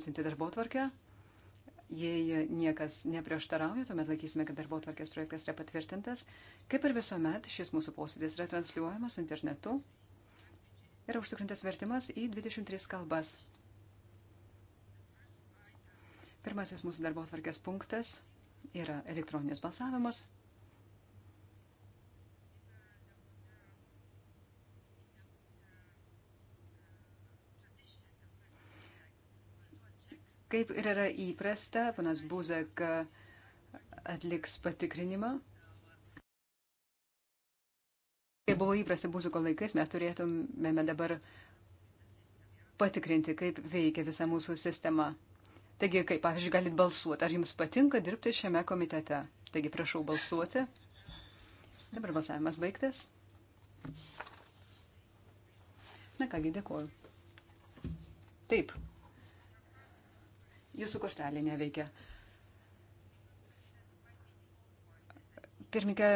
Sinti darbo tvarkę. Jei niekas neprieštarauja, tuomet laikysime, kad darbo tvarkės projektas yra patvirtintas. Kaip ir visuomet, šis mūsų posėdis yra transliuojamas internetu. Yra užtikrintas vertimas į 23 kalbas. Pirmasis mūsų darbo tvarkės punktas yra elektroninis balsavimas. Kaip ir yra įprasta, panas Buzek uh, atliks patikrinimą. Kaip buvo įprasta Buzuko laikais, mes turėtumėme dabar patikrinti, kaip veikia visa mūsų sistema. Taigi, kaip, pavyzdžiui, galit balsuoti, ar jums patinka dirbti šiame komitete. Taigi, prašau balsuoti. Dabar balsavimas baigtas. Na kągi, dėkoju. Taip, Jūsų kortelė neveikia. Pirmininkė,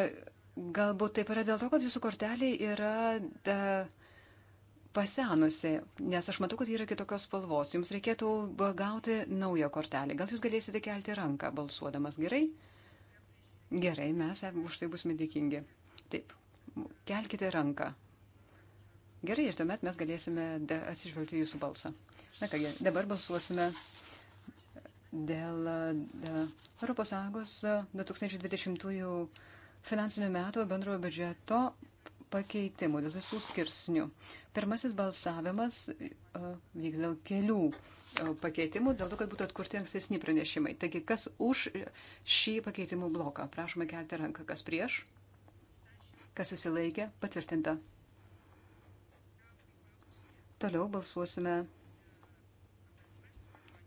galbūt taip yra dėl to, kad jūsų kortelė yra da, e, pasenusi, nes aš matau, kad ji yra kitokios spalvos. Jums reikėtų gauti naują kortelę. Gal jūs galėsite kelti ranką balsuodamas gerai? Gerai, mes už tai busime dėkingi. Taip, kelkite ranką. Gerai, ir tuomet mes galėsime atsižvelgti jūsų balsą. Na kągi, dabar balsuosime dėl ES 2020 finansinių metų bendrojo biudžeto pakeitimų, dėl visų skirsnių. Pirmasis balsavimas e, vyks dėl kelių e, pakeitimų, dėl to, kad būtų atkurti ankstesni pranešimai. Taigi, kas už šį pakeitimų bloką? Prašome kelti ranką. Kas prieš? Kas susilaikė? Patvirtinta. Toliau balsuosime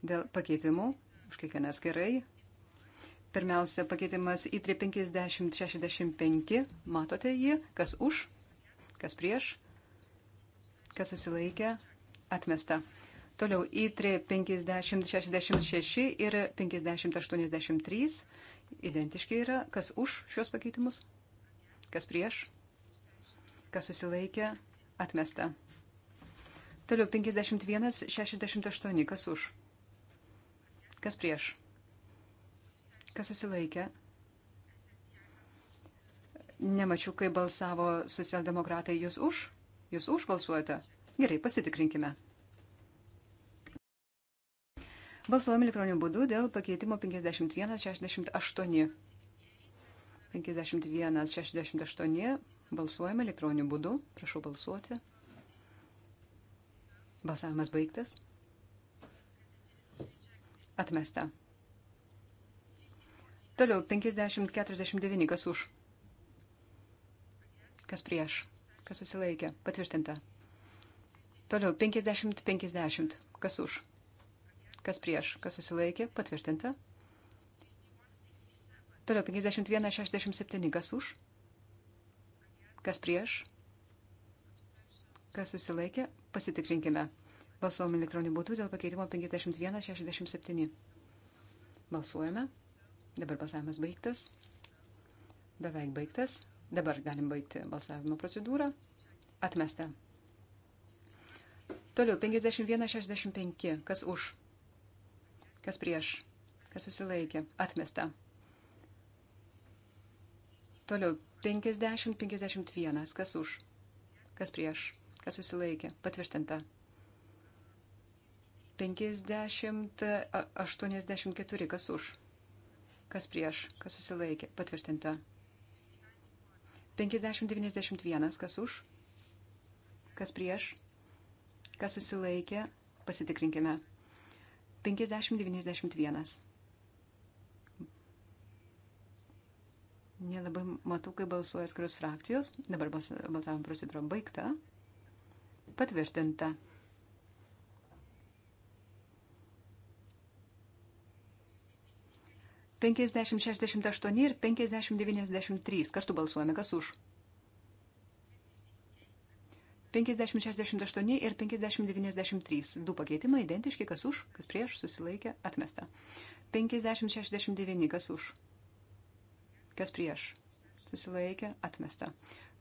dėl pakeitimų už kiekvienas gerai. Pirmiausia, pakeitimas į 350-65. Matote jį, kas už, kas prieš, kas susilaikė, atmesta. Toliau į 350-66 ir 50-83. Identiški yra, kas už šios pakeitimus, kas prieš, kas susilaikė, atmesta. Toliau 51-68, kas už Kas prieš? Kas susilaikė? Nemačiau, kai balsavo socialdemokratai. Jūs už? Jūs už balsuojate? Gerai, pasitikrinkime. Balsuojame elektroniniu būdu dėl pakeitimo 5168. 5168. Balsuojame elektroniniu būdu. Prašau balsuoti. Balsavimas baigtas. Atmesta. Toliau 50-49, kas už. Kas prieš. Kas susilaikė. Patvirtinta. Toliau 50-50, kas už. Kas prieš. Kas susilaikė. Patvirtinta. Toliau 51-67, kas už. Kas prieš. Kas susilaikė. Pasitikrinkime. Balsuojame elektroniniu būdu dėl pakeitimo 5167. Balsuojame. Dabar balsavimas baigtas. Beveik baigtas. Dabar galim baigti balsavimo procedūrą. Atmesta. Toliau 51-65. Kas už? Kas prieš? Kas susilaikė? Atmesta. Toliau 50-51. Kas už? Kas prieš? Kas susilaikė? Patvirtinta. 50-84, kas už, kas prieš, kas susilaikė, patvirtinta. 50-91, kas už, kas prieš, kas susilaikė, pasitikrinkime. 50-91. Nelabai matau, kaip balsuoja skirios frakcijos. Dabar balsavimo procedūra baigta. Patvirtinta. 5068 ir 5093. Kartu balsuojame, kas už. 5068 ir 5093. Du pakeitimai identiški, kas už, kas prieš, susilaikė, atmesta. 5069, kas už, kas prieš, susilaikė, atmesta.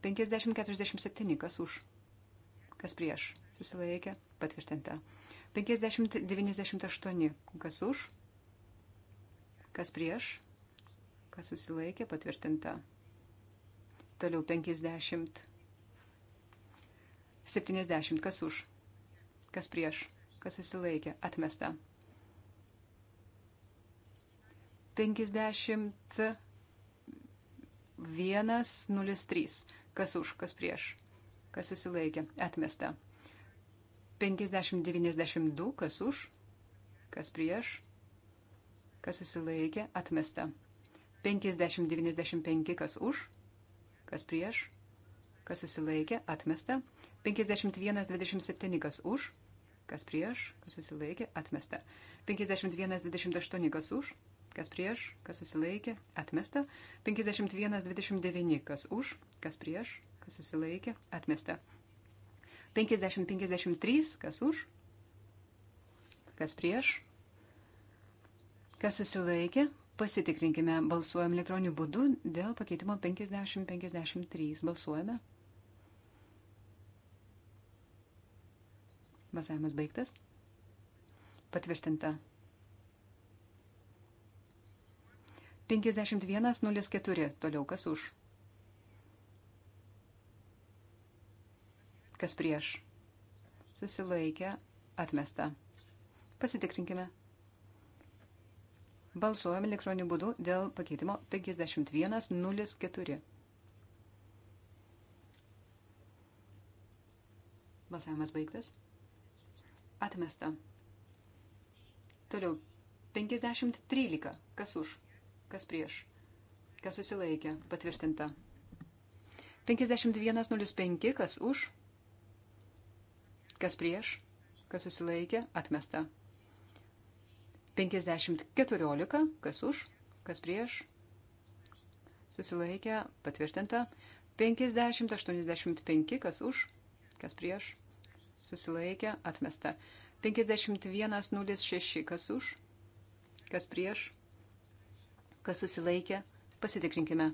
5047, kas už, kas prieš, susilaikė, patvirtinta. 5098, kas už, Kas prieš? Kas susilaikė? Patvirtinta. Toliau 50. 70. Kas už? Kas prieš? Kas susilaikė? Atmesta. 51.03. Kas už? Kas prieš? Kas susilaikė? Atmesta. 50.92. Kas už? Kas prieš? kas susilaikė, atmesta. 50-95, kas už, kas prieš, kas susilaikė, atmesta. 51-27, kas už, kas prieš, kas susilaikė, atmesta. 51-28, kas už, kas prieš, kas susilaikė, atmesta. 51-29, kas už, kas prieš, kas susilaikė, atmesta. 50-53, kas už, kas prieš, Kas susilaikė? Pasitikrinkime. Balsuojam elektroniniu būdu dėl pakeitimo 50-53. Balsuojame. Balsavimas baigtas. Patvirtinta. 51.04. Toliau kas už? Kas prieš? Susilaikę. Atmesta. Pasitikrinkime. 51.04. Balsuojame elektroniniu būdu dėl pakeitimo 5104. Balsavimas baigtas. Atmesta. Toliau 5013. Kas už? Kas prieš? Kas susilaikė? Patvirtinta. 5105. Kas už? Kas prieš? Kas susilaikė? Atmesta. 5014, kas už, kas prieš, susilaikė, patvirtinta. 5085, kas už, kas prieš, susilaikė, atmesta. 5106, kas už, kas prieš, kas susilaikė, pasitikrinkime.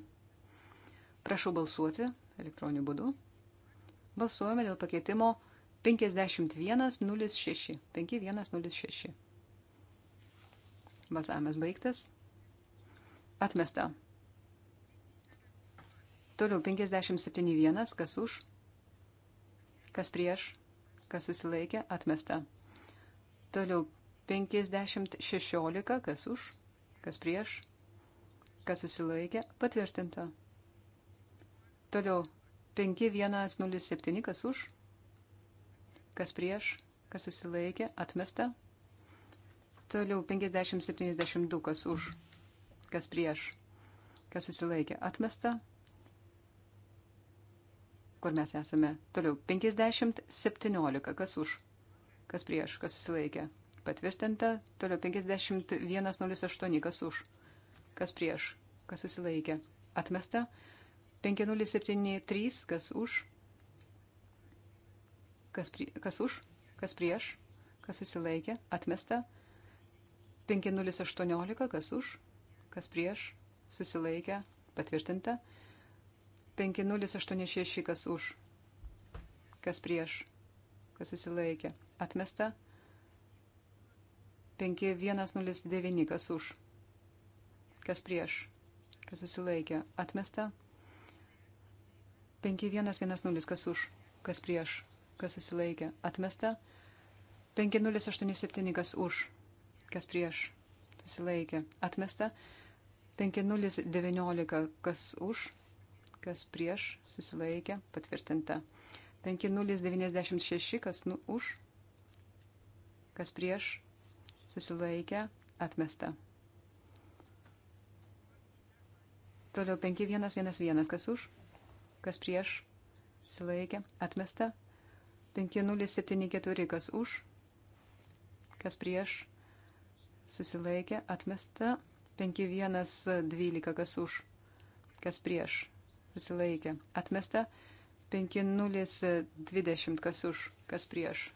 Prašau balsuoti elektroniniu būdu. Balsuojame dėl pakeitimo 5106. 5106. Balsavimas baigtas. Atmesta. Toliau 57.1. Kas už? Kas prieš? Kas susilaikė? Atmesta. Toliau 50.16. Kas už? Kas prieš? Kas susilaikė? Patvirtinta. Toliau 5107. Kas už? Kas prieš? Kas susilaikė? Atmesta. 5108 Toliau 50-72, kas už, kas prieš, kas susilaikė atmesta. Kur mes esame? Toliau 50-17, kas už, kas prieš, kas susilaikė. Patvirtinta. Toliau 51-08, kas už, kas prieš, kas susilaikė. Atmesta. 5073, kas už, kas, prie, kas už, kas prieš, kas susilaikė. Atmesta. 5073. 5018, kas už, kas prieš, susilaikė, patvirtinta. 5086, kas už, kas prieš, kas susilaikė, atmesta. 5109, kas už, kas prieš, kas susilaikė, atmesta. 5110, kas už, kas prieš, kas susilaikė, atmesta. 5087, kas už, kas prieš, susilaikė, atmesta. 5019, kas už, kas prieš, susilaikė, patvirtinta. 5096, kas nu, už, kas prieš, susilaikė, atmesta. Toliau 5111, kas už, kas prieš, susilaikė, atmesta. 5074, kas už, kas prieš, susilaikė, atmesta 5112, kas už, kas prieš, susilaikė, atmesta 5020, kas už, kas prieš,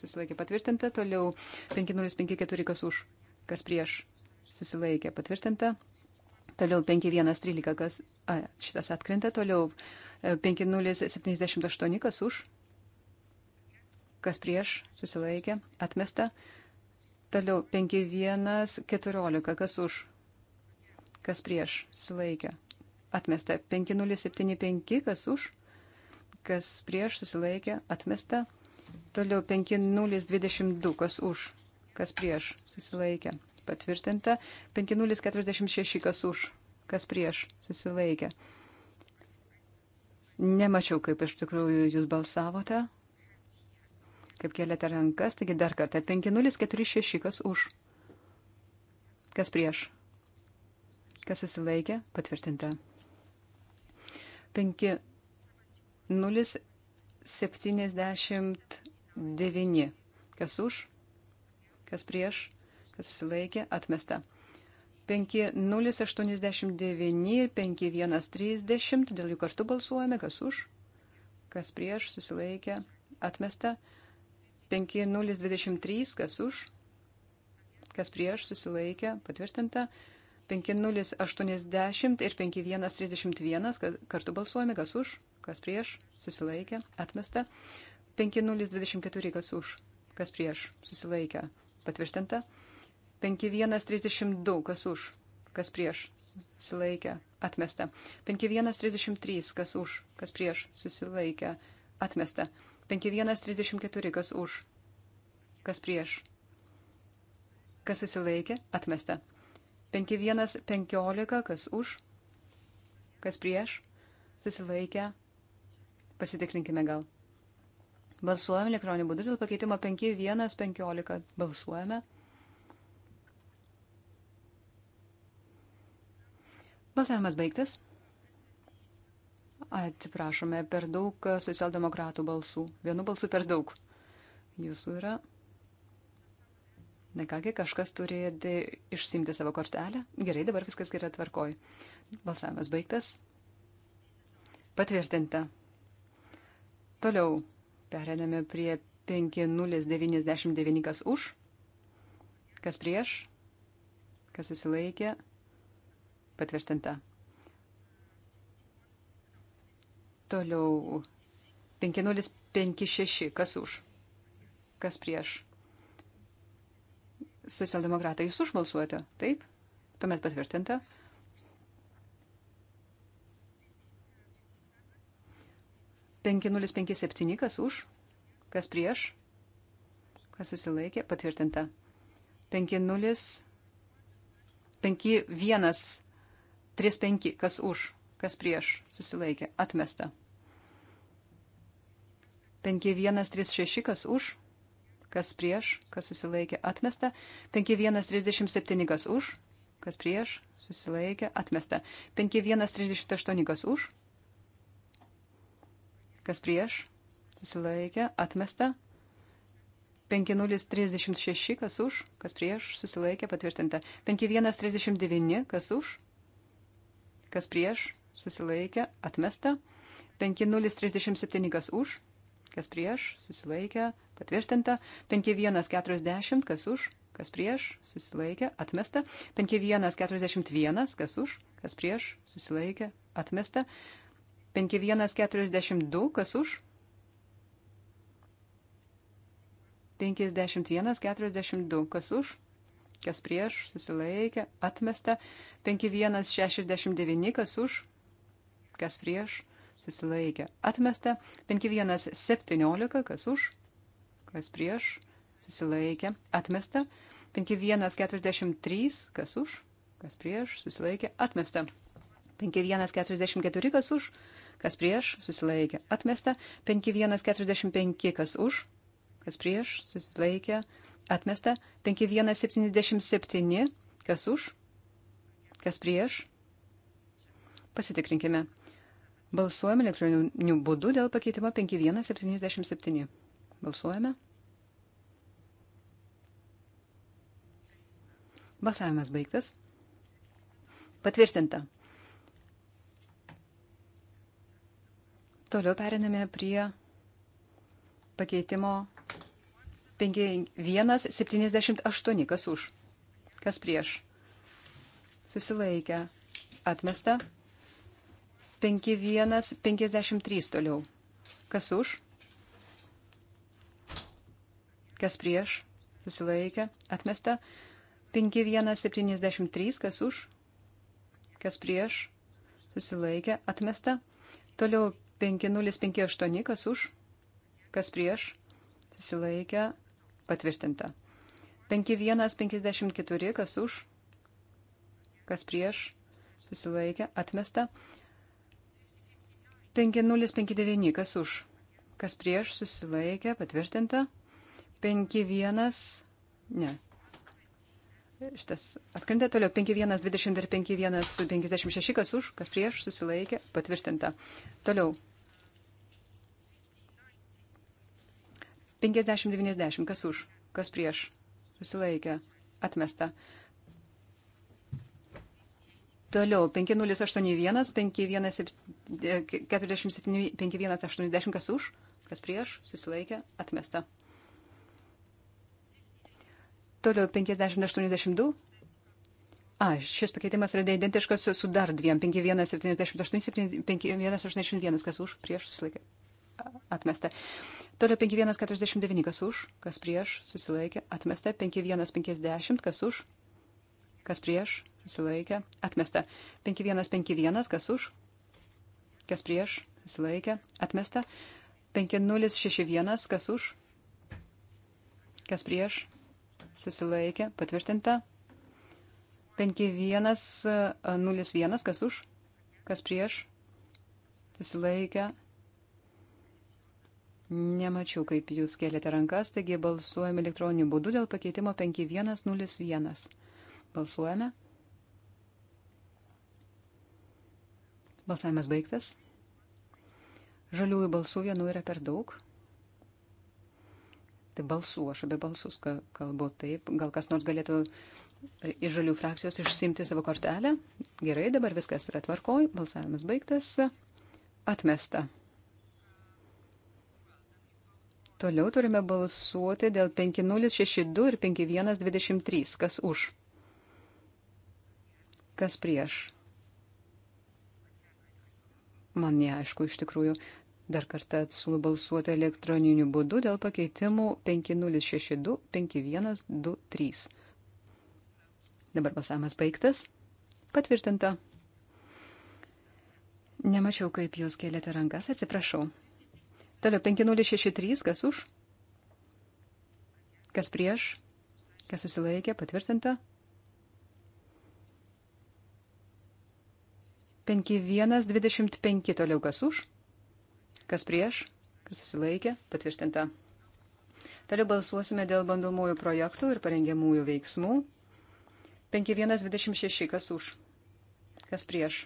susilaikė, patvirtinta, toliau 5054, kas už, kas prieš, susilaikė, patvirtinta, toliau 5113, kas, a, šitas atkrinta, toliau 5078, e, kas už, kas prieš, susilaikė, atmesta 50. Toliau 5114, kas už, kas prieš, sulaikė. Atmesta 5075, kas už, kas prieš, susilaikė, atmesta. Toliau 5022, kas už, kas prieš, susilaikė, patvirtinta. 5046, kas už, kas prieš, susilaikė. Nemačiau, kaip iš tikrųjų jūs balsavote kaip kėlėte rankas. Taigi dar kartą 5046, kas už, kas prieš, kas susilaikė, patvirtinta. 5079, kas už, kas prieš, kas susilaikė, atmesta. 5089 ir 5130, dėl jų kartu balsuojame, kas už, kas prieš, susilaikė, atmesta. 5089. 5023, kas už, kas prieš susilaikė, patvirtinta. 5080 ir 5131, kartu balsuojame, kas už, kas prieš susilaikė, atmesta. 5024, kas už, kas prieš susilaikė, patvirtinta. 5132, kas už, kas prieš susilaikė, atmesta. 5133, kas už, kas prieš susilaikė, atmesta. 5134, 5134, kas už, kas prieš, kas susilaikė, atmesta. 5115, kas už, kas prieš, susilaikė, pasitikrinkime gal. Balsuojame elektroniniu būdu dėl pakeitimo 5115. Balsuojame. Balsavimas baigtas. Atsiprašome, per daug socialdemokratų balsų. Vienu balsu per daug. Jūsų yra. Na kągi, kažkas turi išsimti savo kortelę. Gerai, dabar viskas gerai tvarkoj. Balsavimas baigtas. Patvirtinta. Toliau perėdame prie 5099, kas už, kas prieš, kas susilaikė. Patvirtinta. Toliau 5056. Kas už? Kas prieš? Socialdemokratai, jūs užbalsuojate? Taip? Tuomet patvirtinta. Penki nulis penki septyni, kas už, kas prieš, kas susilaikė, patvirtinta. Penki nulis penki vienas tris penki, kas už, kas prieš, susilaikė, atmesta. 5136, kas už, kas prieš, kas susilaikė, atmesta. 5137, kas už, kas prieš, susilaikė, atmesta. 5138, kas už, kas prieš, susilaikė, atmesta. 5036, kas už, kas prieš, susilaikė, patvirtinta. 5139, kas už, kas prieš, susilaikė, atmesta. 5037 kas už, kas prieš, susilaikė, patvirtinta. 5140 kas už, kas prieš, susilaikė, atmesta. 5141 kas už, kas prieš, susilaikė, atmesta. 5142 kas už. 5142 kas už kas prieš, susilaikė, atmesta, 5169, kas už, kas prieš, susilaikė, atmesta. 5117, kas už, kas prieš, susilaikė, atmesta. 5143, kas už, kas prieš, susilaikė, atmesta. 5144, kas už, kas prieš, susilaikė, atmesta. 5145, kas už, kas prieš, susilaikė, atmesta. 5177, kas už, kas prieš. Pasitikrinkime. Balsuojame elektroniniu būdu dėl pakeitimo 5177. Balsuojame. Balsavimas baigtas. Patvirtinta. Toliau periname prie pakeitimo 5178. Kas už? Kas prieš? Susilaikę. Atmesta. 51, 53 toliau. Kas už? Kas prieš? Susilaikė. Atmesta. 5173. Kas už? Kas prieš? Susilaikė. Atmesta. Toliau 5058. Kas už? Kas prieš? Susilaikė. Patvirtinta. 5154. Kas už? Kas prieš? Susilaikė. Atmesta. 5059, kas už, kas prieš, susilaikė, patvirtinta. 51, ne. Šitas atkrenta toliau 5120 ir 5156, kas už, kas prieš, susilaikė, patvirtinta. Toliau 50-90, kas už, kas prieš, susilaikė, atmesta. Toliau 5081, 5147, 5180, kas už, kas prieš, susilaikė, atmesta. Toliau 5082. A, šis pakeitimas yra identiškas su dar dviem. 5178, 5181, kas už, prieš, susilaikė, atmesta. Toliau 5149, kas už, kas prieš, susilaikė, atmesta. 5150, kas už, kas prieš, susilaikė, atmesta. 5151, kas už, kas prieš, susilaikė, atmesta. 5061, kas už, kas prieš, susilaikė, patvirtinta. 5101, kas už, kas prieš, susilaikė. Nemačiau, kaip jūs kėlėte rankas, taigi balsuojame elektroniniu būdu dėl pakeitimo 5101. Balsuojame. Balsavimas baigtas. Žaliųjų balsų vienu yra per daug. Tai balsų, aš apie balsus kalbu taip. Gal kas nors galėtų e, iš žalių frakcijos išsimti savo kortelę. Gerai, dabar viskas yra tvarkoj. Balsavimas baigtas. Atmesta. Toliau turime balsuoti dėl 5062 ir 5123. Kas už? Kas prieš? Man neaišku iš tikrųjų. Dar kartą atsulu balsuoti elektroniniu būdu dėl pakeitimų 5062 5123. Dabar balsavimas baigtas. Patvirtinta. Nemačiau, kaip jūs kėlėte rankas, atsiprašau. Toliau 5063, kas už? Kas prieš? Kas susilaikė? Patvirtinta. 5125 toliau kas už, kas prieš, kas susilaikė, patvirtinta. Toliau balsuosime dėl bandomųjų projektų ir parengiamųjų veiksmų. 5126 kas už, kas prieš,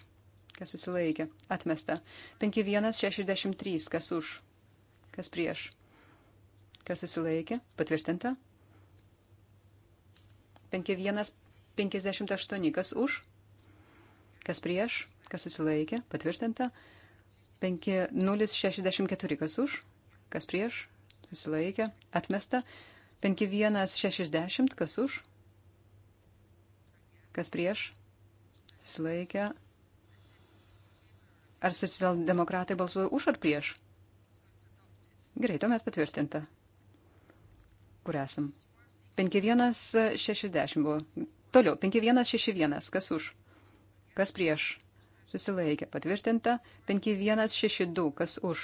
kas susilaikė, atmesta. 5163 kas už, kas prieš, kas susilaikė, patvirtinta. 5158 kas už, kas prieš, kas susilaikė, patvirtinta. 5064, kas už, kas prieš, susilaikė, atmesta. 5160, kas už, kas prieš, susilaikė. Ar socialdemokratai balsuoja už ar prieš? Gerai, tuomet patvirtinta. Kur esam? 5160 buvo. Toliau, 5161, kas už, kas prieš, susilaikė patvirtinta, 5162, kas už,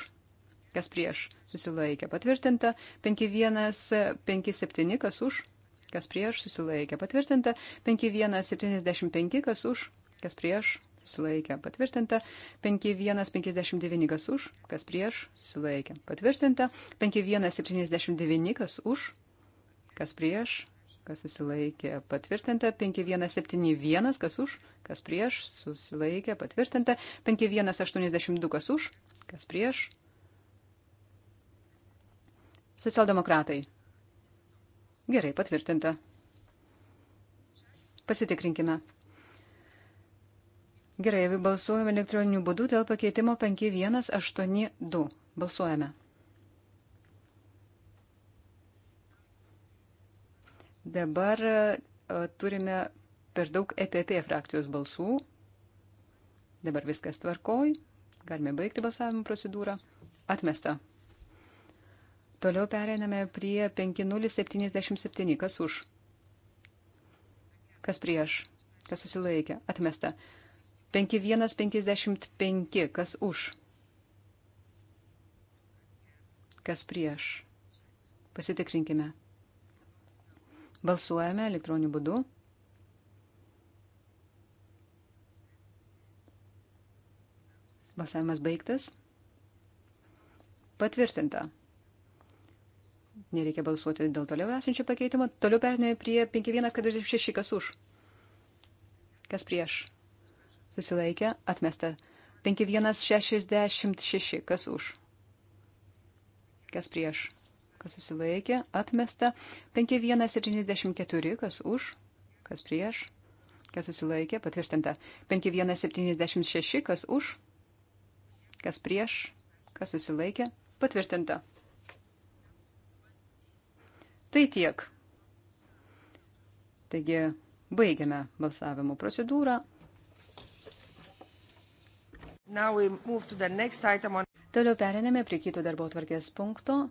kas prieš, susilaikė patvirtinta, 5157, kas už, kas prieš, susilaikė patvirtinta, 5175, kas už, kas prieš, susilaikė patvirtinta, 5159, kas už, kas prieš, susilaikė patvirtinta, 5179, kas už, kas prieš, kas susilaikė patvirtinta, 5171, kas už, kas prieš, susilaikė patvirtinta, 5182, kas už, kas prieš. Socialdemokratai. Gerai, patvirtinta. Pasitikrinkime. Gerai, balsuojame elektroniniu būdu dėl pakeitimo 5182. Balsuojame. Dabar e, e, turime per daug EPP frakcijos balsų. Dabar viskas tvarkoj. Galime baigti balsavimo procedūrą. Atmesta. Toliau pereiname prie 5077. Kas už? Kas prieš? Kas susilaikė? Atmesta. 5155. Kas už? Kas prieš? Pasitikrinkime. Balsuojame elektroniniu būdu. Balsavimas baigtas. Patvirtinta. Nereikia balsuoti dėl toliau esančio pakeitimo. Toliau perinėjau prie 5146, kas už. Kas prieš. Susilaikė, atmesta. 5166, kas už. Kas prieš kas susilaikė, atmesta. 5174, kas už, kas prieš, kas susilaikė, patvirtinta. 5176, kas už, kas prieš, kas susilaikė, patvirtinta. Tai tiek. Taigi, baigiame balsavimo procedūrą. On... Toliau periname prie kito darbo tvarkės punkto.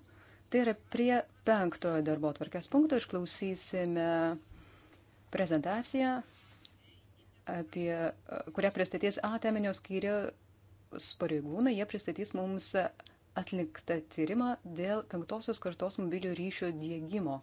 Tai yra prie penktojo darbo tvarkės punkto išklausysime prezentaciją, apie, kurią pristatys A teminio skyrius pareigūnai. Jie pristatys mums atliktą tyrimą dėl penktosios kartos mobilių ryšio dėgymo.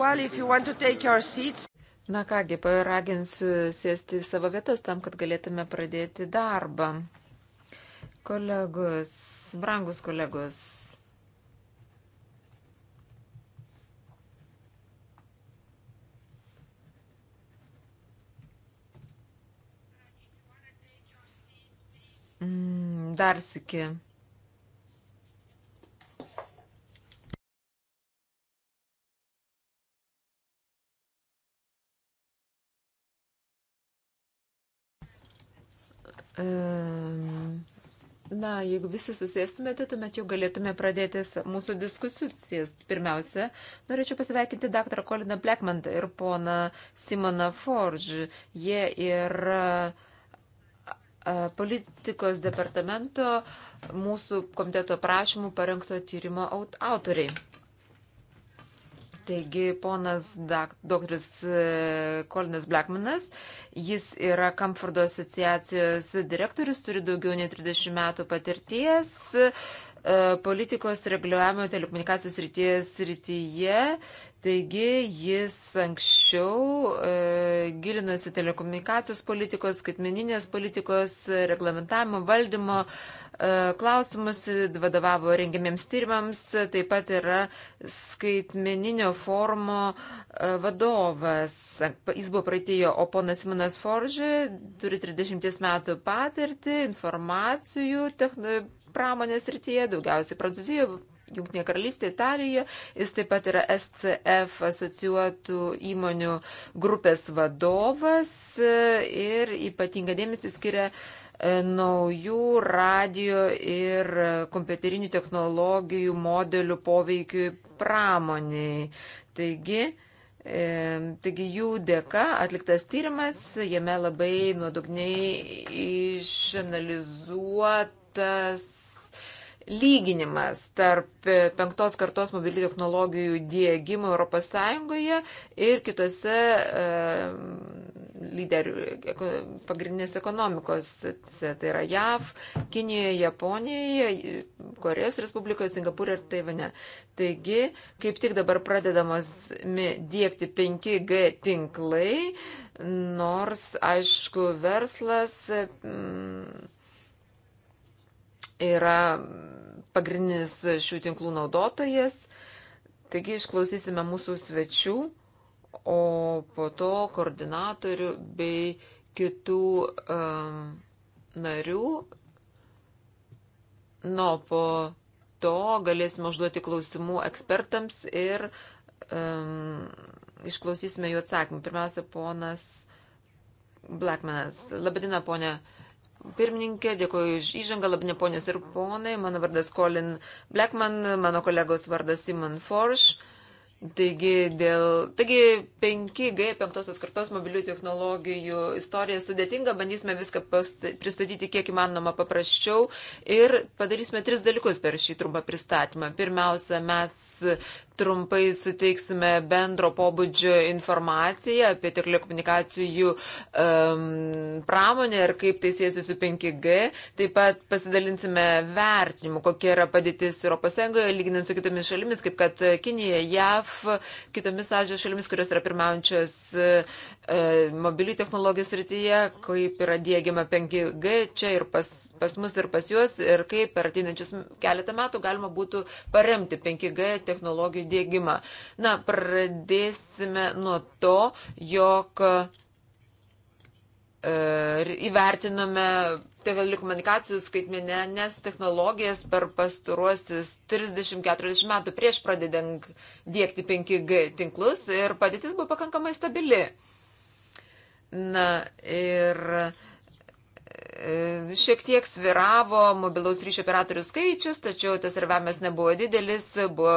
Well, if you want to take your seats. Na kągi, paraginsiu sėsti į savo vietas tam, kad galėtume pradėti darbą. Kolegos, brangus kolegos, mm, Dar sėki. jeigu visi susėstumėte, tuomet jau galėtume pradėti mūsų diskusijas. Pirmiausia, norėčiau pasveikinti dr. Koliną Blackmantą ir poną Simoną Forge. Jie yra politikos departamento mūsų komiteto prašymų parengto tyrimo autoriai. Taigi, ponas doktoris e, Kolinas Blackmanas, jis yra Kamfordo asociacijos direktorius, turi daugiau nei 30 metų patirties e, politikos reguliavimo telekomunikacijos ryties rytyje. Taigi jis anksčiau e, gilinosi telekomunikacijos politikos, skaitmeninės politikos, reglamentavimo valdymo e, klausimus, vadovavo rengiamiems tyrimams, taip pat yra skaitmeninio forumo e, vadovas. Jis buvo praeitėjo, o ponas Simonas Foržė turi 30 metų patirtį informacijų techno, pramonės rytyje, daugiausiai Prancūzijoje, Junktinė karalystė, Italija. Jis taip pat yra SCF asocijuotų įmonių grupės vadovas e, ir ypatingą dėmesį skiria uh, naujų radio ir kompiuterinių technologijų modelių poveikiui pramoniai. Taigi, e, Taigi jų dėka atliktas tyrimas, jame labai nuodugniai išanalizuotas lyginimas tarp penktos kartos mobilių technologijų dėgymo ES ir kitose lyderių pagrindinės ekonomikos. Tai yra JAV, Kinijoje, Japonijoje, Korejos Respublikoje, Singapūrė ir Taivane. Taigi, kaip tik dabar pradedamos dėkti 5G tinklai, nors, aišku, verslas mm, yra pagrindinis šių tinklų naudotojas. Taigi išklausysime mūsų svečių o po to koordinatorių bei kitų um, narių. Nu, po to galėsime užduoti klausimų ekspertams ir um, išklausysime jų atsakymą. Pirmiausia, ponas Blackmanas. Labadiena, ponė. Pirmininkė, dėkuoju už įžangą, labinė ponės ir ponai. Mano vardas Colin Blackman, mano kolegos vardas Simon Forsh. Taigi, dėl, taigi 5G penktosios kartos mobilių technologijų istorija sudėtinga, bandysime viską pas, pristatyti kiek įmanoma paprasčiau ir padarysime tris dalykus per šį trumpą pristatymą. Pirmiausia, mes trumpai suteiksime bendro pobūdžio informaciją apie telekomunikacijų um, pramonę ir kaip tai siejasi su 5G. Taip pat pasidalinsime vertinimu, kokia yra padėtis ES, lyginant su kitomis šalimis, kaip kad Kinija, JAV, kitomis Azijos šalimis, kurios yra pirmaujančios uh, mobilių technologijų srityje, kaip yra dėgiama 5G čia ir pas, pas mus ir pas juos ir kaip per ateinančius keletą metų galima būtų paremti 5G technologiją technologijų dėgymą. Na, pradėsime nuo to, jog e, įvertinome telekomunikacijų skaitmeninės technologijas per pastaruosius 30-40 metų prieš pradedant dėkti 5G tinklus ir padėtis buvo pakankamai stabili. Na ir e, E, šiek tiek sviravo mobilaus ryšio operatorių skaičius, tačiau tas servavimas nebuvo didelis, buvo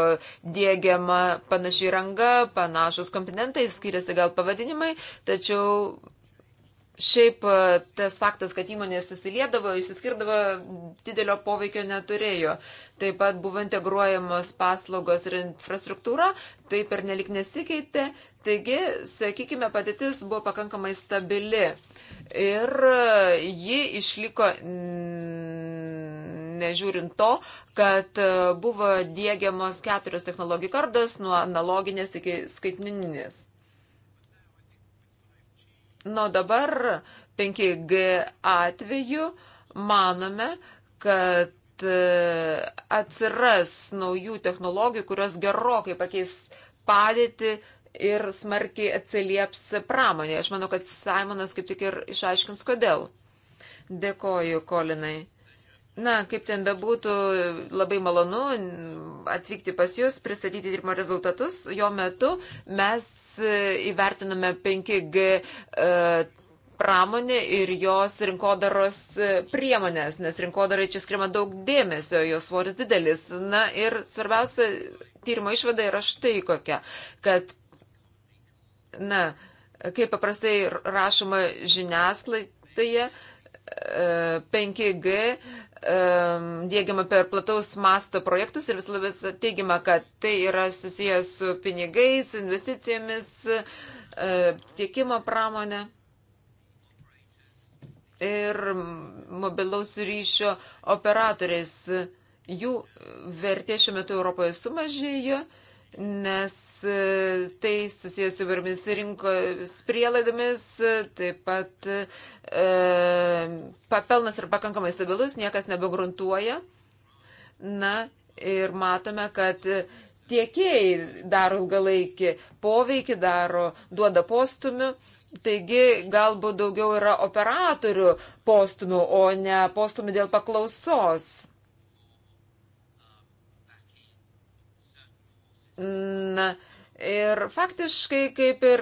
dėgiama panašiai ranga, panašus komponentai, skiriasi gal pavadinimai, tačiau šiaip e, tas faktas, kad įmonės susiliedavo, išsiskirdavo, didelio poveikio neturėjo. Taip pat buvo integruojamos paslaugos ir infrastruktūra, tai per nelik nesikeitė, taigi, sakykime, padėtis buvo pakankamai stabili ir ji išliko nežiūrint to, kad e, buvo dėgiamos keturios technologijų kardos nuo analoginės iki skaitmininės. Nuo dabar 5G atveju manome, kad e, atsiras naujų technologijų, kurios gerokai pakeis padėti ir smarkiai atsilieps pramonė. Aš manau, kad Simonas kaip tik ir išaiškins, kodėl. Dėkoju, Kolinai. Na, kaip ten bebūtų, labai malonu atvykti pas Jūs, pristatyti tyrimo rezultatus. Jo metu mes įvertinome 5G e, pramonę ir jos rinkodaros e, priemonės, nes rinkodarai čia skirima daug dėmesio, jos svoris didelis. Na ir svarbiausia, tyrimo išvada yra štai kokia, kad na, kaip paprastai rašoma žiniasklaidoje, 5G e, e, dėgiama per plataus masto projektus ir vis labiau teigiama, kad tai yra susijęs su pinigais, investicijomis, e, tiekimo pramonė ir mobilaus ryšio operatoriais. Jų vertė šiuo metu Europoje sumažėjo nes e, tai susijęs su varmis rinkos prielaidomis, e, taip pat e, papelnas yra pakankamai stabilus, niekas nebegruntuoja. Na ir matome, kad tiekėjai daro ilgalaikį poveikį, daro, duoda postumių. Taigi galbūt daugiau yra operatorių postumių, o ne postumių dėl paklausos Na, ir faktiškai kaip ir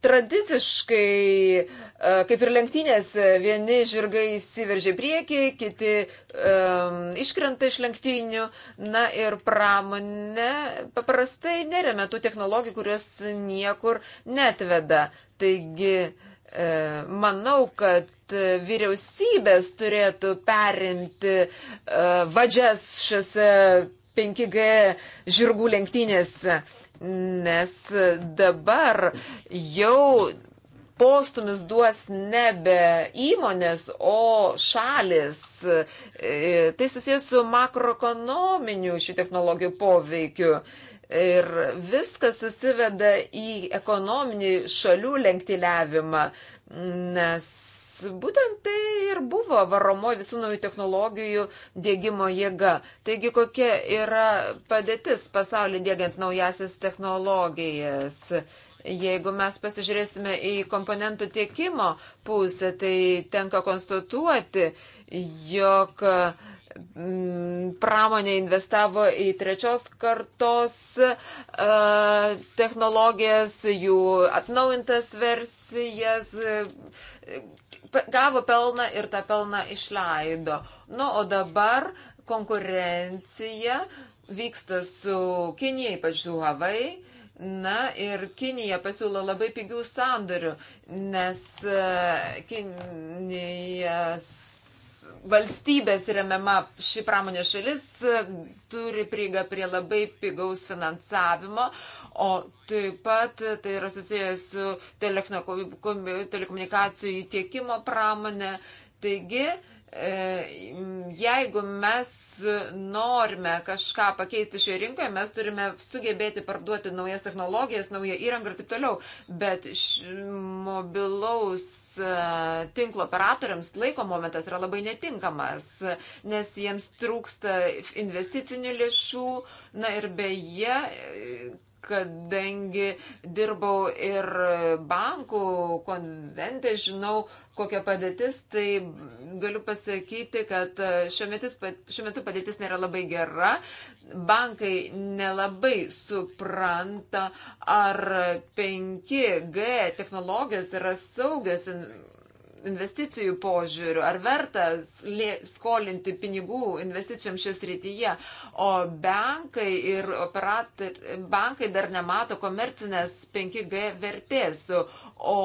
tradiciškai, e, kaip ir lenktynės, vieni žirgai įsiveržia priekį, kiti um, iškrenta iš lenktynių. Na ir pramonė paprastai neremia tų technologijų, kurios niekur netveda. Taigi, e, manau, kad vyriausybės turėtų perimti e, vadžias šiose 5G žirgų lenktynės, nes dabar jau postumis duos nebe įmonės, o šalis. E, tai susijęs su makroekonominiu šių technologijų poveikiu. Ir viskas susiveda į ekonominį šalių lenktyliavimą, nes būtent tai ir buvo varomoji visų naujų technologijų dėgymo jėga. Taigi, kokia yra padėtis pasaulį dėgiant naujasias technologijas? Jeigu mes pasižiūrėsime į komponentų tiekimo pusę, tai tenka konstatuoti, jog mm, pramonė investavo į trečios kartos e, technologijas, jų atnaujintas versijas, e, gavo pelną ir tą pelną išleido. Nu, o dabar konkurencija vyksta su Kinija, ypač su Havai. Na ir Kinija pasiūlo labai pigių sandorių, nes e, Kinijas valstybės remiama ši pramonės šalis e, turi prieigą prie labai pigaus finansavimo, o taip pat tai yra susijęs su telekomunikacijų tiekimo pramonė. Taigi, e, jeigu mes norime kažką pakeisti šioje rinkoje, mes turime sugebėti parduoti naujas technologijas, naują įrangą ir taip toliau. Bet mobilaus E, tinklo operatoriams laiko momentas yra labai netinkamas, nes jiems trūksta investicinių lėšų. Na ir beje, kadangi dirbau ir bankų konvente, žinau, kokia padėtis, tai galiu pasakyti, kad šiuo, metis, šiuo metu padėtis nėra labai gera. Bankai nelabai supranta, ar 5G technologijos yra saugios investicijų požiūrių, ar verta skolinti pinigų investicijom šios rytyje, o bankai ir operatoriai, bankai dar nemato komercinės 5G vertės, o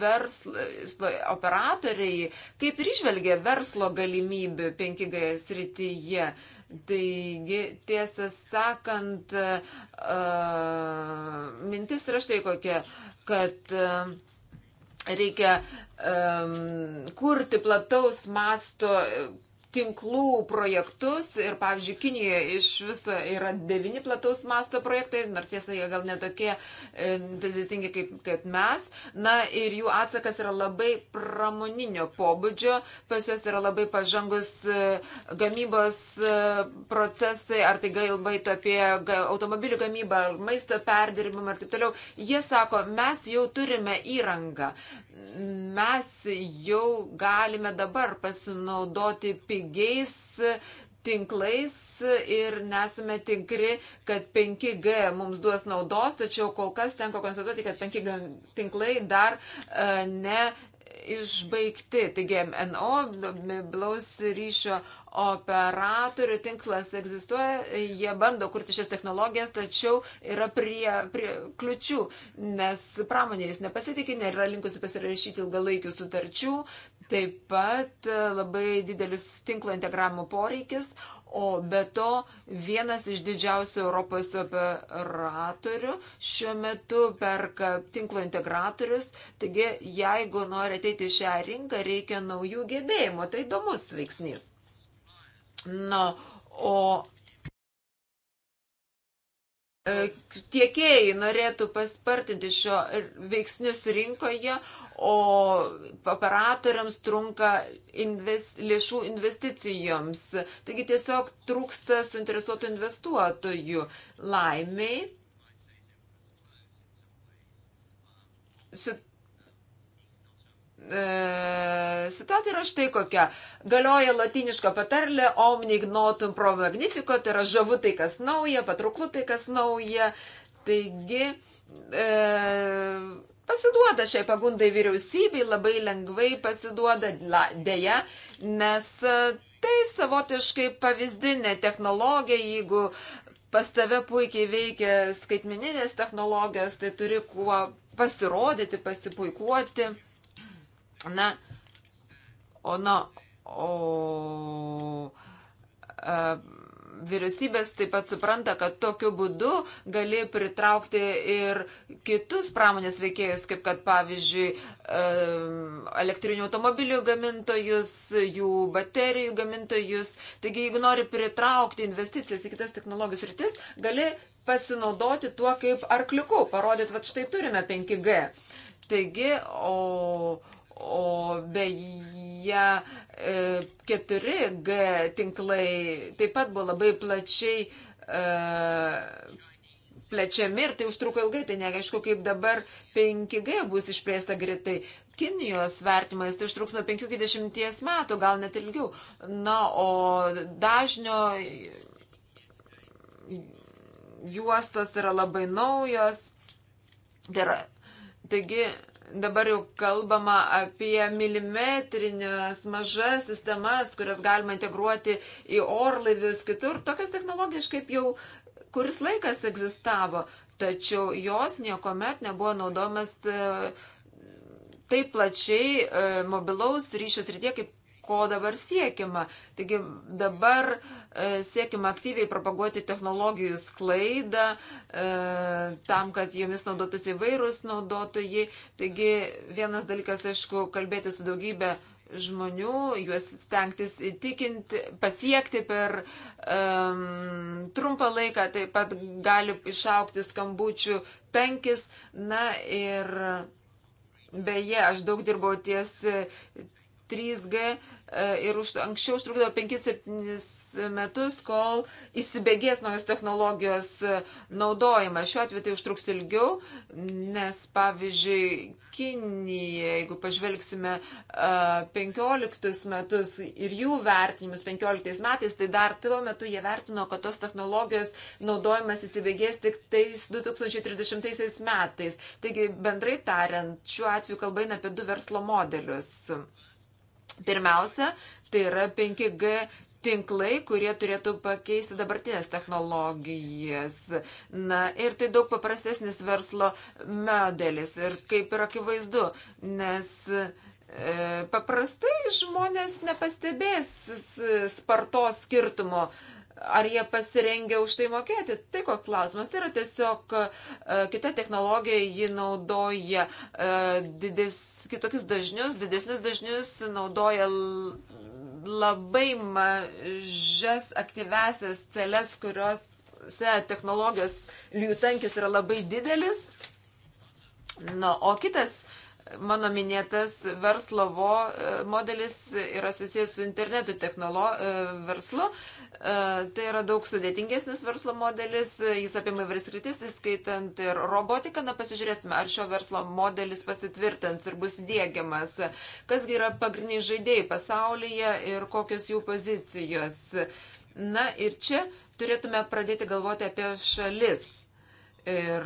verslo operatoriai kaip ir išvelgia verslo galimybių 5G srityje. Taigi, tiesą sakant, mintis yra štai kokia, kad reikia um, kurti plataus masto e, tinklų projektus ir, pavyzdžiui, Kinijoje iš viso yra devini plataus masto projektai, nors tiesa, jie gal netokie entuziasingi kaip, kaip mes. Na ir jų atsakas yra labai pramoninio pobūdžio, pas juos yra labai pažangus e, gamybos e, procesai, ar tai galbait apie automobilių gamybą, ar maisto perdirbimą ir taip toliau. Jie sako, mes jau turime įrangą, mes jau galime dabar pasinaudoti pigiais tinklais ir nesame tinkri, kad 5G mums duos naudos, tačiau kol kas tenko konstatuoti, kad 5G tinklai dar e, ne išbaigti. Taigi MNO, mobilaus ryšio operatorių tinklas egzistuoja, jie bando kurti šias technologijas, tačiau yra prie, prie kliučių, nes pramonė jis nepasitikė, nėra linkusi pasirašyti ilgalaikių sutarčių, taip pat labai didelis tinklo integravimo poreikis, O be to, vienas iš didžiausių Europos operatorių šiuo metu perka tinklo integratorius. Taigi, jeigu nori ateiti į šią rinką, reikia naujų gebėjimų. Tai įdomus veiksnys. Na, o E, tiekėjai norėtų paspartinti šio veiksnius rinkoje, o operatoriams trunka invest, lėšų investicijoms. Taigi tiesiog trūksta suinteresuotų investuotojų. Laimiai. Su E, situacija yra štai kokia. Galioja latiniška patarlė omni ignotum pro magnifico, tai yra žavu tai, kas nauja, patrauklu tai, kas nauja. Taigi, e, pasiduoda šiai pagundai vyriausybei, labai lengvai pasiduoda dėja, nes e, tai savotiškai pavyzdinė technologija, jeigu pas tave puikiai veikia skaitmeninės technologijos, tai turi kuo pasirodyti, pasipuikuoti na ono, o a, e, vyriausybės taip pat supranta, kad tokiu būdu gali pritraukti ir kitus pramonės veikėjus, kaip kad pavyzdžiui e, elektrinių automobilių gamintojus, jų baterijų gamintojus. Taigi, jeigu nori pritraukti investicijas į kitas technologijos rytis, gali pasinaudoti tuo kaip arkliuku, parodyti, va štai turime 5G. Taigi, o O beje, 4G e, tinklai taip pat buvo labai plačiai e, plečiami ir tai užtruko ilgai, tai neaišku, kaip dabar 5G bus išplėsta greitai. Kinijos vertimais tai užtruks nuo 50 metų, gal net ilgiau. Na, o dažnio juostos yra labai naujos. Tai yra, taigi dabar jau kalbama apie milimetrinės mažas sistemas, kurias galima integruoti į orlaivius kitur. Tokios technologijos kaip jau kuris laikas egzistavo, tačiau jos niekuomet nebuvo naudojamas e, taip plačiai e, mobilaus ryšio srityje, kaip ko dabar siekima. Taigi dabar e, siekima aktyviai propaguoti technologijų sklaidą, e, tam, kad jomis naudotųsi įvairūs naudotojai. Taigi vienas dalykas, aišku, kalbėti su daugybė žmonių, juos stengtis įtikinti, pasiekti per um, trumpą laiką, taip pat gali išaukti skambučių tankis. Na ir beje, aš daug dirbau ties 3G e, E, ir už, anksčiau užtrukdavo 5-7 metus, kol įsibėgės naujos technologijos e, naudojimą. Šiuo atveju tai užtruks ilgiau, nes pavyzdžiui, Kinija, jeigu pažvelgsime 15 e, metus ir jų vertinimus 15 metais, tai dar tuo metu jie vertino, kad tos technologijos naudojimas įsibėgės tik tais 2030 metais. Taigi, bendrai tariant, šiuo atveju kalba eina apie du verslo modelius. Pirmiausia, tai yra 5G tinklai, kurie turėtų pakeisti dabartinės technologijas. Na ir tai daug paprastesnis verslo modelis ir kaip ir akivaizdu, nes e, paprastai žmonės nepastebės spartos skirtumo Ar jie pasirengia už tai mokėti? Tai koks klausimas. Tai yra tiesiog e, kita technologija, ji naudoja e, didės, kitokius dažnius, didesnius dažnius, naudoja labai mažas aktyvesias celes, kurios technologijos jų tankis yra labai didelis. Na, o kitas mano minėtas verslo e, modelis yra susijęs su internetu technolo, e, verslu. E, tai yra daug sudėtingesnis verslo modelis, jis apima įvairias krytis, įskaitant ir robotiką. Na, pasižiūrėsime, ar šio verslo modelis pasitvirtins ir bus dėgiamas. Kasgi yra pagrindiniai žaidėjai pasaulyje ir kokios jų pozicijos. Na ir čia turėtume pradėti galvoti apie šalis. Ir,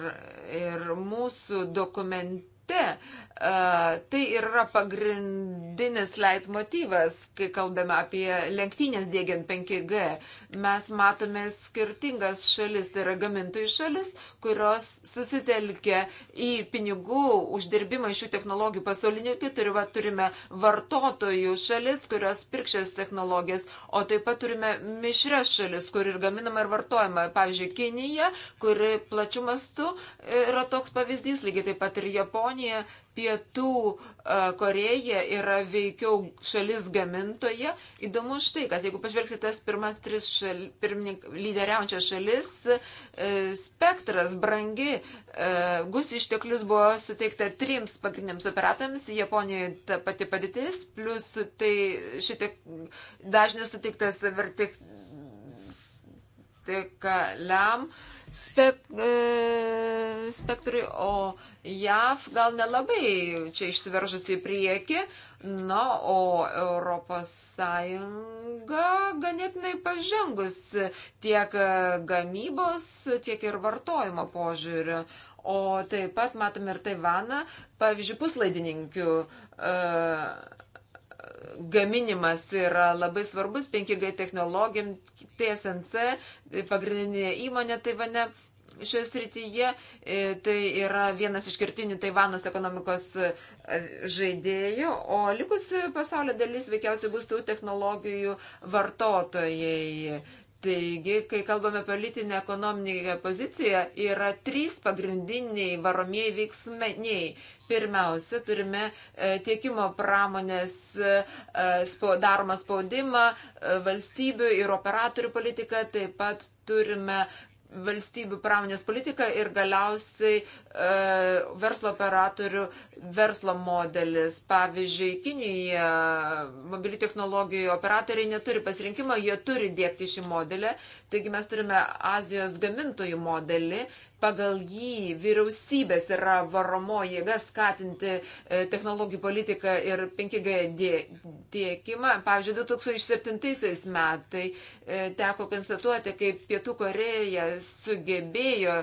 ir mūsų dokumente Tai yra pagrindinis leitmotyvas, kai kalbame apie lenktynės dėgiant 5G. Mes matome skirtingas šalis, tai yra gamintojų šalis, kurios susitelkia į pinigų uždirbimą šių technologijų pasaulinių kitur. Va, turime vartotojų šalis, kurios pirkšės technologijas, o taip pat turime mišres šalis, kur ir gaminama ir vartojama. Pavyzdžiui, Kinija, kuri plačiu mastu yra toks pavyzdys, lygiai taip pat ir Japonija Pietų e, Koreja yra veikiau šalis gamintoje. Įdomu štai, kas jeigu pažvelgsite tas pirmas tris šal, pirmininc, lyderiaujančias šalis, e, spektras brangi, e, gus išteklius buvo suteikta trims pagrindiniams operatams, Japonijoje ta pati padėtis, plus tai šitiek dažnis suteiktas vertikaliam spek, spektrui, o JAV gal nelabai čia išsiveržusi į priekį, na, o Europos Sąjunga ganėtinai pažengus tiek gamybos, tiek ir vartojimo požiūriu. O taip pat matome ir Taivaną, pavyzdžiui, puslaidininkių. Uh, gaminimas yra labai svarbus 5G technologijom, TSNC, pagrindinė įmonė Taivane šioje srityje. E, tai yra vienas iš kertinių Taivanos ekonomikos e, žaidėjų, o likusi pasaulio dalis veikiausiai bus tų technologijų vartotojai. Taigi, kai kalbame apie politinę ekonominę poziciją, yra trys pagrindiniai varomieji veiksmeniai. Pirmiausia, turime e, tiekimo pramonės daromą spaudimą, valstybių ir operatorių politiką, taip pat turime valstybių pramonės politika ir galiausiai e, verslo operatorių verslo modelis. Pavyzdžiui, Kinijoje mobilių technologijų operatoriai neturi pasirinkimo, jie turi dėkti šį modelį. Taigi mes turime Azijos gamintojų modelį pagal jį vyriausybės yra varomo jėga skatinti e, technologijų politiką ir 5G dėkimą. Pavyzdžiui, 2007 metai e, teko konstatuoti, kaip Pietų Koreja sugebėjo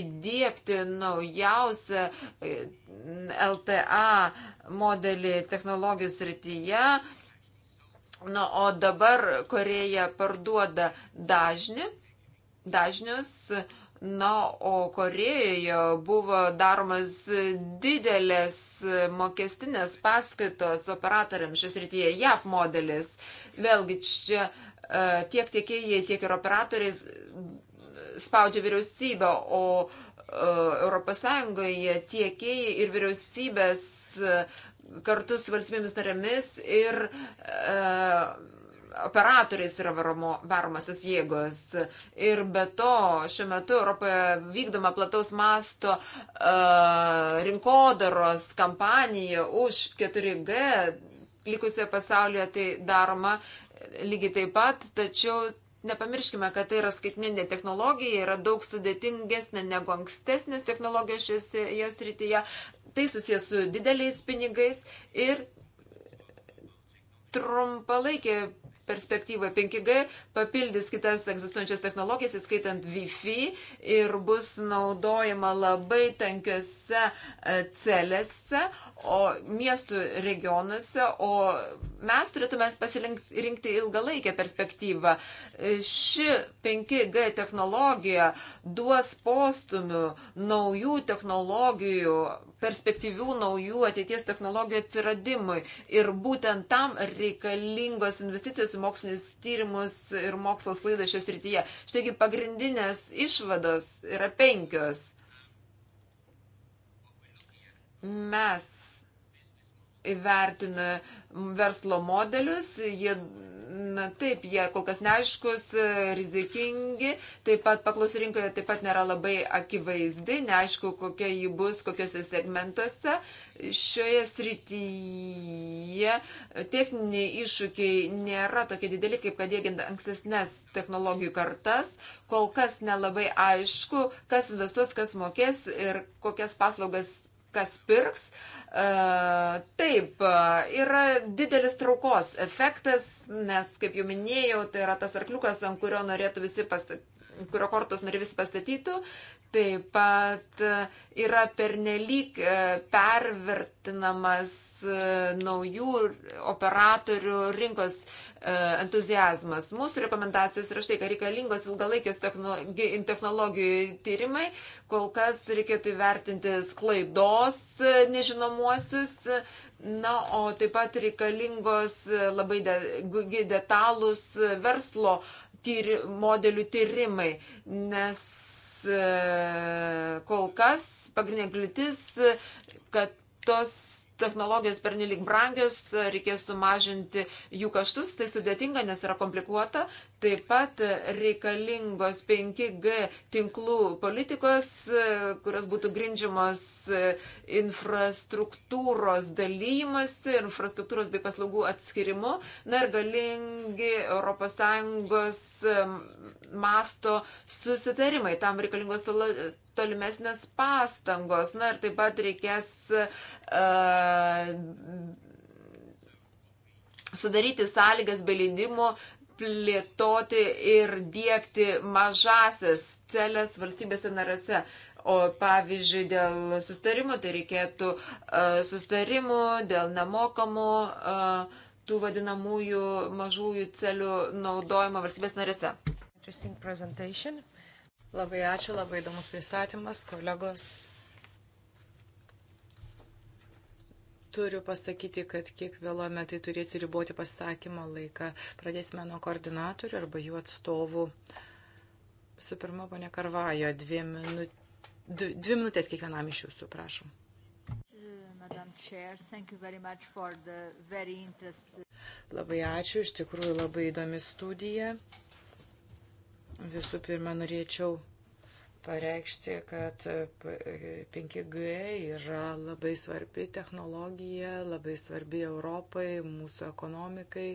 įdėkti naujausią e, LTA modelį technologijos rytyje. Na, o dabar Koreja parduoda dažnį, dažnius, dažnius Na, o Korejoje buvo daromas didelės mokestinės paskaitos operatoriams šis rytyje JAV modelis. Vėlgi čia e, tiek tiekėjai, tiek ir operatoriai spaudžia vyriausybę, o ES tiekėjai ir vyriausybės e, kartu su valstybėmis narėmis ir uh, operatoriais yra varomo, varomasios jėgos. Ir be to, šiuo metu Europoje vykdoma plataus masto uh, rinkodaros kampanija už 4G. Likusioje pasaulyje tai daroma lygiai taip pat, tačiau nepamirškime, kad tai yra skaitmeninė technologija, yra daug sudėtingesnė negu ankstesnės technologijos šios, jos rytyje. Tai susijęs su dideliais pinigais ir trumpalaikė perspektyvoje 5G papildys kitas egzistuojančias technologijas, įskaitant Wi-Fi ir bus naudojama labai tankiose e, celėse, o miestų regionuose, o mes turėtume pasirinkti ilgalaikę perspektyvą. E, ši 5G technologija duos postumių naujų technologijų perspektyvių naujų ateities technologijų atsiradimui. Ir būtent tam reikalingos investicijos į mokslinius tyrimus ir mokslas laidą šią srityje. Štaigi pagrindinės išvados yra penkios. Mes įvertiname verslo modelius, jie na, taip, jie kol kas neaiškus, e, rizikingi, taip pat paklausi rinkoje taip pat nėra labai akivaizdi, neaišku, kokia jį bus, kokiuose segmentuose. Šioje srityje techniniai iššūkiai nėra tokie dideli, kaip kad dėgiant ankstesnės technologijų kartas. Kol kas nelabai aišku, kas visus, kas mokės ir kokias paslaugas kas pirks. Uh, Э, taip, э, yra didelis traukos efektas, nes, kaip jau minėjau, tai yra tas arkliukas, ant kurio norėtų visi pastatyti kurio kortos nori vis pastatytų, taip pat e, yra pernelyg e, pervertinamas e, naujų operatorių rinkos entuzijazmas. Mūsų rekomendacijos yra štai, kad reikalingos ilgalaikės technologijų tyrimai, kol kas reikėtų įvertinti sklaidos nežinomuosius, na, o taip pat reikalingos labai de, detalus verslo uh, tyr, modelių tyrimai, nes e, kol kas pagrindinė kliūtis, kad tos technologijos pernelik brangios, reikės sumažinti jų kaštus, tai sudėtinga, nes yra komplikuota. Taip pat reikalingos 5G tinklų politikos, kurios būtų grindžiamos infrastruktūros dalymasi, infrastruktūros bei paslaugų atskirimu. Na ir galingi ES masto susitarimai. Tam reikalingos tolimesnės pastangos. Na ir taip pat reikės Uh, sudaryti sąlygas be leidimų plėtoti ir dėkti mažasias celės valstybėse narėse. O pavyzdžiui, dėl sustarimų, tai reikėtų uh, sustarimų dėl nemokamų uh, tų vadinamųjų mažųjų celių naudojimo valstybės narėse. Labai ačiū, labai įdomus pristatymas, kolegos. Turiu pasakyti, kad kiek vėluojame, tai turėsi riboti pasakymo laiką. Pradėsime nuo koordinatorių arba jų atstovų. Su pirma, ponė Karvajo, dvi, minu, dvi minutės kiekvienam iš jūsų, prašom. Labai ačiū, iš tikrųjų labai įdomi studija. Visų pirma, norėčiau pareikšti, kad 5G e, yra labai svarbi technologija, labai svarbi Europai, mūsų ekonomikai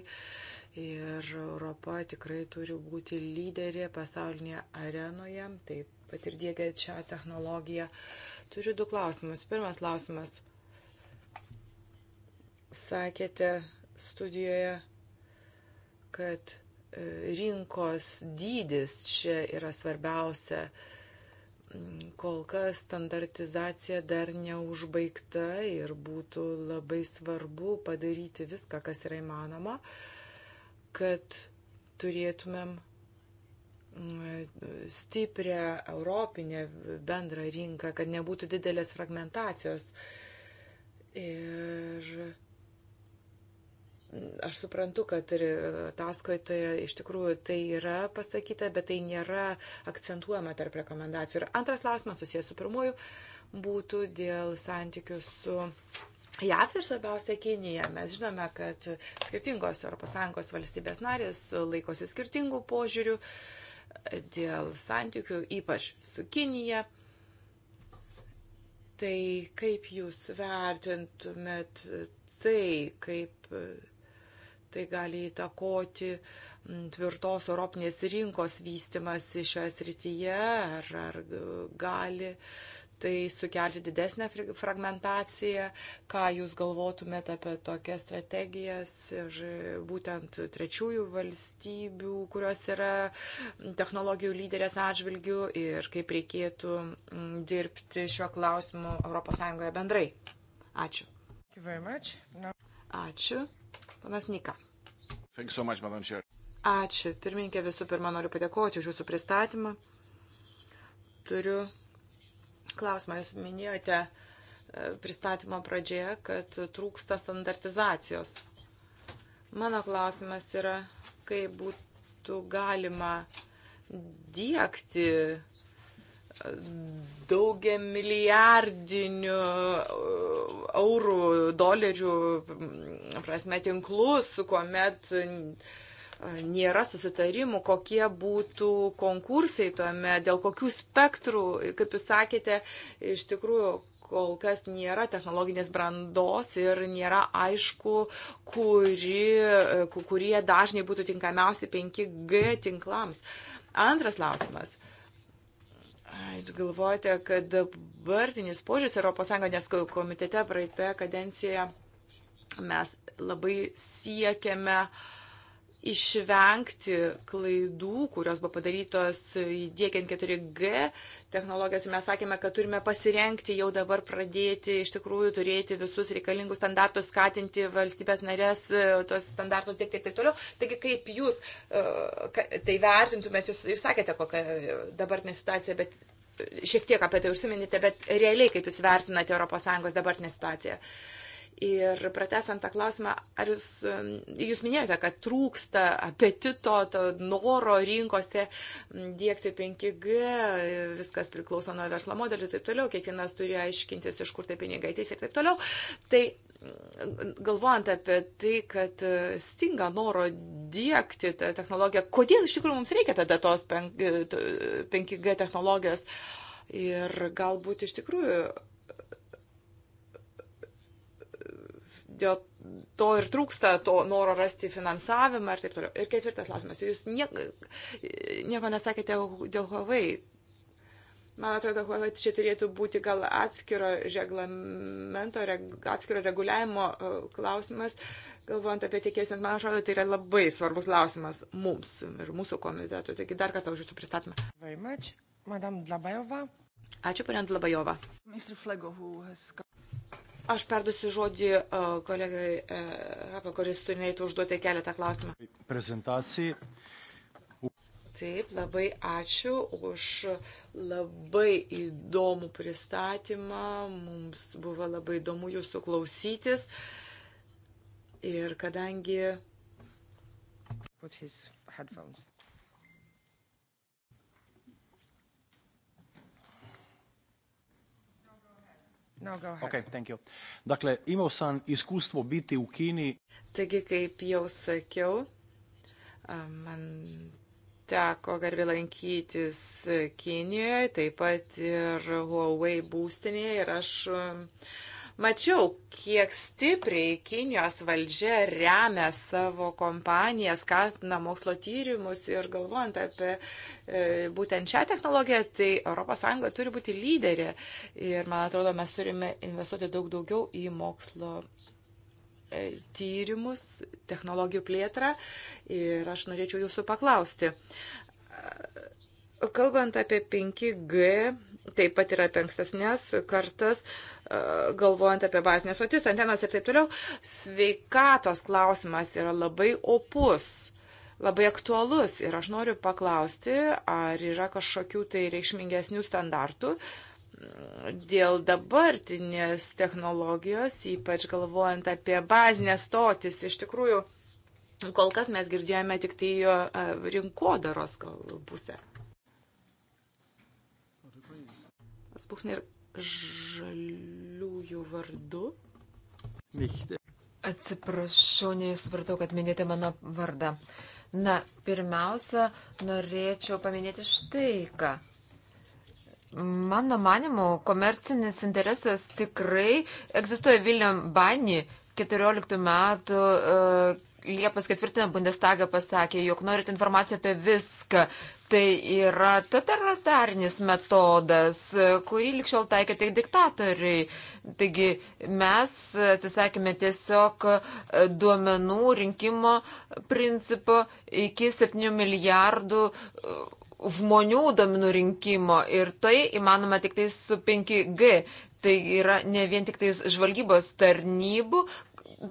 ir Europa tikrai turi būti lyderė pasaulinėje arenoje, taip pat ir dėgia čia technologiją. Turiu du klausimus. Pirmas klausimas. Sakėte studijoje, kad e, rinkos dydis čia yra svarbiausia kol kas standartizacija dar neužbaigta ir būtų labai svarbu padaryti viską, kas yra įmanoma, kad turėtumėm mm, stiprią europinę bendrą rinką, kad nebūtų didelės fragmentacijos. Ir Aš suprantu, kad ir e, ataskaitoje iš tikrųjų tai yra pasakyta, bet tai nėra akcentuojama tarp rekomendacijų. Ir antras klausimas susijęs su pirmuoju būtų dėl santykių su JAF ir svarbiausia Kinija. Mes žinome, kad skirtingos ES valstybės narės laikosi skirtingų požiūrių dėl santykių, ypač su Kinija. Tai kaip jūs vertintumėt tai, kaip Tai gali įtakoti mm, tvirtos Europinės rinkos vystimas šioje srityje ar, ar gali tai sukelti didesnę fragmentaciją, ką jūs galvotumėte apie tokias strategijas ir būtent trečiųjų valstybių, kurios yra mm, technologijų lyderės atžvilgių ir kaip reikėtų mm, dirbti šiuo klausimu ES bendrai. Ačiū. Ačiū. Panas Nika. So much, Ačiū. Pirmininkė, visų pirma, noriu padėkoti už jūsų pristatymą. Turiu klausimą. Jūs minėjote e, pristatymo pradžioje, kad trūksta standartizacijos. Mano klausimas yra, kaip būtų galima diegti daugiamilijardinių uh, eurų, dolerių, mm, prasme, tinklus, kuomet uh, nėra susitarimų, kokie būtų konkursai tuome, dėl kokių spektrų, kaip jūs sakėte, iš tikrųjų kol kas nėra technologinės brandos ir nėra aišku, kuri, kurie dažniai būtų tinkamiausi 5G tinklams. Antras klausimas. Jūs galvojate, kad dabartinis požiūris ES, nes komitete praeitoje kadencijoje mes labai siekiame uh, išvengti klaidų, kurios buvo padarytos įdėkiant 4G technologijas. Mes sakėme, kad turime pasirenkti jau dabar pradėti, iš tikrųjų turėti visus reikalingus standartus, skatinti valstybės narės, e, tos standartus tiek ir taip toliau. Taigi, kaip jūs e, tai vertintumėt, jūs, jūs sakėte, kokia dabartinė situacija, bet šiek tiek apie tai užsiminėte, bet realiai kaip jūs vertinate ES dabartinę situaciją? Uh, Ir pratesant tą klausimą, ar jūs, um, jūs minėjote, kad trūksta apetito, noro rinkose dėkti 5G, viskas priklauso nuo verslo modelių ir taip toliau, kiekvienas turi aiškintis, iš kur tie pinigai ateis ir taip toliau. Tai galvojant apie tai, kad e, stinga noro dėkti tą technologiją, kodėl iš tikrųjų mums reikia tada tos 5G e, e, technologijos ir galbūt iš tikrųjų dėl to ir trūksta to noro rasti finansavimą ir taip toliau. Ir ketvirtas klausimas. Jūs nieko, nieko nesakėte dėl Huawei. Man atrodo, Huawei čia turėtų būti gal atskiro reglamento, reg, atskiro reguliavimo e, klausimas, galvojant apie tiekėjus, nes man atrodo, tai yra labai svarbus klausimas mums ir mūsų komitetui. Taigi dar kartą už jūsų pristatymą. Ačiū, ponė Dlabajova. Aš perdusiu žodį e, kolegai, e, apie kuris turėtų užduoti keletą klausimų. Prezentacijai. Taip, labai ačiū už labai įdomų pristatymą. Mums buvo labai įdomu jūsų klausytis. Ir kadangi. Put his headphones. No, okay, thank you. Dakle, imao sam iskustvo biti u Kini. Taigi, kaip jau sakiau, man teko garbė lankytis Kinijoje, taip pat ir er Huawei būstinėje ir aš uh, Mačiau, kiek stipriai Kinijos valdžia remia savo kompaniją, skatina mokslo tyrimus ir galvojant apie e, būtent šią technologiją, tai ES turi būti lyderė. Ir man atrodo, mes turime investuoti daug daugiau į mokslo e, tyrimus, technologijų plėtrą. Ir aš norėčiau jūsų paklausti. Kalbant apie 5G, taip pat ir apie ankstesnės kartas, uh, galvojant apie bazinės sotis, antenas ir taip toliau, sveikatos klausimas yra labai opus labai aktualus ir aš noriu paklausti, ar yra kažkokių tai reikšmingesnių standartų dėl dabartinės technologijos, ypač galvojant apie bazinės stotis. Iš tikrųjų, kol kas mes girdėjome tik tai jo e, rinkodaros gal pusę. Spuchner žaliųjų vardu. Michte. Atsiprašau, nesupratau, kad minėjote mano vardą. Na, pirmiausia, norėčiau paminėti štai ką. Mano manimu, komercinis interesas tikrai egzistuoja Viljam Bani 14 metų. Uh, Liepos 4 Bundestagą pasakė, jog norit informaciją apie viską, Tai yra totalitarinis metodas, kurį likščiau taikė tik diktatoriai. Taigi mes atsisakėme tiesiog duomenų rinkimo principo iki 7 milijardų žmonių duomenų rinkimo ir tai įmanoma tik tais su 5G. Tai yra ne vien tik tais žvalgybos tarnybų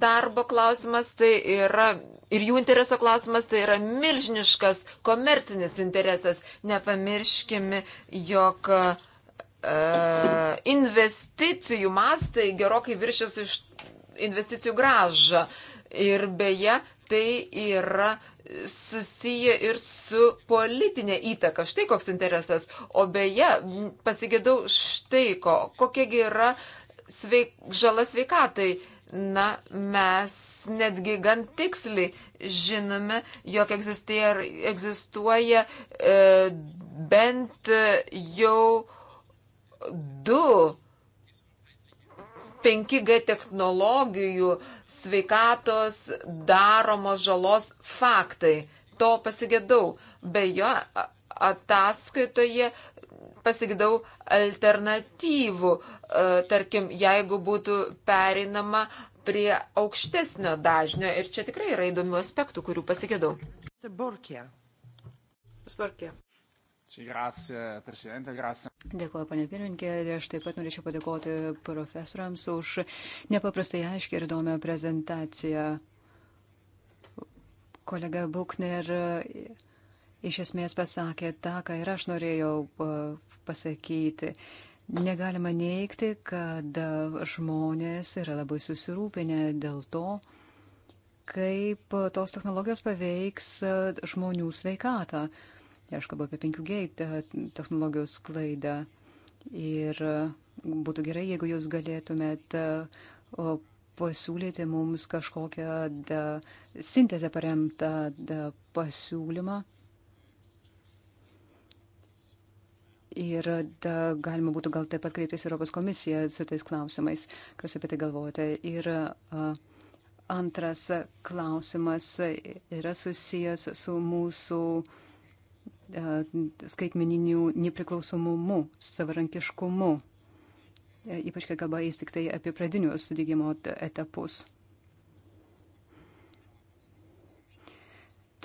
darbo klausimas, tai yra ir jų intereso klausimas tai yra milžiniškas komercinis interesas. Nepamirškime, jog e, investicijų mastai gerokai viršės iš investicijų gražą. Ir beje, tai yra susiję ir su politinė įtaka. Štai koks interesas. O beje, pasigėdau štai ko. Kokiagi yra sveik, žala sveikatai. E, Na, mes netgi gan tiksliai žinome, jog egzistuoja, egzistuoja e, bent jau du 5G technologijų sveikatos daromos žalos faktai. To pasigėdau. Beje, ataskaitoje pasigidau alternatyvų, e, tarkim, jeigu būtų perinama prie aukštesnio dažnio ir čia tikrai yra įdomių aspektų, kurių pasigidau. Sparkė. Dėkuoju, panė pirmininkė, ir aš taip pat norėčiau padėkoti profesoriams už nepaprastai aiškį ir įdomią prezentaciją. Kolega Bukner e, iš esmės pasakė tą, ką ir aš norėjau e, pasakyti. Negalima neikti, kad žmonės yra labai susirūpinę dėl to, kaip tos technologijos paveiks žmonių sveikatą. Ir aš kalbu apie 5G technologijos klaidą. Ir būtų gerai, jeigu jūs galėtumėt pasiūlyti mums kažkokią da, sintezę paremtą da, pasiūlymą Ir da, galima būtų gal taip pat kreiptis Europos komisiją su tais klausimais, kas apie tai galvojate. Ir uh, antras klausimas yra susijęs su mūsų uh, skaitmeniniu nepriklausomumu, savarankiškumu, ypač kai kalba eis tik tai apie pradinius dygimo etapus.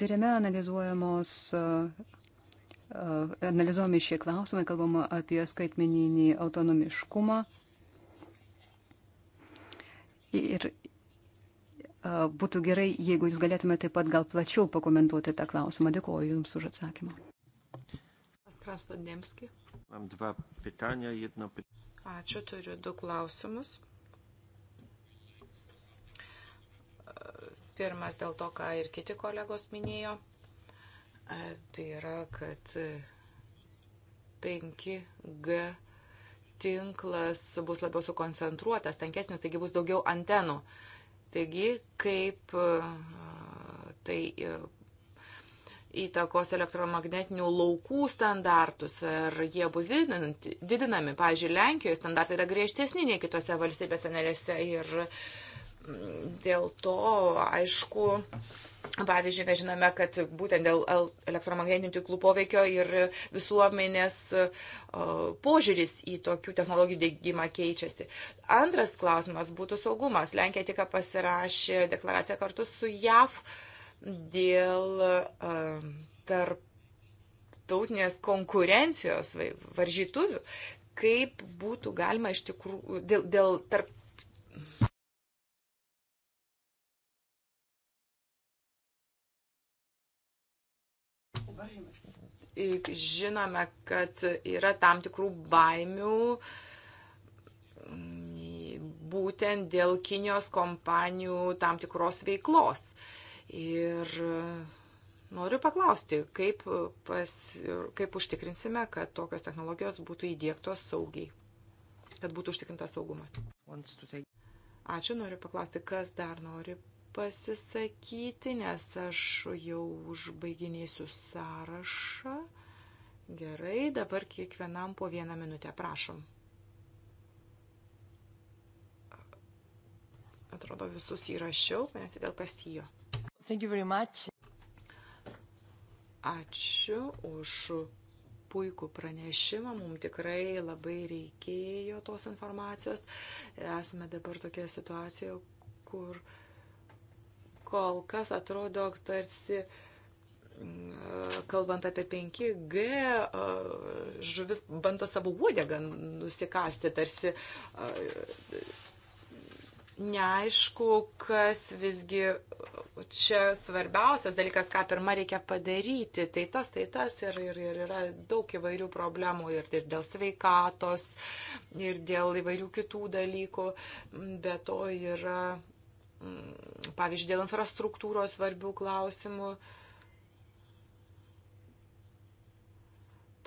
Tyrime analizuojamos uh, analizuomi šie klausimai, kalbama apie skaitmeninį autonomiškumą. Ir būtų gerai, jeigu jūs galėtumėte taip pat gal plačiau pakomentuoti tą klausimą. Dėkuoju Jums už atsakymą. Ačiū, turiu du klausimus. Pirmas dėl to, ką ir kiti kolegos minėjo. Tai yra, kad 5G tinklas bus labiau sukoncentruotas, tankesnis, taigi bus daugiau antenų. Taigi, kaip tai įtakos elektromagnetinių laukų standartus, ar jie bus didinami. Pavyzdžiui, Lenkijoje standartai yra griežtesni nei kitose valstybėse narėse ir uh, Dėl to, aišku, Pavyzdžiui, mes žinome, kad būtent dėl elektromagnetinių tiklų poveikio ir visuomenės požiūris į tokių technologijų dėgymą keičiasi. Antras klausimas būtų saugumas. Lenkija tik pasirašė deklaraciją kartu su JAV dėl tarptautinės konkurencijos varžytuvių. Kaip būtų galima iš tikrųjų dėl, dėl tarp žinome, kad yra tam tikrų baimių būtent dėl Kinijos kompanijų tam tikros veiklos. Ir noriu paklausti, kaip, pas, kaip užtikrinsime, kad tokios technologijos būtų įdėktos saugiai, kad būtų užtikrintas saugumas. Ačiū, noriu paklausti, kas dar nori pasisakyti, nes aš jau užbaiginėsiu sąrašą. Gerai, dabar kiekvienam po vieną minutę, prašom. Atrodo, visus įrašiau, nes dėl kasijo. Ačiū už puikų pranešimą, mums tikrai labai reikėjo tos informacijos. Esame dabar tokia situacija, kur uh, kol kas atrodo tarsi mm, kalbant apie 5G, žuvis bando savo uodegą nusikasti, tarsi neaišku, kas visgi čia svarbiausias dalykas, ką pirmą reikia padaryti, tai tas, tai tas ir, ir, ir yra daug įvairių problemų ir, ir dėl sveikatos, ir dėl įvairių kitų dalykų, bet to yra Mm, pavyzdžiui, dėl infrastruktūros svarbių klausimų,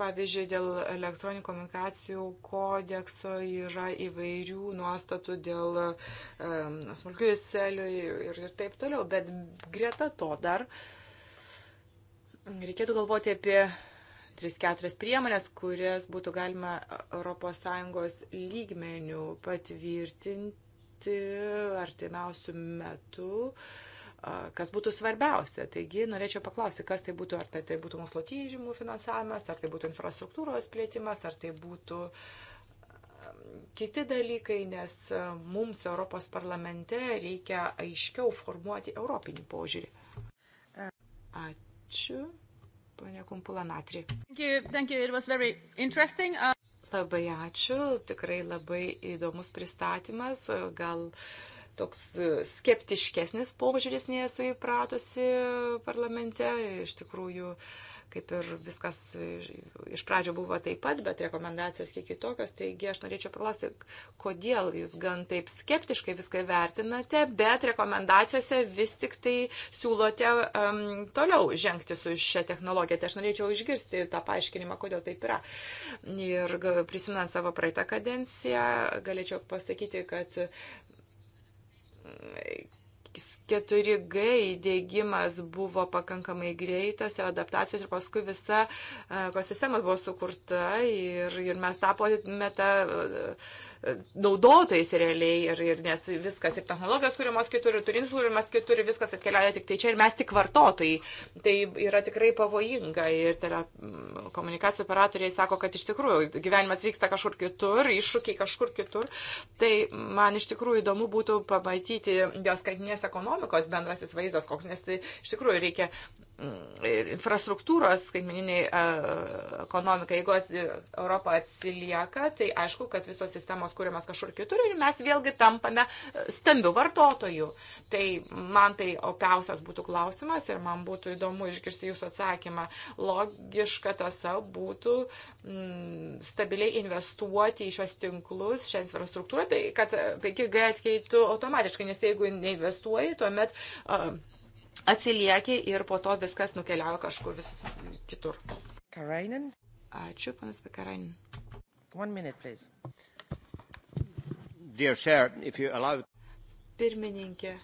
pavyzdžiui, dėl elektroninių komunikacijų kodekso yra įvairių nuostatų dėl um, smulkiųjų celių ir, ir taip toliau, bet greta to dar reikėtų galvoti apie 3-4 priemonės, kurias būtų galima ES lygmenių patvirtinti aptarti artimiausių metų kas būtų svarbiausia. Taigi norėčiau paklausti, kas tai būtų, ar tai, tai būtų mokslo tyrimų finansavimas, ar tai būtų infrastruktūros plėtimas, ar tai būtų kiti dalykai, nes mums Europos parlamente reikia aiškiau formuoti europinį požiūrį. Ačiū. Pane Kumpula Natri. Thank you, thank you. It was very interesting. Uh... Labai ačiū, tikrai labai įdomus pristatymas, gal toks skeptiškesnis požiūris nesu įpratusi parlamente, iš tikrųjų. Uh, kaip ir viskas iš pradžio buvo taip pat, bet rekomendacijos kiek kitokios. Taigi aš norėčiau paklausti, kodėl jūs gan taip skeptiškai viską vertinate, bet rekomendacijose vis tik tai siūlote um, toliau žengti su šia technologija. Tai aš norėčiau išgirsti tą paaiškinimą, kodėl taip yra. Ir prisimant savo praeitą kadenciją, galėčiau pasakyti, kad 4G įdėgymas buvo pakankamai greitas ir adaptacijos ir paskui visa e, ekosistema buvo sukurta ir, ir mes tapome tą naudotojais realiai, ir, ir, nes viskas ir technologijos kūrimas kitur, ir turinys kūrimas kitur, viskas atkeliauja tik tai čia ir mes tik vartotojai. Tai yra tikrai pavojinga ir tele, mm, komunikacijų operatoriai sako, kad iš tikrųjų gyvenimas vyksta kažkur kitur, iššūkiai kažkur kitur. Tai man iš tikrųjų įdomu būtų pamatyti dėl skaitinės ekonomikos bendrasis vaizdas, koks, nes tai iš tikrųjų reikia infrastruktūros skaitmeniniai e, ekonomikai, jeigu Europa atsilieka, tai aišku, kad visos sistemos kūrimas kažkur kitur ir mes vėlgi tampame e, stambių vartotojų. Tai man tai opiausias būtų klausimas ir man būtų įdomu išgirsti jūsų atsakymą. Logiška tasa būtų m, mm, stabiliai investuoti į šios tinklus, šią infrastruktūrą, tai kad 5G e, atkeitų automatiškai, nes jeigu neinvestuoji, tuomet uh, atsiliekia ir po to viskas nukeliavo kažkur vis kitur. Karainin. Ačiū, panas Pekarainin. One minute, please. Dear Chair, if you allow... Pirmininkė,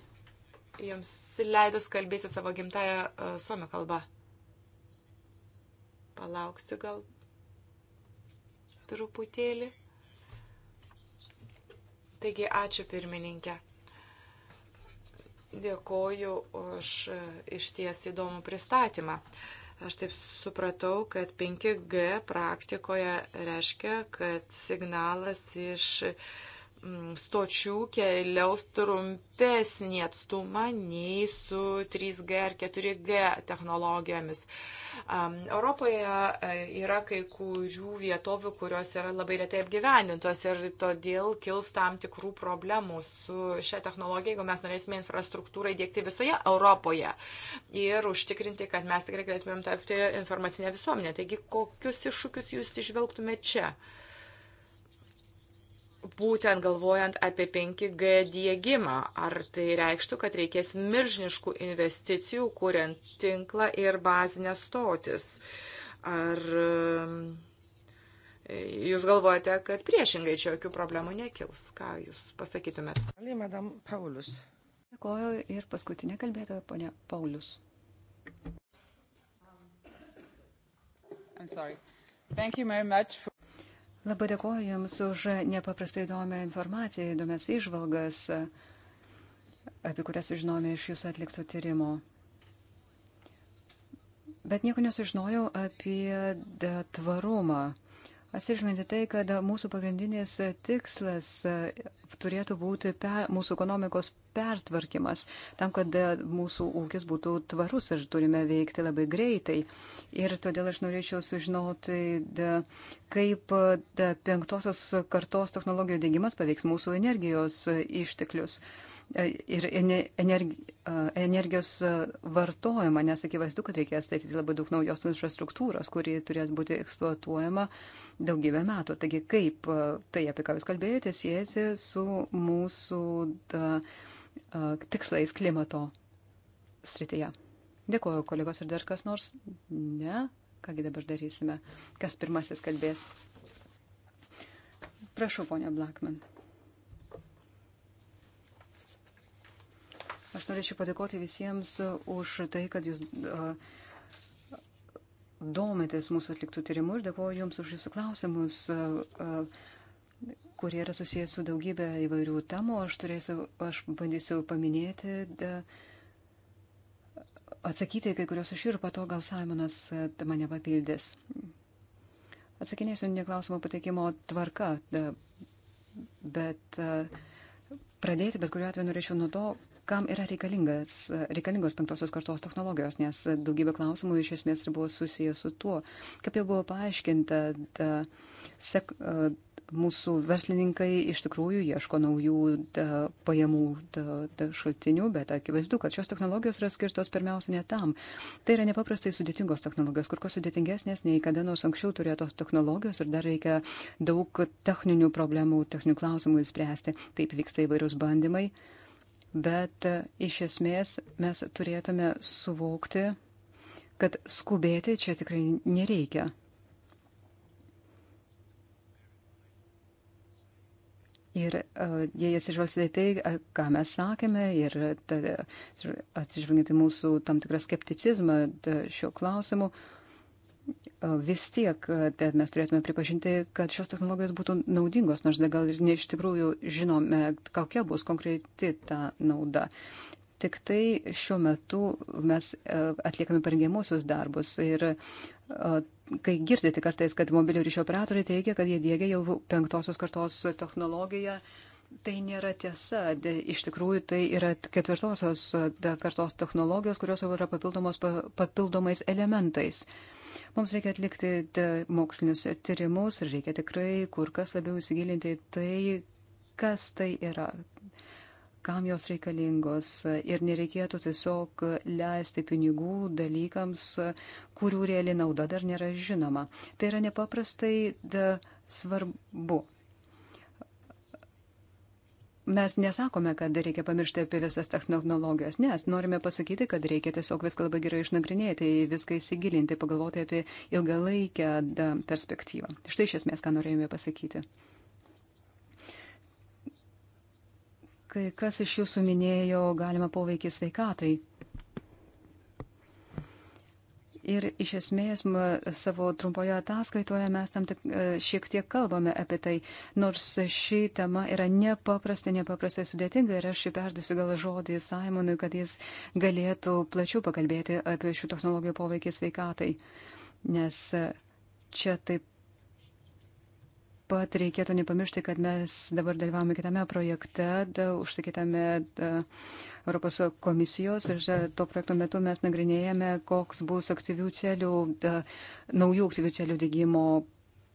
jums leidus kalbėsiu savo gimtają uh, e, suomio kalbą. Palauksiu gal truputėlį. Taigi, ačiū pirmininkė. Dėkoju už išties įdomų pristatymą. Aš taip supratau, kad 5G praktikoje reiškia, kad signalas iš stočių keliaus trumpesnį atstumą nei su 3G ar 4G technologijomis. Europoje yra kai kurių vietovių, kurios yra labai retai apgyvendintos ir todėl kils tam tikrų problemų su šia technologija, jeigu mes norėsime infrastruktūrą įdėkti visoje Europoje ir užtikrinti, kad mes tikrai galėtumėm tapti informacinę visuomenę. Taigi, kokius iššūkius jūs išvelgtumėte čia? būtent galvojant apie 5G dėgymą. Ar tai reikštų, kad reikės miržniškų investicijų, kuriant tinklą ir bazinės stotis? Ar um, jūs galvojate, kad priešingai čia jokių problemų nekils? Ką jūs pasakytumėt? Madam Paulius. Dėkoju ir paskutinė kalbėtoja, ponė Paulius. I'm sorry. Thank you very much for Labai dėkoju Jums už nepaprastai įdomią informaciją, įdomias išvalgas, apie kurias sužinome iš Jūsų atlikto tyrimo. Bet nieko nesužinojau apie tvarumą. Atsižvelgiant į tai, kad mūsų pagrindinės tikslas e, turėtų būti per, mūsų ekonomikos pertvarkymas, tam, kad e, mūsų ūkis būtų tvarus ir turime veikti labai greitai. Ir todėl aš norėčiau sužinoti, e, kaip penktosios kartos technologijų dėgymas paveiks mūsų energijos išteklius. E, ir e, energijos e, vartojimą, nes akivaizdu, kad reikės statyti labai daug naujos infrastruktūros, kuri turės būti eksploatuojama daugybę metų. Taigi kaip tai, apie ką Jūs kalbėjote, siejasi su mūsų da, tikslais klimato srityje. Dėkuoju, kolegos, ar dar kas nors? Ne? Kągi dabar darysime? Kas pirmasis kalbės? Prašau, ponia Blackman. Aš norėčiau padėkoti visiems e, už tai, kad jūs e, domitės mūsų atliktų tyrimų ir dėkoju Jums už Jūsų klausimus, e, kurie yra susijęs su daugybė įvairių temų. Aš, turėsiu, aš bandysiu paminėti, atsakyti kai kurios iš jų ir po to gal Simonas mane papildys. Atsakinėsiu neklausimo pateikimo tvarka, bet pradėti bet kuriuo atveju norėčiau nuo to, kam yra reikalingos penktosios kartos technologijos, nes daugybė klausimų iš esmės ir buvo susijęs su tuo, kaip jau buvo paaiškinta, ta, sek, mūsų verslininkai iš tikrųjų ieško naujų da, pajamų da, da, šaltinių, bet akivaizdu, kad šios technologijos yra skirtos pirmiausia ne tam. Tai yra nepaprastai sudėtingos technologijos, kur kas sudėtingesnės nei kada nors anksčiau turėtos technologijos ir dar reikia daug techninių problemų, techninių klausimų įspręsti. Taip vyksta įvairūs bandymai. Uh, bet e, iš esmės mes turėtume suvokti, kad skubėti čia tikrai nereikia. Ir e, jei atsižvelgsite į tai, e, ką mes sakėme, ir atsižvelgiant į mūsų tam tikrą skepticizmą šiuo klausimu, uh, vis tiek e, mes turėtume pripažinti, kad šios technologijos būtų naudingos, nors gal ir ne iš tikrųjų žinome, kokia bus konkreti ta nauda. Tik tai šiuo metu mes e, atliekame parengiamusius darbus ir kai girdite kartais, kad mobilio ryšio operatoriai teigia, kad jie dėgia jau penktosios kartos technologiją, tai nėra tiesa. De, iš tikrųjų, tai yra ketvirtosios kartos technologijos, kurios jau yra papildomos papildomais elementais. Uh, Mums reikia atlikti e, mokslinius tyrimus ir reikia tikrai kur kas labiau įsigilinti tai, kas tai yra, kam jos reikalingos ir nereikėtų tiesiog leisti pinigų dalykams, kurių reali nauda dar nėra žinoma. Tai yra nepaprastai svarbu. Mes nesakome, kad reikia pamiršti apie visas technologijas, nes norime pasakyti, kad reikia tiesiog viską labai gerai išnagrinėti, viską įsigilinti, pagalvoti apie ilgalaikę perspektyvą. Štai iš esmės, ką norėjome pasakyti. Kai kas iš jūsų minėjo galima poveikį sveikatai. Ir iš esmės savo trumpoje ataskaitoje mes tam tik e, šiek tiek kalbame apie tai, nors ši tema yra nepaprastai, nepaprastai sudėtinga ir aš perdusiu gal žodį Simonui, kad jis galėtų plačiau pakalbėti apie šių technologijų poveikį sveikatai. Nes e, čia taip pat reikėtų nepamiršti, kad mes dabar dalyvavome kitame projekte, da, užsakytame da, Europos komisijos ir da, to projekto metu mes nagrinėjame, koks bus aktyvių celių, da, naujų aktyvių celių dygimo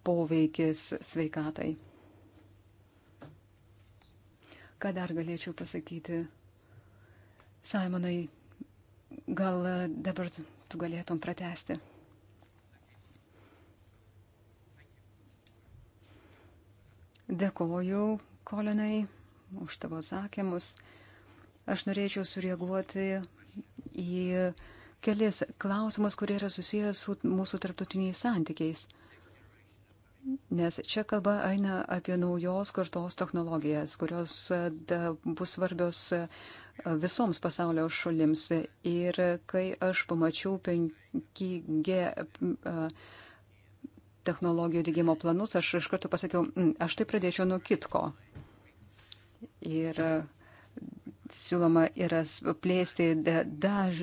poveikis sveikatai. Ką dar galėčiau pasakyti? Simonai, gal dabar tu galėtum pratesti? Dėkoju, Kolinai, už tavo atsakymus. Aš norėčiau sureaguoti į kelias klausimus, kurie yra susijęs su mūsų tarptautiniais santykiais. Nes čia kalba eina apie naujos kartos technologijas, kurios e, da, bus svarbios e, visoms pasaulio šalims. Ir kai aš pamačiau 5G technologijų dėgymo planus, aš iš karto pasakiau, mm, aš tai pradėčiau nuo kitko. Ir e, siūloma yra plėsti daž,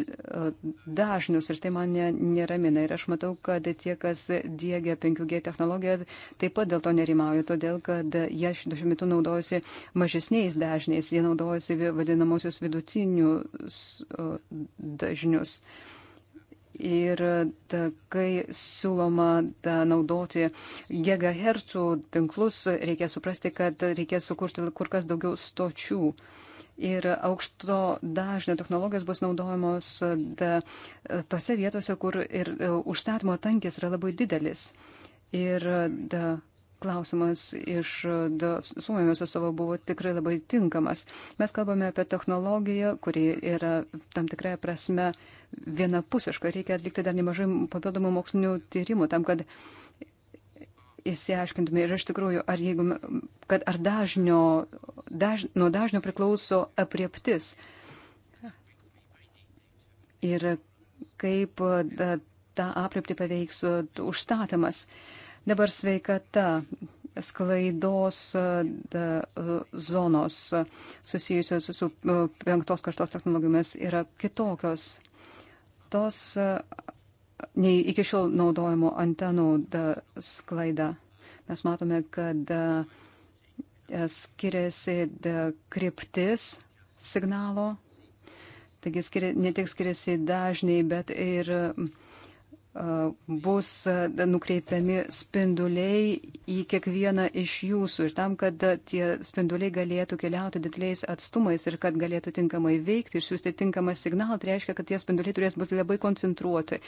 dažnius ir tai man neramina. Ir aš matau, kad tie, kas dėgia 5G technologiją, taip pat dėl to nerimauja, todėl kad jie šiuo metu naudojasi mažesniais dažniais, jie naudojasi vadinamosius vidutinius e, dažnius. Uh, Ir ta, kai siūloma ta, naudoti gigahercų tinklus, reikia suprasti, kad reikės sukurti kur kas daugiau stočių. Ir aukšto dažnio technologijos bus naudojamos da, tose vietose, kur ir e, užstatymo tankis yra labai didelis. Ir da, klausimas iš Suomijos atstovo buvo tikrai labai tinkamas. Mes kalbame apie technologiją, kuri yra tam tikrai prasme vienapusiška. Reikia atlikti dar nemažai papildomų mokslinių tyrimų tam, kad įsiaiškintume ir iš tikrųjų, ar jeigu, kad ar dažnio, daž, nuo dažnio priklauso aprieptis ir kaip da, tą apriepti paveiks užstatymas. Uh, Dabar sveikata sklaidos e, e, zonos susijusios su e, penktos kartos technologijomis yra kitokios. Tos nei iki šiol naudojimo antenų sklaida. Mes matome, kad skiriasi kryptis signalo, taigi skiri, ne tik skiriasi dažniai, bet ir uh, bus e, nukreipiami spinduliai į kiekvieną iš jūsų ir tam, kad tie spinduliai galėtų keliauti dideliais atstumais ir kad galėtų tinkamai veikti ir siūsti tinkamą signalą, tai reiškia, kad tie spinduliai turės būti labai koncentruoti.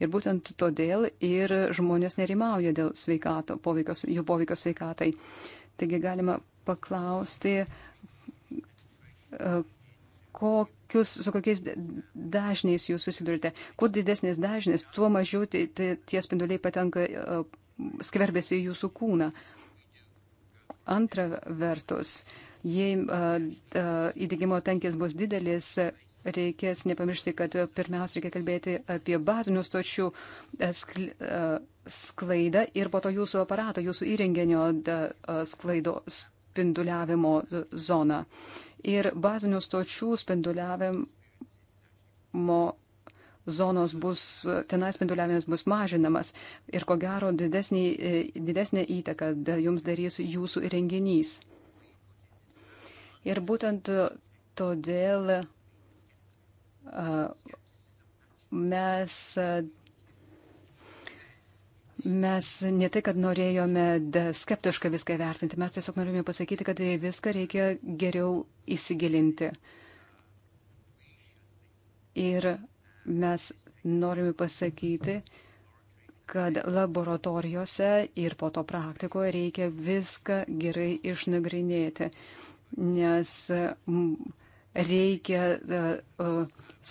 Ir būtent todėl ir žmonės nerimauja dėl sveikato, poveikos, jų poveikio sveikatai. Taigi galima paklausti, e, kokius, su kokiais dažniais jūs susidurite. Kuo didesnis dažnis, tuo mažiau tie, tie spinduliai patenka, e, skverbėsi į jūsų kūną. Antra vertus, jei e, e, įdėgymo tankis bus didelis, reikės nepamiršti, kad pirmiausia reikia kalbėti apie bazinių stočių sklaidą ir po to jūsų aparato, jūsų įrenginio sklaido spinduliavimo zoną ir bazinių stočių spinduliavimo zonos bus, tenai spinduliavimas bus mažinamas ir ko gero didesnį, didesnį įtaką jums darys jūsų įrenginys. Ir būtent todėl mes Mes ne tai, kad norėjome skeptiškai viską vertinti, mes tiesiog norėjome pasakyti, kad viską reikia geriau įsigilinti. Ir mes norime pasakyti, kad laboratorijose ir po to praktikoje reikia viską gerai išnagrinėti, nes reikia e, e,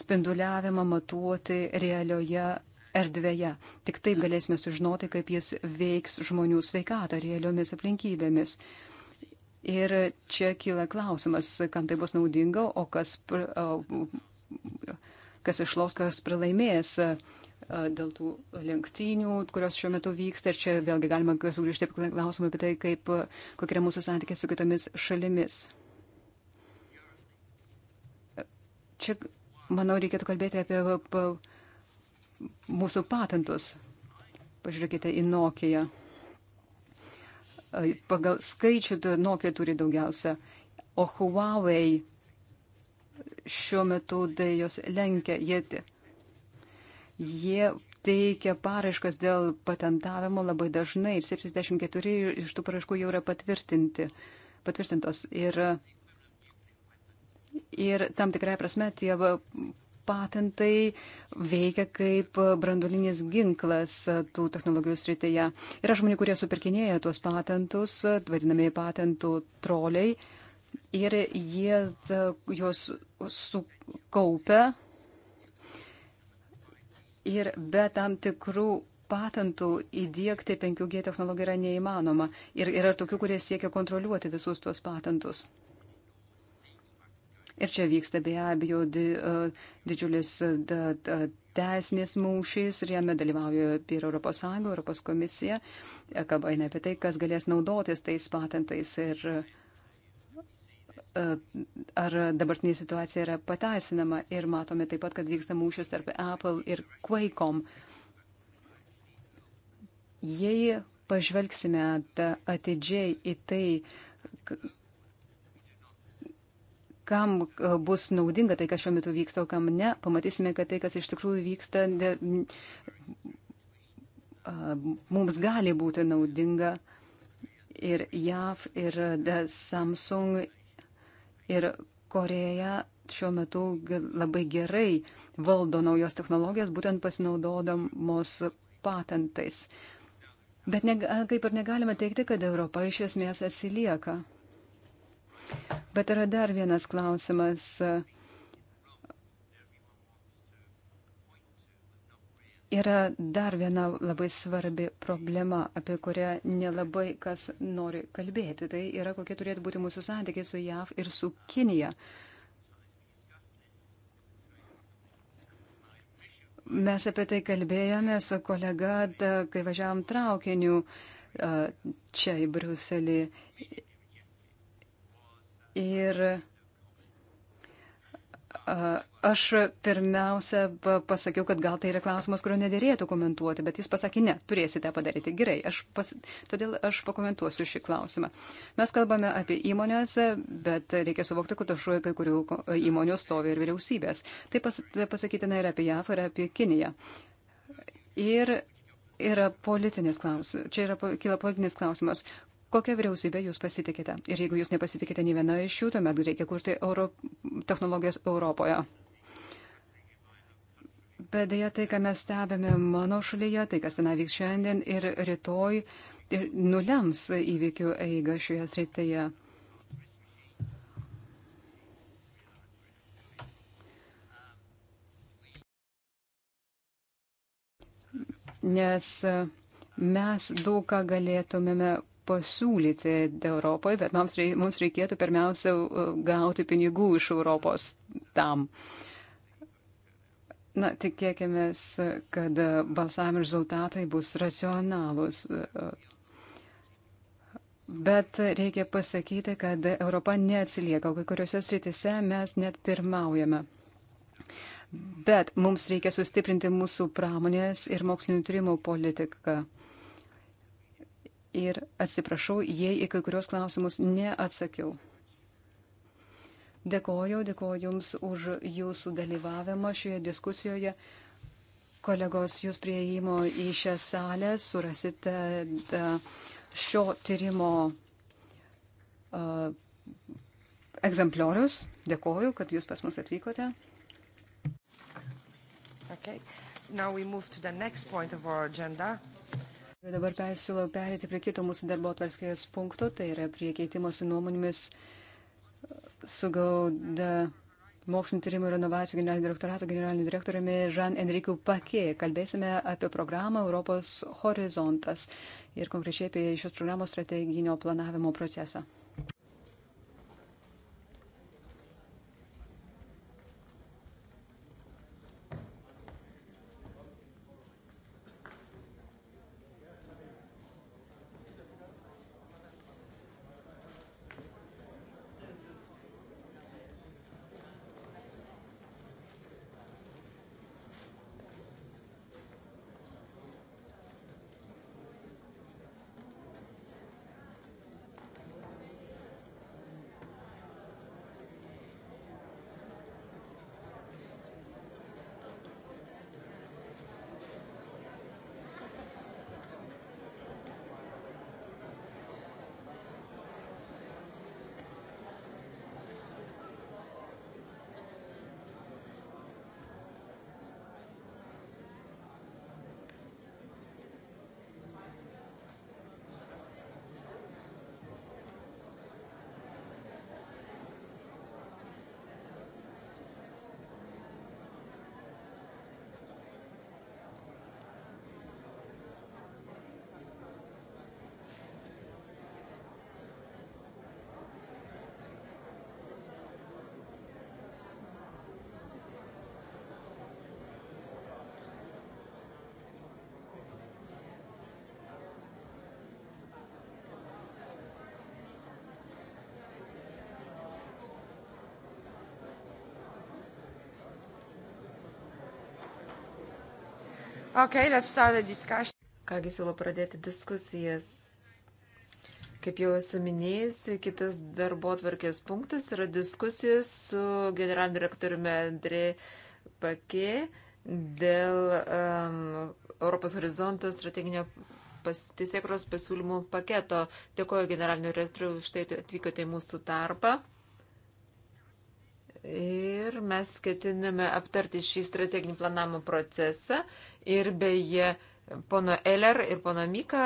spinduliavimą matuoti realioje erdvėje. Tik taip galėsime sužinoti, kaip jis veiks žmonių sveikatą realiomis aplinkybėmis. Ir čia kyla klausimas, kam tai bus naudinga, o kas, kas išlaus, kas pralaimės dėl tų lenktynių, kurios šiuo metu vyksta. Ir čia vėlgi galima sugrįžti apie klausimą apie tai, kaip, kokie yra mūsų santykiai su kitomis šalimis. Čia, manau, reikėtų kalbėti apie mūsų patentus. Pažiūrėkite į Nokiją. Pagal skaičių Nokia turi daugiausia, o Huawei šiuo metu jos lenkia jėti. Jie teikia paraiškas dėl patentavimo labai dažnai ir 74 iš tų paraiškų jau yra patvirtinti, patvirtintos. Ir, ir tam tikrai prasme tie patentai veikia kaip brandulinis ginklas tų technologijų srityje. Yra žmonių, kurie supirkinėja tuos patentus, vadinamieji patentų troliai, ir jie e, juos sukaupia. Ir be tam tikrų patentų įdėkti 5G technologiją yra neįmanoma. Ir yra tokių, kurie siekia kontroliuoti visus tuos patentus. Ir čia vyksta be abejo di, e, didžiulis e, teisinis mūšys ir jame dalyvauja ir Europos Sąjunga, Europos komisija. E, kalba eina apie tai, kas galės naudotis tais patentais ir ar dabartinė situacija yra pateisinama. Ir matome taip pat, kad vyksta mūšis tarp Apple ir Quake'om. Jei pažvelgsime atidžiai į tai, kam e, bus naudinga tai, kas šiuo metu vyksta, o kam ne, pamatysime, kad tai, kas iš tikrųjų vyksta, ne, mums gali būti naudinga ir JAV, ir e, Samsung, ir Koreja šiuo metu labai gerai valdo naujos technologijas, būtent pasinaudodamos patentais. Bet ne, kaip ir negalime teikti, kad Europa iš esmės atsilieka. Bet yra dar vienas klausimas. Yra dar viena labai svarbi problema, apie kurią nelabai kas nori kalbėti. Tai yra, kokie turėtų būti mūsų santykiai su JAV ir su Kinija. Mes apie tai kalbėjome su kolega, kai važiavom traukiniu čia į Bruselį. Ir aš pirmiausia pasakiau, kad gal tai yra klausimas, kurio nedėrėtų komentuoti, bet jis pasakė, ne, turėsite padaryti. Gerai, aš pas, todėl aš pakomentuosiu šį klausimą. Mes kalbame apie įmonės, bet reikia suvokti, kad už kai kurių įmonių stovi ir vyriausybės. Tai pas, pasakytina ir apie JAF, ir apie Kiniją. Ir yra politinis klausimas. Čia yra, kyla politinis klausimas. Kokią vyriausybę jūs pasitikite? Ir jeigu jūs nepasitikite nei viena iš jų, tuomet reikia kurti Euro... technologijas Europoje. Bet dėja tai, ką mes stebėme mano šalyje, tai, kas ten vyks šiandien ir rytoj, ir nulems įvykių eigą šioje srityje. Nes mes daug ką galėtumėme pasiūlyti Europoje, bet mums, reik, mums reikėtų pirmiausia uh, gauti pinigų iš Europos tam. Na, tikėkime, kad balsavimo rezultatai bus racionalūs. Bet reikia pasakyti, kad Europa neatsilieka, kai kuriuose sritise mes net pirmaujame. Bet mums reikia sustiprinti mūsų pramonės ir mokslinio tyrimo politiką ir atsiprašau, jei į kai kurios klausimus neatsakiau. Dėkoju, dėkoju Jums už Jūsų dalyvavimą šioje diskusijoje. Kolegos, Jūs prieimo į šią salę surasite šio tyrimo uh, egzempliorius. Dėkoju, kad Jūs pas mus atvykote. Okay. Now we move to the next point of our agenda. Jau dabar persiūlau perėti prie kito mūsų darbo atvarskės punkto, tai yra prie keitimosi nuomonėmis sugauda mokslinio tyrimų ir inovacijų generalinio direktorato generaliniu direktoriumi Žan Enriku Pakė. Kalbėsime apie programą Europos horizontas ir konkrečiai apie šios programos strateginio planavimo procesą. Okay, let's start the discussion. Kągi siūlau pradėti diskusijas. Kaip jau esu minėjusi, kitas darbo atvarkės punktas yra diskusijos su generaliniu direktoriumi Andrė Pakė dėl um, Europos horizonto strateginio teisėkros pasiūlymų paketo. Dėkoju generaliniu direktoriu už tai atvykote į mūsų tarpą. Ir mes ketiname aptarti šį strateginį planavimo procesą ir beje, pono Eller ir pono Mika,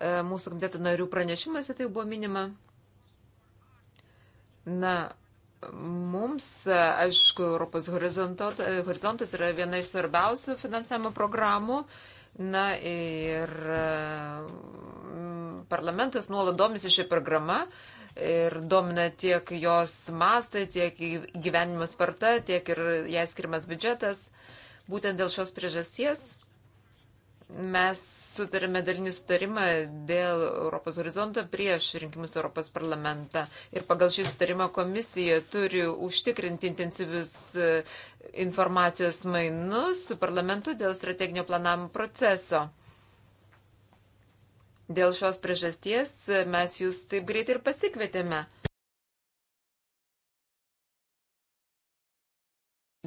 e, mūsų komiteto narių pranešimuose tai buvo minima. Na, mums, aišku, Europos horizontas yra viena iš svarbiausių finansavimo programų. Na ir mm, parlamentas nuolat domisi šią programą ir domina tiek jos mastai, tiek gyvenimo sparta, tiek ir jai skirimas biudžetas. Būtent dėl šios priežasties mes sutarėme dalinį sutarimą dėl Europos horizonto prieš rinkimus Europos parlamentą. Ir pagal šį sutarimą komisija turi užtikrinti intensyvius e, informacijos mainus su parlamentu dėl strateginio planavimo proceso. Dėl šios priežasties e, mes jūs taip greit ir pasikvietėme.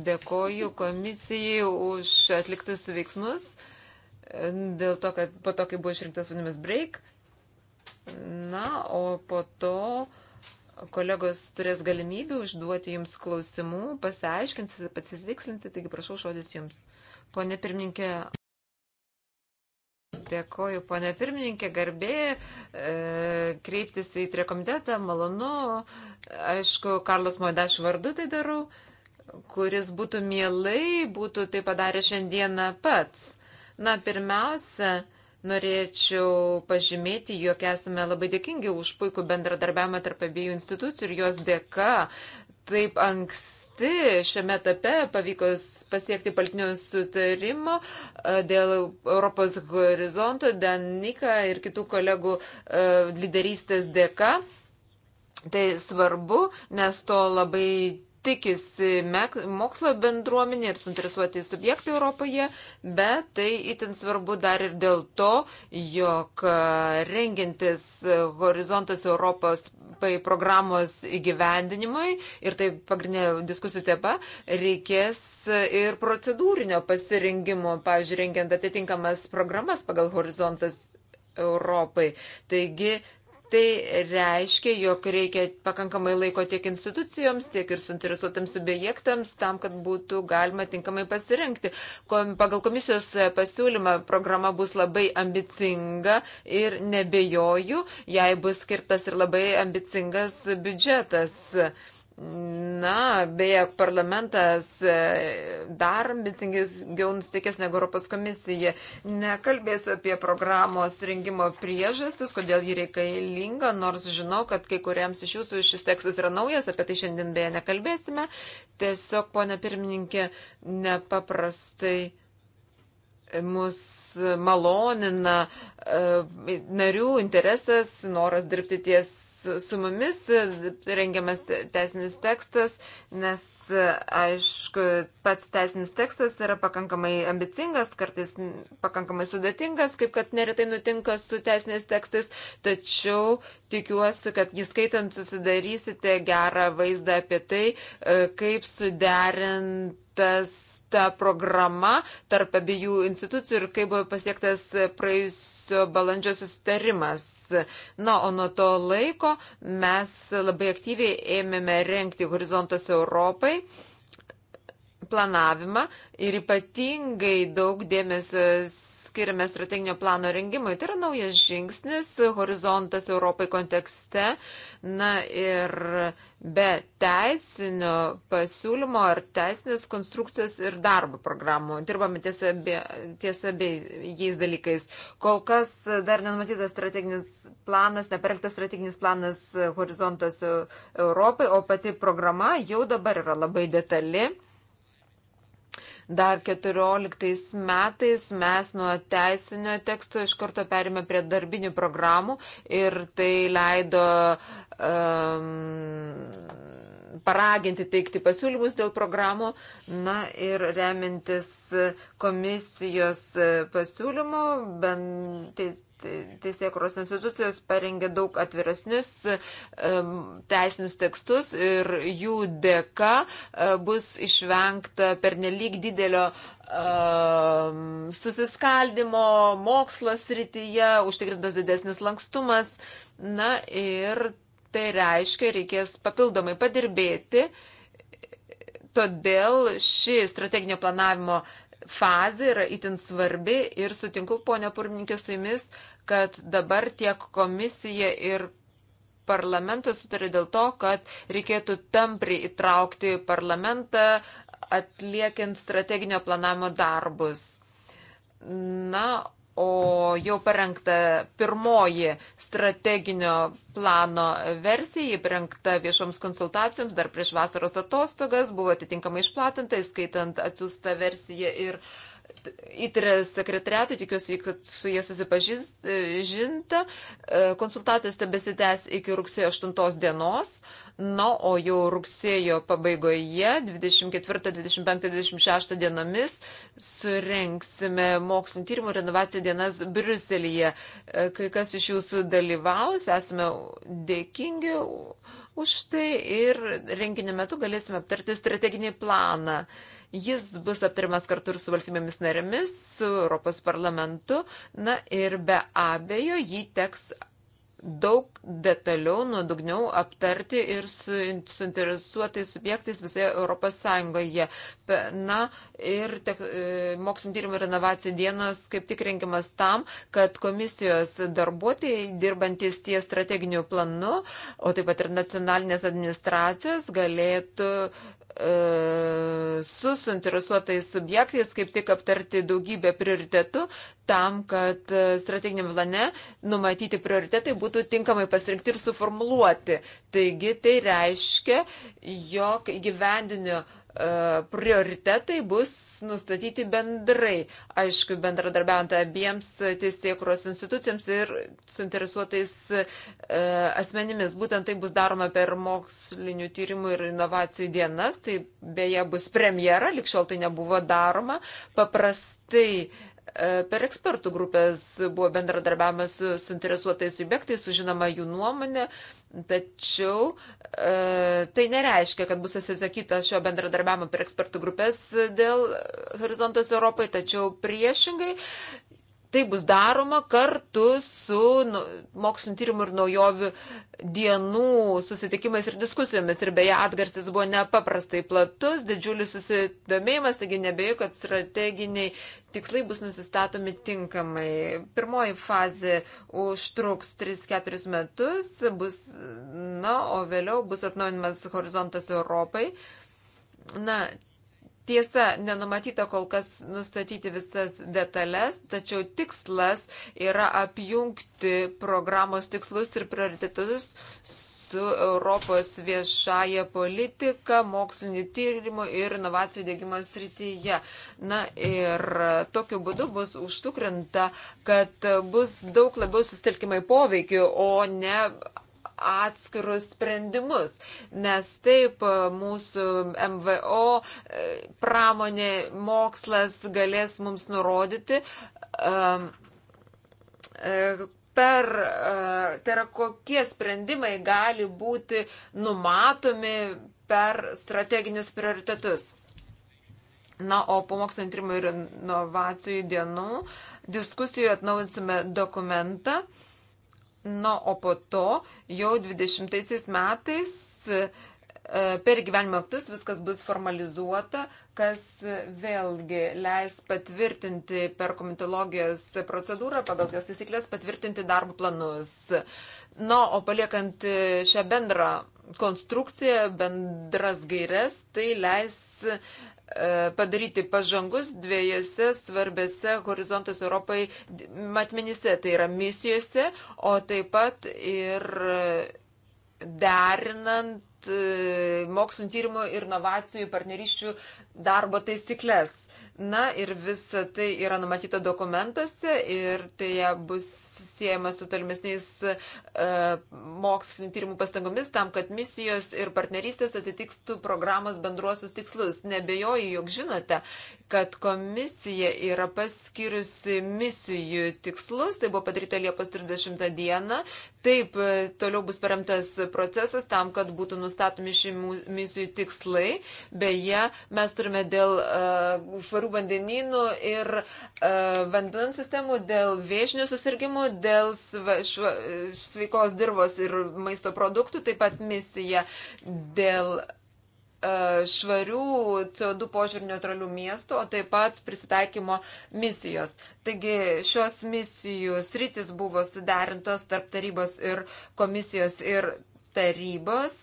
Dėkoju komisijai už atliktus veiksmus, e, dėl to, kad po to, kai buvo išrinktas vadinamas break. Na, o po to kolegos turės galimybę užduoti jums klausimų, pasiaiškinti, pasisvikslinti, taigi prašau šodis jums. Pone pirmininkė. Dėkoju, ponė pirmininkė, garbė e, kreiptis į trekomitetą, malonu. Aišku, Karlos Moidaš vardu tai darau, kuris būtų mielai, būtų tai padarę šiandieną pats. Na, pirmiausia, norėčiau pažymėti, jog esame labai dėkingi už puikų bendradarbiavimą tarp abiejų institucijų ir jos dėka taip anksti anksti šiame etape pavyko pasiekti paltinio sutarimo e, dėl Europos horizonto, Danika ir kitų kolegų e, lyderystės dėka. Tai svarbu, nes to labai tikisi mokslo bendruomenė ir suinteresuoti subjektai Europoje, bet tai itin svarbu dar ir dėl to, jog rengintis Horizontas Europos programos įgyvendinimui ir tai pagrindinė diskusijų tema, reikės ir procedūrinio pasirinkimo, pavyzdžiui, rengiant atitinkamas programas pagal Horizontas Europai. Taigi Tai reiškia, jog reikia pakankamai laiko tiek institucijoms, tiek ir suinteresuotams subjektams tam, kad būtų galima tinkamai pasirinkti. Kom, pagal komisijos pasiūlymą programa bus labai ambicinga ir nebejoju, jai bus skirtas ir labai ambicingas biudžetas. Na, beje, parlamentas e, dar ambicingiau nustikęs negu Europos komisija. Nekalbėsiu apie programos rengimo priežastis, kodėl ji reikalinga, nors žinau, kad kai kuriems iš jūsų šis tekstas yra naujas, apie tai šiandien beje nekalbėsime. Tiesiog, ponia pirmininkė, nepaprastai mus malonina e, narių interesas, noras dirbti ties su mumis, rengiamas teisinis tekstas, nes, aišku, pats teisinis tekstas yra pakankamai ambicingas, kartais pakankamai sudėtingas, kaip kad neretai nutinka su teisiniais tekstais, tačiau tikiuosi, kad jį skaitant susidarysite gerą vaizdą apie tai, e, kaip suderintas ta programa tarp abiejų institucijų ir kaip buvo pasiektas praėjusio balandžio susitarimas. Na, o nuo to laiko mes labai aktyviai ėmėme renkti horizontas Europai planavimą ir ypatingai daug dėmesio skiriame strateginio plano rengimui. Tai yra naujas žingsnis horizontas Europai kontekste. Uh, Na ir be teisinio pasiūlymo ar teisinės konstrukcijos ir darbo programų. Dirbame ties abiejais dalykais. Kol kas dar nenumatytas strateginis planas, neperktas strateginis planas horizontas Europai, o pati programa jau dabar yra labai detali. Dar 14 metais mes nuo teisinio teksto iš karto perėmė prie darbinių programų ir tai leido um, paraginti teikti pasiūlymus dėl programų. Na ir remintis komisijos e, pasiūlymų, bent teisėkuros institucijos parengė daug atviresnius teisinius tekstus ir jų dėka e, bus išvengta per nelik didelio susiskaldimo mokslo srityje, užtikrintas didesnis lankstumas. Na ir tai reiškia, reikės papildomai padirbėti. Todėl ši strateginio planavimo fazė yra itin svarbi ir sutinku, ponia Purmininkė, su jumis, uh, kad dabar tiek komisija ir parlamentas sutarė dėl to, kad reikėtų tampriai įtraukti parlamentą atliekant strateginio planavimo darbus. Na, o jau parengta pirmoji strateginio plano versija, ji parengta viešoms konsultacijoms dar prieš vasaros atostogas, buvo atitinkamai išplatinta, įskaitant atsiųstą versiją ir uh, įtarė sekretariatui, tikiuosi, kad su jie susipažinta. E, Konsultacijos tebesitęs iki rugsėjo 8 dienos. Na, o jau rugsėjo pabaigoje, 24, 25, 26 dienomis, surenksime mokslinio tyrimų ir inovacijų dienas Briuselyje. E, kai kas iš jūsų dalyvaus, esame dėkingi už tai ir renginio metu galėsime aptarti strateginį planą. Uh, Jis bus aptariamas kartu ir su valstybėmis narėmis, su Europos parlamentu. Na ir be abejo, jį teks daug detaliau, nuodugniau aptarti ir su suinteresuotais subjektais visoje Europos Sąjungoje. Na ir te, e, mokslinio tyrimų ir inovacijų dienos kaip tik rengiamas tam, kad komisijos darbuotojai dirbantis ties strateginiu planu, o taip pat ir nacionalinės administracijos galėtų su e, suinteresuotais subjektais kaip tik aptarti daugybę prioritetų tam, kad e, strateginiam plane numatyti prioritetai būtų tinkamai pasirinkti ir suformuluoti. Taigi tai reiškia, jog gyvendiniu uh, prioritetai bus nustatyti bendrai, aišku, bendradarbiaujant abiems teisėkuros institucijams ir suinteresuotais e, asmenimis. Būtent tai bus daroma per mokslinių tyrimų ir inovacijų dienas, tai beje bus premjera, likščiol tai nebuvo daroma. Paprastai e, per ekspertų grupės buvo bendradarbiavimas su suinteresuotais subjektais, sužinoma jų nuomonė. E, Tačiau e, tai nereiškia, kad bus atsisakyta šio bendradarbiavimo per ekspertų grupės dėl horizontos Europai, tačiau priešingai Tai bus daroma kartu su nu, mokslinio tyrimų ir naujovių dienų susitikimais ir diskusijomis. Ir beje, atgarsis buvo nepaprastai platus, didžiulis susidomėjimas, taigi nebejoju, kad strateginiai tikslai bus nusistatomi tinkamai. Pirmoji fazė užtruks 3-4 metus, bus, na, o vėliau bus atnaujinimas horizontas Europai. Na, Tiesa, nenumatyta kol kas nustatyti visas detalės, tačiau tikslas yra apjungti programos tikslus ir prioritetus su Europos viešaja politika, mokslinio tyrimo ir inovacijų dėgymo srityje. Na ir tokiu būdu bus užtikrinta, kad bus daug labiau sustelkimai poveikiu, o ne atskirus sprendimus, nes taip e, mūsų MVO e, pramonė, mokslas galės mums nurodyti, e, per, tai yra kokie sprendimai gali būti numatomi per strateginius prioritetus. Na, o po mokslo intrimų ir inovacijų dienų diskusijų atnaujinsime dokumentą. Na, o po to jau 20 metais e, per gyvenimo aktus viskas bus formalizuota, kas vėlgi leis patvirtinti per komitologijos procedūrą, pagal jos taisyklės patvirtinti darbų planus. Na, o paliekant e, šią bendrą konstrukciją, bendras gairias, tai leis E, padaryti pažangus dviejose svarbėse horizontas Europai matmenyse, tai yra misijose, o taip pat ir derinant e, mokslinio tyrimo ir inovacijų partneriščių darbo taisyklės. Na ir visa tai yra numatyta dokumentuose ir tai bus siejama su tolimesniais e, mokslinio tyrimų pastangomis tam, kad misijos ir partnerystės atitikstų programos bendruosius tikslus. Nebejoju, jog žinote, kad komisija yra paskiriusi misijų tikslus, tai buvo padaryta Liepos 30 dieną. Taip, e, toliau bus paremtas procesas tam, kad būtų nustatomi šių misijų tikslai. Beje, mes turime dėl uh, e, švarų vandenynų ir uh, vandens sistemų, dėl viešinių susirgymų, dėl šva, sveikos dirbos ir maisto produktų, taip pat misija dėl e, švarių CO2 požiūrį neutralių miestų, o taip pat prisitaikymo misijos. Taigi šios misijų sritis buvo sudarintos tarp tarybos ir komisijos ir tarybos.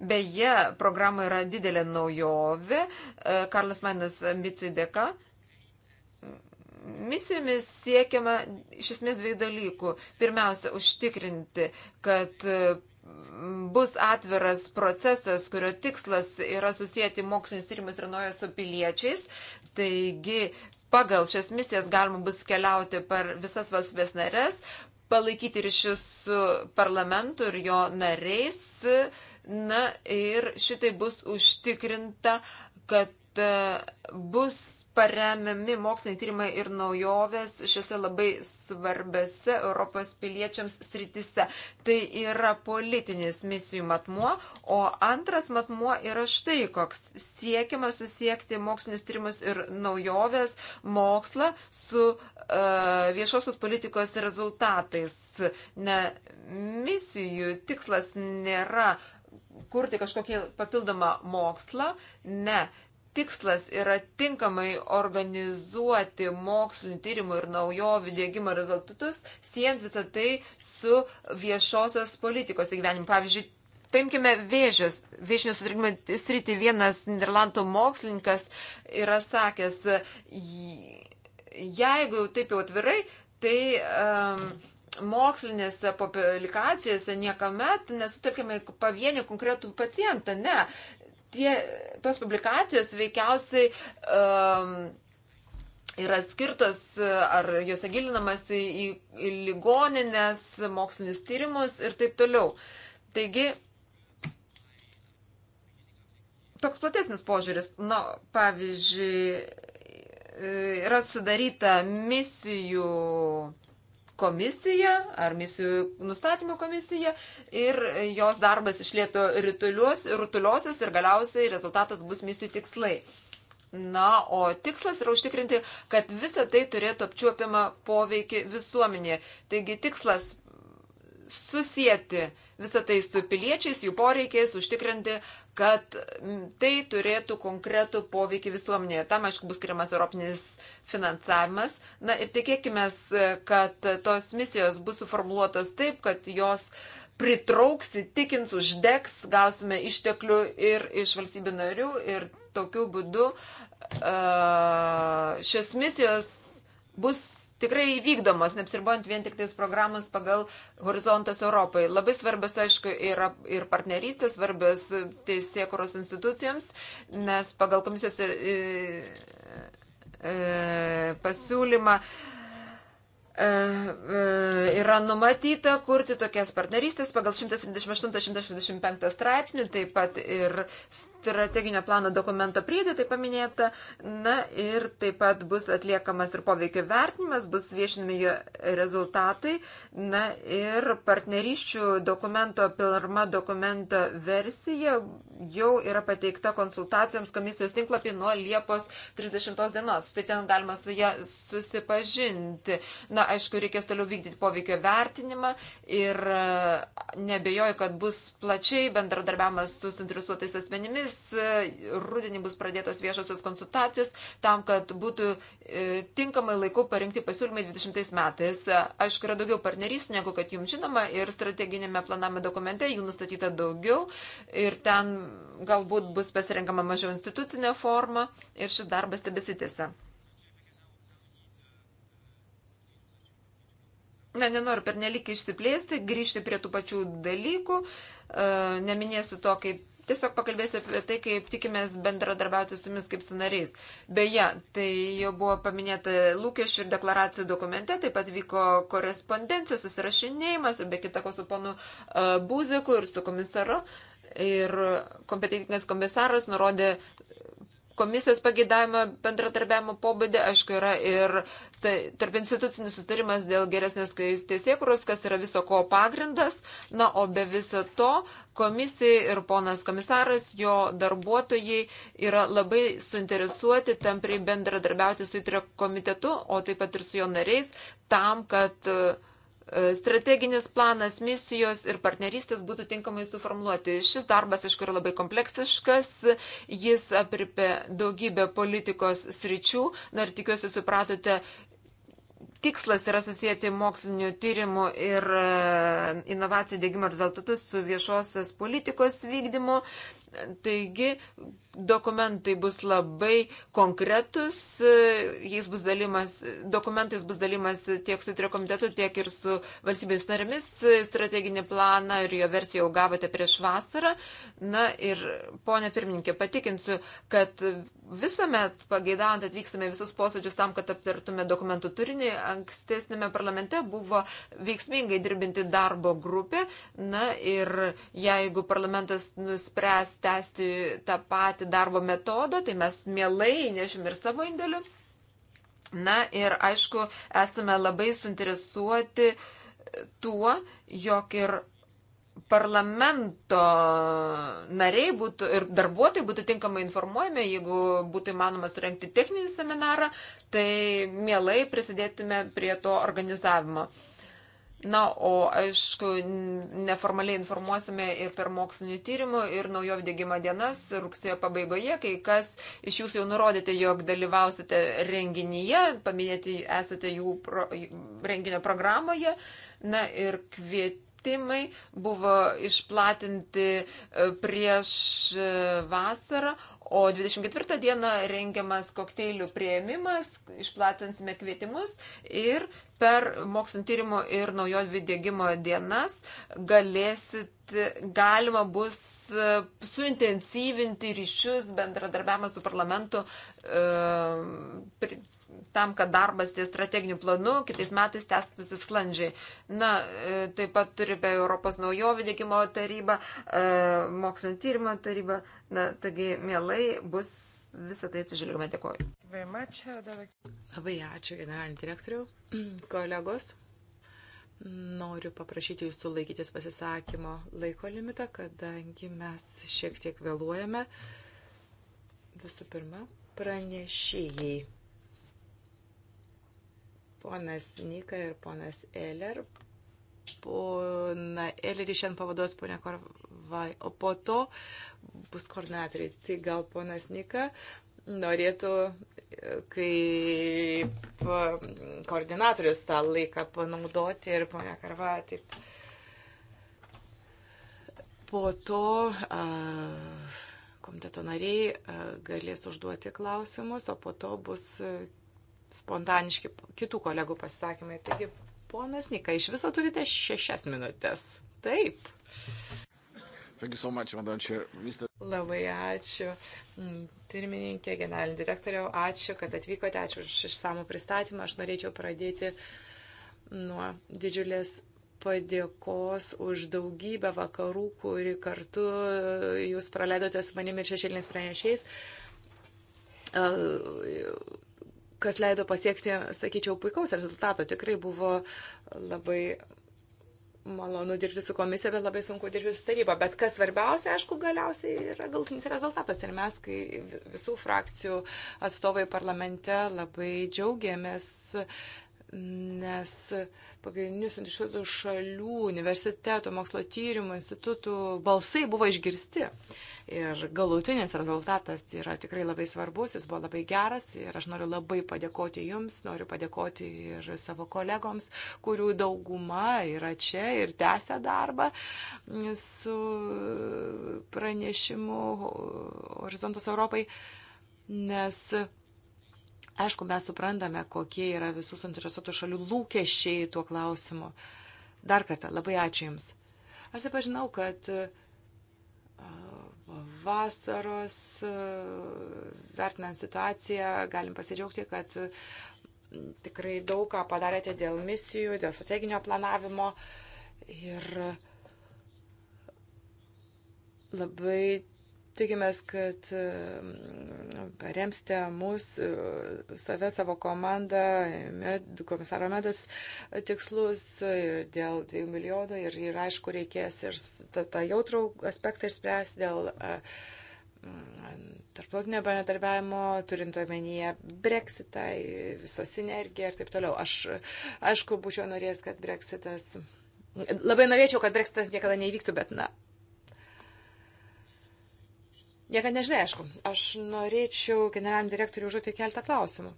Beje, programa yra didelė naujovė, e, Karlas Mainas ambicijų dėka. Misijomis siekiama iš esmės dviejų dalykų. Pirmiausia, užtikrinti, kad e, bus atviras procesas, kurio tikslas yra susijęti mokslinis tyrimas ir naujas su piliečiais. Taigi, pagal šias misijas galima bus keliauti per visas valstybės narės, palaikyti ryšius su parlamentu ir jo nariais. Na ir šitai bus užtikrinta, kad e, bus paremiami moksliniai tyrimai ir naujovės šiose labai svarbiose Europos piliečiams sritise. Tai yra politinis misijų matmuo, o antras matmuo yra štai koks. Siekima susiekti mokslinis tyrimus ir naujovės mokslą su uh, viešosios politikos rezultatais. Ne, misijų tikslas nėra kurti kažkokį papildomą mokslą, ne, tikslas yra tinkamai organizuoti mokslinio tyrimų ir naujovių dėgymo rezultatus, siejant visą tai su viešosios politikos įgyvenimu. Pavyzdžiui, paimkime vėžius, viešinio sutrikimo sritį vienas Niderlandų mokslininkas yra sakęs, jeigu jau taip jau atvirai, tai um, mokslinėse publikacijose niekuomet nesutarkime pavienį konkretų pacientą, ne, tie, tos publikacijos veikiausiai um, yra skirtos uh, ar juose gilinamas į, į, į ligoninės, mokslinius tyrimus ir taip toliau. Taigi, toks platesnis požiūris, na, pavyzdžiui, e, yra sudaryta misijų komisija ar misijų nustatymo komisija ir jos darbas išlieto rutuliosis ir galiausiai rezultatas bus misijų tikslai. Na, o tikslas yra užtikrinti, kad visa tai turėtų apčiuopiamą poveikį visuomenėje. Taigi tikslas susijęti visą tai su piliečiais, jų poreikiais, užtikrinti, kad tai turėtų konkretų poveikį visuomenėje. Tam, aišku, bus skiriamas europinis finansavimas. Na ir tikėkime, e, kad tos misijos bus suformuoluotos taip, kad jos pritrauks, įtikins, uždegs, gausime išteklių ir iš valstybių narių ir tokiu būdu e, šios misijos bus tikrai įvykdomos, neapsirbojant vien tik tais programos pagal Horizontas Europai. Labai svarbas, aišku, yra ir partnerystės, svarbas teisėkuros institucijoms, nes pagal komisijos ir, ir, ir, pasiūlymą e, e, yra numatyta kurti tokias partnerystės pagal 178-185 straipsnį, taip pat ir strateginio plano dokumento priedė, tai paminėta. Na ir taip pat bus atliekamas ir poveikio vertinimas, bus viešinami jo rezultatai. Na ir partneriščių dokumento, pirma dokumento versija jau yra pateikta konsultacijoms komisijos tinklapį nuo Liepos 30 dienos. Štai ten galima su ją susipažinti. Na, aišku, reikės toliau vykdyti poveikio vertinimą ir e, nebejoju, kad bus plačiai bendradarbiavimas su suinteresuotais asmenimis pavyzdys, e, rudinį bus pradėtos viešosios konsultacijos tam, kad būtų e, tinkamai laiku parinkti pasiūlymai 20 metais. Aišku, yra daugiau partnerys, negu kad jums žinoma ir strateginėme planame dokumente jų nustatyta daugiau ir ten galbūt bus pasirinkama mažiau institucinė forma ir šis darbas tebesitėse. Ne, nenoriu per nelik išsiplėsti, grįžti prie tų pačių dalykų, e, neminėsiu to kaip tiesiog pakalbėsiu apie tai, kaip tikimės bendradarbiauti su jumis kaip su nariais. Beje, tai jau buvo paminėta lūkesčių ir deklaracijų dokumente, taip pat vyko korespondencijos susirašinėjimas, be kitako su ponu uh, Buzeku ir su komisaru. Ir kompetitingas komisaras nurodė komisijos pagėdavimo bendradarbiavimo pobūdį, aišku, yra ir tai, tarp institucinis sustarimas dėl geresnės teisėkuros, kas yra viso ko pagrindas. Na, o be viso to komisija ir ponas komisaras, jo darbuotojai yra labai suinteresuoti tampriai bendradarbiauti su įtrio komitetu, o taip pat ir su jo nariais, tam, kad uh, strateginis planas, misijos ir partnerystės būtų tinkamai suformuoluoti. Šis darbas, aišku, yra labai kompleksiškas, jis apripė daugybę politikos sričių. Na ir tikiuosi, supratote, tikslas yra susijęti mokslinio tyrimų ir e, inovacijų dėgymo rezultatus su viešosios politikos vykdymu. Taigi dokumentai bus labai konkretus, e, jais bus dalimas, dokumentais bus dalimas tiek su trio komitetu, tiek ir su valstybės narimis. Strateginį planą ir jo versiją jau gavote prieš vasarą. Na ir ponė pirmininkė, patikinsiu, kad visuomet pageidaujant atvyksime visus posėdžius tam, kad aptartume dokumentų turinį ankstesnėme parlamente buvo veiksmingai dirbinti darbo grupė. Na ir jeigu parlamentas nuspręs tęsti tą patį darbo metodą, tai mes mielai nešim ir savo indėlių. Na ir aišku, esame labai suinteresuoti tuo, jog ir parlamento nariai būtų ir darbuotojai būtų tinkamai informuojami, jeigu būtų įmanoma surenkti techninį seminarą, tai mielai prisidėtume prie to organizavimo. Na, o aišku, neformaliai informuosime ir per mokslinį tyrimų ir naujo vdėgymo dienas rugsėjo pabaigoje, kai kas iš jūsų jau nurodėte, jog dalyvausite renginyje, paminėti esate jų pro, renginio programoje. Na ir kvietimu vertimai buvo išplatinti e, prieš e, vasarą, o 24 dieną rengiamas kokteilių prieimimas, išplatinsime kvietimus ir per mokslinio tyrimo ir naujo dvidėgymo dienas galėsit, galima bus e, suintensyvinti ryšius bendradarbiavimą su parlamentu. E, tam, kad darbas ties strateginiu planu kitais metais tęstųsi sklandžiai. Na, e, taip pat turime Europos naujovių dėgymo tarybą, e, mokslinio tyrimo tarybą. Na, taigi, mielai bus visą tai atsižvelgime. Dėkuoju. Labai ačiū, generalinį direktorių. Kolegos, noriu paprašyti jūsų laikytis pasisakymo laiko limitą, kadangi mes šiek tiek vėluojame. Visų pirma, pranešėjai ponas Nika ir ponas Eller. Pona Elerį šiandien pavaduos ponia Korvai, o po to bus koordinatoriai. Tai gal ponas Nika norėtų e, kaip e, koordinatorius tą laiką panaudoti ir ponia Karva taip. Po to e, komiteto nariai galės užduoti klausimus, o po to bus spontaniški kitų kolegų pasisakymai. Taigi, ponas Nika, iš viso turite šešias minutės. Taip. So much, Mister... Labai ačiū. Mm, pirmininkė, generalinė direktoriau, ačiū, kad atvykote, ačiū už išsamų pristatymą. Aš norėčiau pradėti nuo didžiulės padėkos už daugybę vakarų, kurį kartu jūs praleidote su manimi ir šešėliniais pranešėjais kas leido pasiekti, sakyčiau, puikaus rezultato. Tikrai buvo labai malonu dirbti su komisija, bet labai sunku dirbti su taryba. Bet kas svarbiausia, aišku, galiausiai yra galtinis rezultatas. Ir mes, kai visų frakcijų atstovai parlamente labai džiaugiamės, nes pagrindinių suinteresuotų šalių, universitetų, mokslo tyrimų, institutų balsai buvo išgirsti. Uh, ir galutinis rezultatas yra tikrai labai svarbus, jis buvo labai geras ir aš noriu labai padėkoti Jums, noriu padėkoti ir savo kolegoms, kurių dauguma yra čia ir tęsia darbą su pranešimu Horizontas Europai, nes Aišku, mes suprantame, kokie yra visų suinteresuotų šalių lūkesčiai tuo klausimu. Dar kartą, labai ačiū Jums. Aš taip pažinau, kad uh, vasaros, e, vertinant situaciją, galim pasidžiaugti, kad e, tikrai daug ką padarėte dėl misijų, dėl strateginio planavimo ir labai Tikimės, kad mm, paremsite mus, e, save, savo komandą, med, komisaro medas tikslus e, dėl 2 milijonų ir, ir aišku, reikės ir tą, tą jautrų aspektą išspręsti dėl e, mm, tarptautinio bendradarbiavimo, turint omenyje breksitą, visą sinergiją ir taip toliau. Aš, aišku, būčiau norėjęs, kad breksitas. Labai norėčiau, kad breksitas niekada nevyktų, bet, na, niekad nežinai, aišku. Aš norėčiau generaliniam direktoriui užduoti keletą klausimų.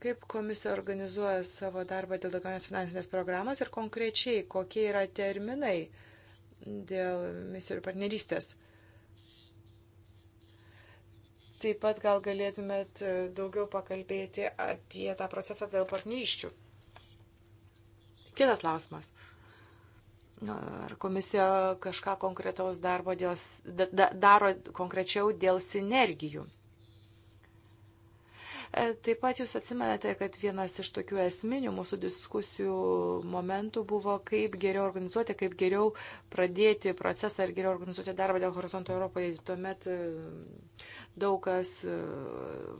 Kaip komisija organizuoja savo darbą dėl daugiametės finansinės programos ir konkrečiai kokie yra terminai dėl misijų ir partnerystės? Taip pat gal galėtumėt e, daugiau pakalbėti apie tą procesą dėl partnerysčių. Kitas klausimas ar komisija kažką konkretaus darbo dėl, da, daro konkrečiau dėl sinergijų. E, taip pat jūs atsimenate, kad vienas iš tokių esminių mūsų diskusijų momentų buvo, kaip geriau organizuoti, kaip geriau pradėti procesą ir geriau organizuoti darbą dėl horizonto Europoje. Tuomet e, daug kas e,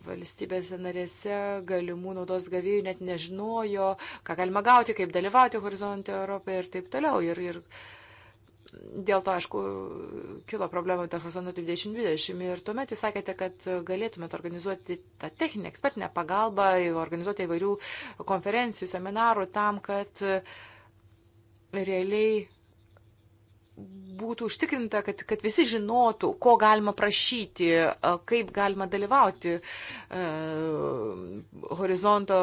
valstybėse narėse galimų naudos gavėjų net nežinojo, ką galima gauti, kaip dalyvauti horizonte Europoje ir taip toliau. Ir, ir dėl to, aišku, kilo problemų dėl horizontų 2020 ir tuomet jūs sakėte, kad galėtumėte organizuoti tą techninę ekspertinę pagalbą, organizuoti įvairių konferencijų, seminarų tam, kad realiai būtų užtikrinta, kad, kad visi žinotų, ko galima prašyti, kaip galima dalyvauti e, horizonto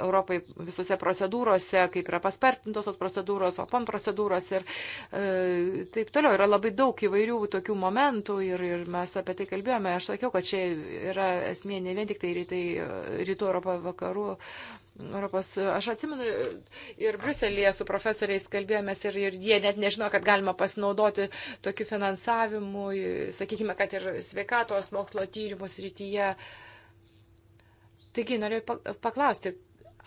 Europai visose procedūrose, kaip yra paspartintos tos procedūros, opon procedūros ir e, taip toliau. Yra labai daug įvairių tokių momentų ir, ir mes apie tai kalbėjome. Aš sakiau, kad čia yra esmė ne vien tik tai rytai, rytų Europą, vakarų Europos, aš atsimenu, ir Bruselėje su profesoriais kalbėjomės ir, ir jie net nežino, kad galima pasinaudoti tokiu finansavimu, sakykime, kad ir sveikatos mokslo tyrimų srityje. Taigi, noriu paklausti,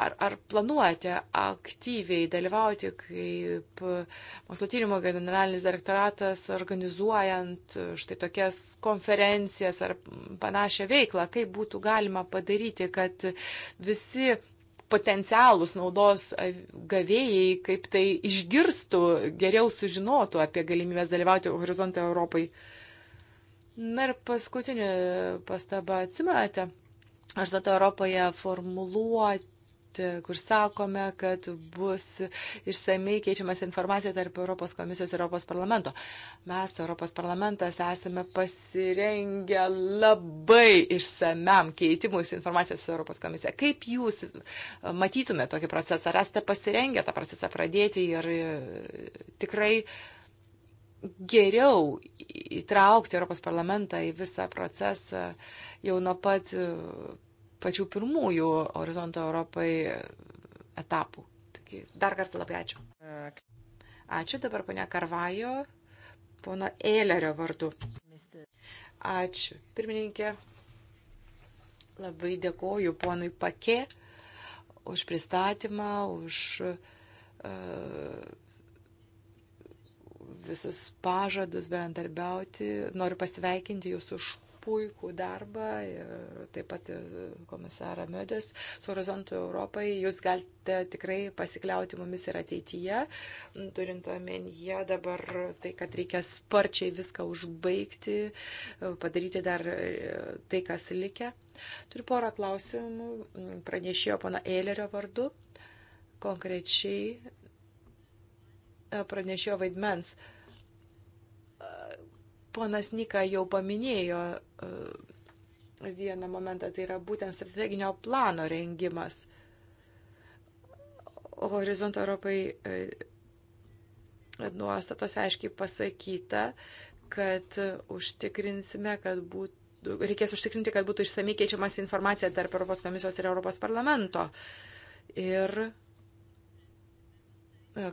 ar, ar planuojate aktyviai dalyvauti, kaip mokslo tyrimo generalinis direktoratas, organizuojant štai tokias konferencijas ar panašią veiklą, kaip būtų galima padaryti, kad visi potencialūs naudos gavėjai, kaip tai išgirstų, geriau sužinotų apie galimybės dalyvauti horizontą Europai. Na ir paskutinį pastabą atsimenate. Aš tada Europoje formuluoti kad, kur sakome, kad bus išsamei keičiamas informacija tarp Europos komisijos ir Europos parlamento. Mes, Europos parlamentas, esame pasirengę labai išsamiam keitimus informacijos su Europos komisija. Kaip jūs matytumėte tokį procesą? Ar esate pasirengę tą procesą pradėti ir e, tikrai geriau įtraukti Europos parlamentą į visą procesą jau nuo pat pačių pirmųjų Horizonto Europai etapų. Taigi, dar kartą labai ačiū. Ačiū dabar ponia Karvajo, pono Eilerio vardu. Ačiū. Pirmininkė, labai dėkoju ponui Pake už pristatymą, už uh, visus pažadus bendarbiauti. Noriu pasveikinti jūs už puikų darbą ir taip pat komisarą Mödės su Horizontu Europai. Jūs galite tikrai pasikliauti mumis ir ateityje, turint omenyje dabar tai, kad reikia sparčiai viską užbaigti, padaryti dar tai, kas likę. Turiu porą klausimų, pranešėjo pana Eilerio vardu, konkrečiai pranešėjo vaidmens. Uh, Ponas Nika jau paminėjo e, vieną momentą, tai yra būtent strateginio plano rengimas. Horizonto Europai e, nuostatos aiškiai pasakyta, kad užtikrinsime, kad būtų. Reikės užtikrinti, kad būtų išsamei keičiamas informacija tarp Europos komisijos ir Europos parlamento. Ir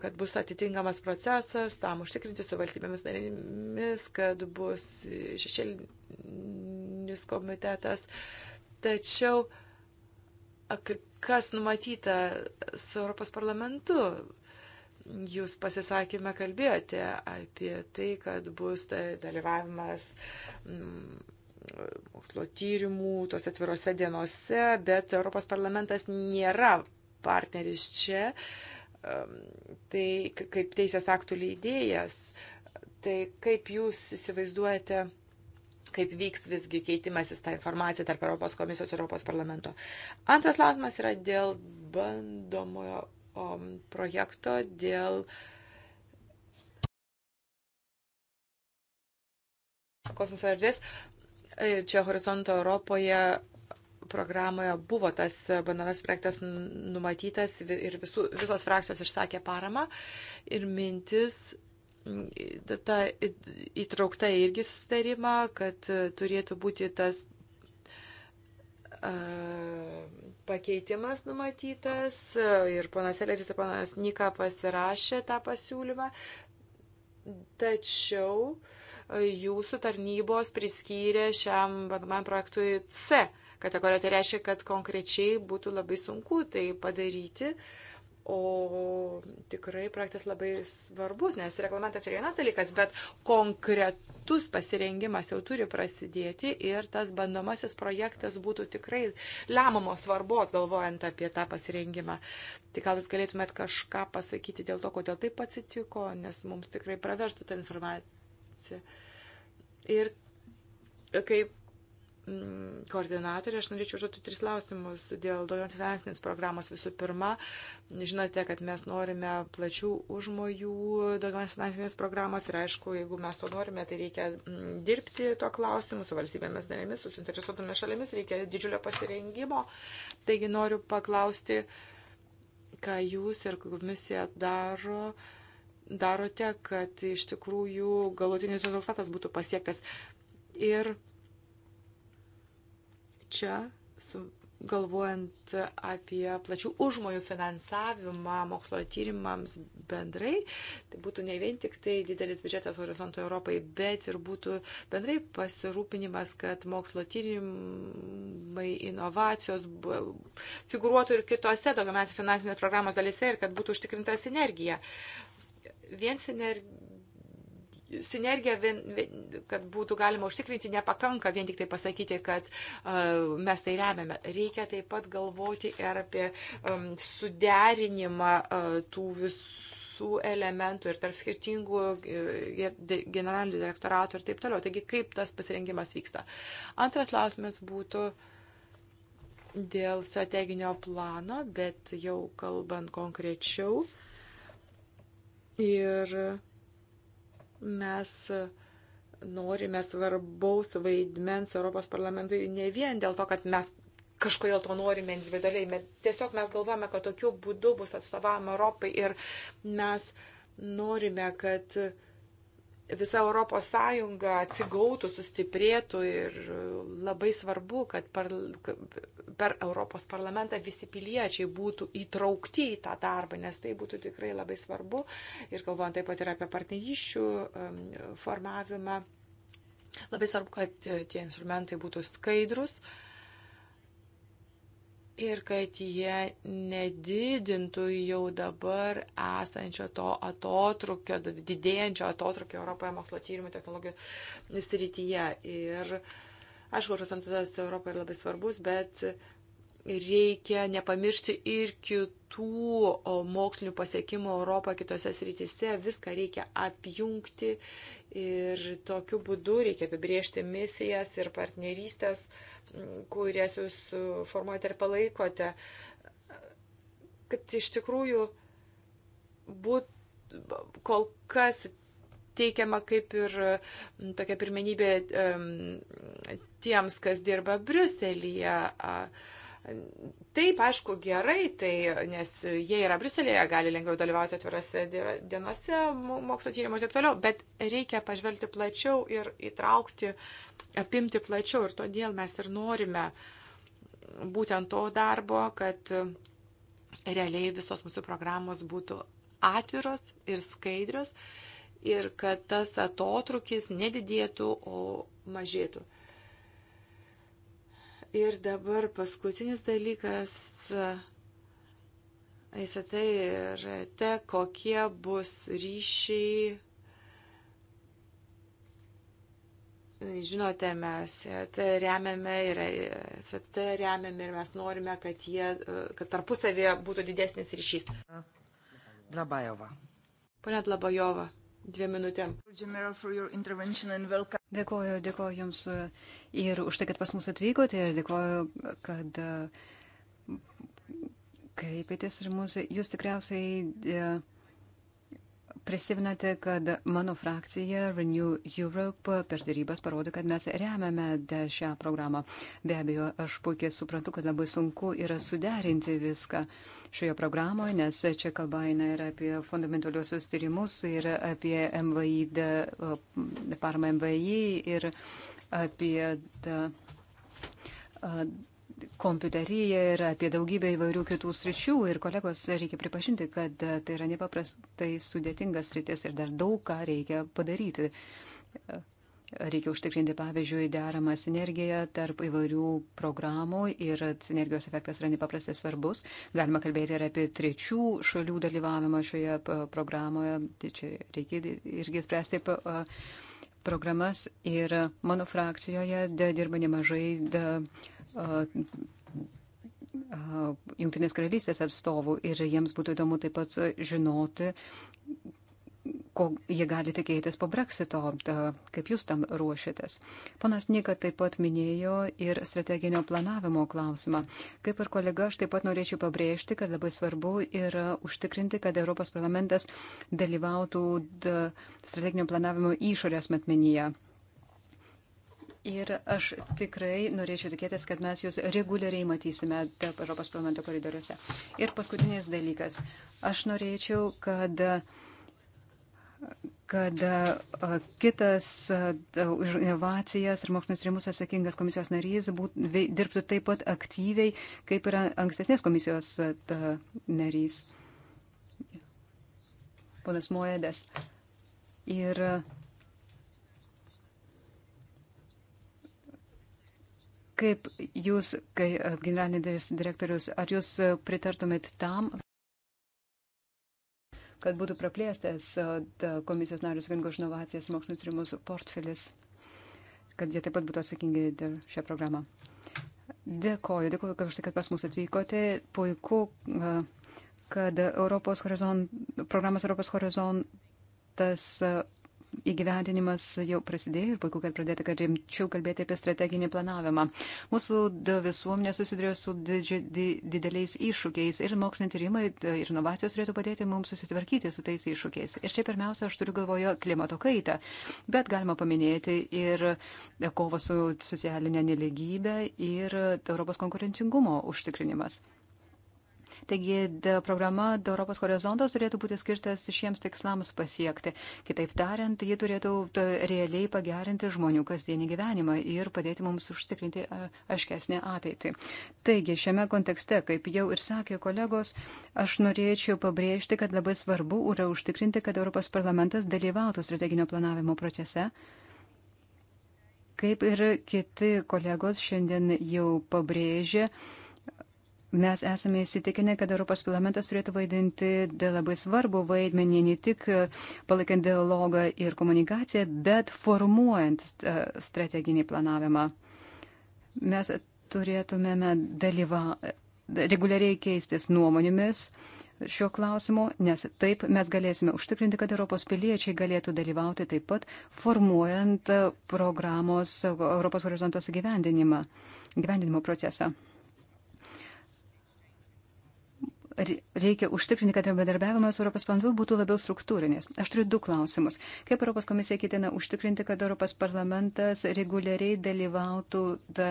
kad bus atitinkamas procesas, tam užtikrinti su valstybėmis narėmis, kad bus šešėlinis komitetas. Tačiau, kas numatyta su Europos parlamentu, jūs pasisakymę kalbėjote apie tai, kad bus tai dalyvavimas mm, mokslo tyrimų tos atvirose dienose, bet Europos parlamentas nėra partneris čia. Uh, Ehm, tai kaip teisės aktų leidėjas, tai kaip jūs įsivaizduojate, kaip vyks visgi keitimasis tą informaciją tarp Europos komisijos ir Europos parlamento. Antras klausimas yra dėl bandomojo ehm, projekto, dėl kosmoso erdvės. E, čia horizonto Europoje programoje buvo tas bandomas projektas numatytas ir visų, visos frakcijos išsakė paramą ir mintis ta, įtraukta irgi susitarimą, kad turėtų būti tas pakeitimas numatytas ir ponas Eleris ir ponas Nika pasirašė tą pasiūlymą, tačiau jūsų tarnybos priskyrė šiam bandomam projektui C kategoriją. Tai reiškia, kad konkrečiai būtų labai sunku tai padaryti. O tikrai projektas labai svarbus, nes reglamentas yra vienas dalykas, bet konkretus pasirengimas jau turi prasidėti ir tas bandomasis projektas būtų tikrai lemamos svarbos, galvojant apie tą pasirengimą. Tai gal jūs galėtumėt kažką pasakyti dėl to, kodėl taip atsitiko, nes mums tikrai pravežtų tą informaciją. Ir kaip Mm, koordinatorė, aš norėčiau užduoti tris klausimus dėl daugiant finansinės programos. Visų pirma, žinote, kad mes norime plačių užmojų daugiant finansinės programos ir aišku, jeigu mes to norime, tai reikia mm, dirbti tuo klausimu su valstybėmis narėmis, su suinteresuotomis šalimis, reikia didžiulio pasirengimo. Taigi noriu paklausti, ką jūs ir komisija daro darote, kad iš tikrųjų galutinis rezultatas būtų pasiektas. Ir čia, galvojant apie plačių užmojų finansavimą mokslo tyrimams bendrai, tai būtų ne vien tik tai didelis biudžetas horizonto Europai, bet ir būtų bendrai pasirūpinimas, kad mokslo tyrimai, inovacijos figuruotų ir kitose daugiametės finansinės programos dalise ir kad būtų užtikrinta sinergija. Vien sinergija sinergija, vien, kad būtų galima užtikrinti, nepakanka vien tik tai pasakyti, kad uh, mes tai remiame. Reikia taip pat galvoti ir apie um, suderinimą uh, tų visų elementų ir tarp skirtingų e, ir generalinių direktoratų ir taip toliau. Taigi, kaip tas pasirengimas vyksta. Antras klausimas būtų dėl strateginio plano, bet jau kalbant konkrečiau. Ir Mes e, norime svarbaus vaidmens Europos parlamentui ne vien dėl to, kad mes kažkodėl to norime individualiai, bet tiesiog mes galvojame, kad tokiu būdu bus atstovavama Europai ir mes norime, kad uh, visa Europos Sąjunga atsigautų, sustiprėtų ir labai svarbu, kad per, per Europos parlamentą visi piliečiai būtų įtraukti į tą darbą, nes tai būtų tikrai labai svarbu ir galvojant taip pat ir apie partnerysčių um, formavimą. Labai svarbu, kad tie instrumentai būtų skaidrus, uh, ir kad jie nedidintų jau dabar esančio to atotrukio, didėjančio atotrukio Europoje mokslo tyrimų technologijų srityje. Ir aišku, procentas Europoje labai svarbus, bet reikia nepamiršti ir kitų mokslinių pasiekimų Europoje kitose srityse. Viską reikia apjungti ir tokiu būdu reikia apibriežti misijas ir partnerystės. Uh, kurias jūs e, formuojate ir palaikote, kad iš tikrųjų būt kol kas teikiama kaip ir tokia pirmenybė tiems, kas dirba Briuselyje. Taip, aišku, gerai, tai, nes jie yra Briuselėje, gali lengviau dalyvauti atvirose dienose, mokslo tyrimuose ir taip toliau, bet reikia pažvelgti plačiau ir įtraukti, apimti plačiau ir todėl mes ir norime būtent to darbo, kad realiai visos mūsų programos būtų atviros ir skaidrios ir kad tas atotrukis nedidėtų, o mažėtų. Ir dabar paskutinis dalykas. ICT ir te, kokie bus ryšiai žinote, mes tai remiame ir ST remiame ir mes norime, kad, jie, kad tarpusavėje būtų didesnis ryšys. Dlabajova. Pone Dlabajova, dviem minutėm. Dėkoju, dėkoju Jums e, ir už tai, kad pas mus atvykote ir dėkoju, kad e, kreipėtės ir mūsų. Jūs tikriausiai e, Prisimenate, kad mano frakcija Renew Europe per darybas parodė, kad mes remiame šią programą. Be abejo, aš puikiai suprantu, kad labai sunku yra suderinti viską šioje programoje, nes čia kalba eina ir apie fundamentaliosius tyrimus, ir apie MVI, paramą MVI, ir apie da, kompiuteriją ir apie daugybę įvairių kitų sričių. Ir kolegos, reikia pripažinti, kad e, tai yra nepaprastai sudėtingas sritis ir dar daug ką reikia padaryti. E, reikia užtikrinti, pavyzdžiui, deramą sinergiją tarp įvairių programų ir sinergijos efektas yra nepaprastai svarbus. Galima kalbėti ir apie trečių šalių dalyvavimą šioje e, programoje. Tai čia reikia irgi spręsti programas. Ir mano frakcijoje dirba nemažai. De, Uh, Junktinės karalystės atstovų ir jiems būtų įdomu taip pat žinoti, ko jie gali tikėtis po breksito, kaip jūs tam ruošitės. Ponas Nika taip pat minėjo ir strateginio planavimo klausimą. Kaip ir kolega, aš taip pat norėčiau pabrėžti, kad labai svarbu yra užtikrinti, kad Europos parlamentas dalyvautų strateginio planavimo išorės metmenyje. Ir aš tikrai norėčiau tikėtis, kad mes jūs reguliariai matysime Europos parlamento koridoriuose. Ir paskutinis dalykas. Aš norėčiau, kad kad kitas už inovacijas ir mokslinius rimus atsakingas komisijos narys būt, dirbtų taip pat aktyviai, kaip yra ankstesnės komisijos narys. Ponas Moedas. Ir Kaip jūs, kai e, generalinis direktorius, ar jūs e, pritartumėt tam, kad būtų praplėstas e, komisijos narius gingo inovacijas mokslinius rimus portfelis, kad jie taip pat būtų atsakingi dėl šią programą. Dėkoju, dėkoju, kad, štai, kad pas mus atvykote. Puiku, kad Europos horizon, programas Europos horizontas įgyvendinimas jau prasidėjo ir puiku, kad pradėta, kad rimčiau kalbėti apie strateginį planavimą. Mūsų visuomenė susidurė su didži, di, dideliais iššūkiais ir moksliniai tyrimai ir inovacijos turėtų padėti mums susitvarkyti su tais iššūkiais. Ir čia pirmiausia, aš turiu galvoje klimato kaitą, bet galima paminėti ir kovą su socialinė neligybė ir Europos konkurencingumo užtikrinimas. Taigi programa Europos horizontas turėtų būti skirtas šiems tikslams pasiekti. Kitaip tariant, ji turėtų realiai pagerinti žmonių kasdienį gyvenimą ir padėti mums užtikrinti aiškesnę ateitį. Taigi, šiame kontekste, kaip jau ir sakė kolegos, aš norėčiau pabrėžti, kad labai svarbu yra užtikrinti, kad Europos parlamentas dalyvautų strateginio planavimo procese. Kaip ir kiti kolegos šiandien jau pabrėžė, uh, Mes esame įsitikinę, kad Europos parlamentas turėtų vaidinti labai svarbu vaidmenį ne tik palaikant dialogą ir komunikaciją, bet formuojant strateginį planavimą. Mes turėtumėme dalyva, reguliariai keistis nuomonėmis šiuo klausimu, nes taip mes galėsime užtikrinti, kad Europos piliečiai galėtų dalyvauti taip pat formuojant programos Europos horizontos gyvendinimo procesą reikia užtikrinti, kad bendarbiavimas Europos parlamentu būtų labiau struktūrinis. Aš turiu du klausimus. Kaip Europos komisija ketina užtikrinti, kad Europos parlamentas reguliariai dalyvautų da,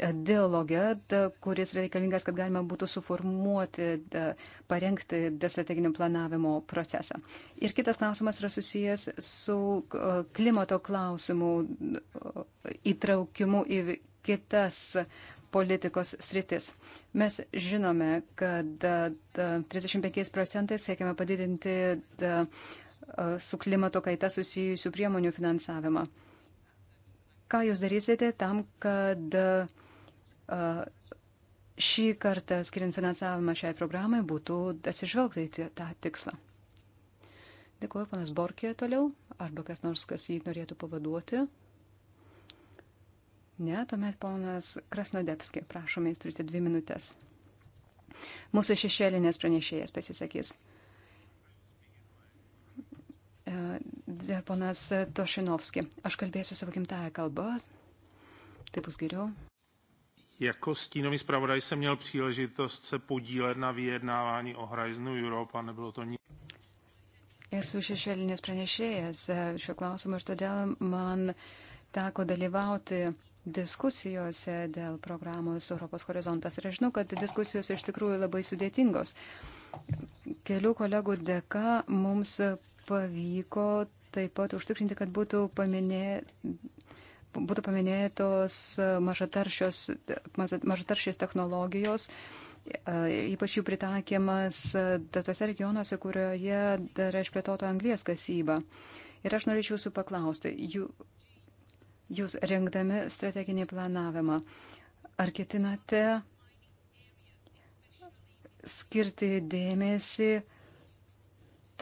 e, dialoge, da, kuris reikalingas, kad galima būtų suformuoti, da, parengti strateginio planavimo procesą. Ir kitas klausimas yra susijęs su e, klimato klausimų e, įtraukimu į kitas uh, politikos sritis. Mes žinome, kad 35 procentais siekiame padidinti su klimato kaita susijusių priemonių finansavimą. Ką jūs darysite tam, kad šį kartą skiriant finansavimą šiai programai būtų atsižvelgta į tą tikslą? Dėkuoju, panas Borkė toliau, arba kas nors, kas jį norėtų pavaduoti. Ne, tuomet ponas Krasnodepski, prašome, jūs turite dvi minutės. Mūsų šešėlinės pranešėjas pasisakys. E, ponas Tošinovski, aš kalbėsiu savo gimtają kalbą, tai bus geriau. Jako stínový zpravodaj jsem měl příležitost se podílet na vyjednávání o Horizonu Europa, nebylo to nic. Esu šešėlinės pranešėjas e, šiuo klausimu ir todėl man teko dalyvauti uh, diskusijose dėl programos Europos horizontas. Ir aš žinau, kad diskusijos iš tikrųjų labai sudėtingos. Kelių kolegų dėka mums pavyko taip pat užtikrinti, kad būtų, paminė, būtų paminėtos mažataršės technologijos e, ypač jų pritaikymas tose regionuose, kurioje dar išplėtoto anglies kasyba. Ir aš norėčiau jūsų paklausti, jų, jūs rengdami strateginį planavimą, ar ketinate skirti dėmesį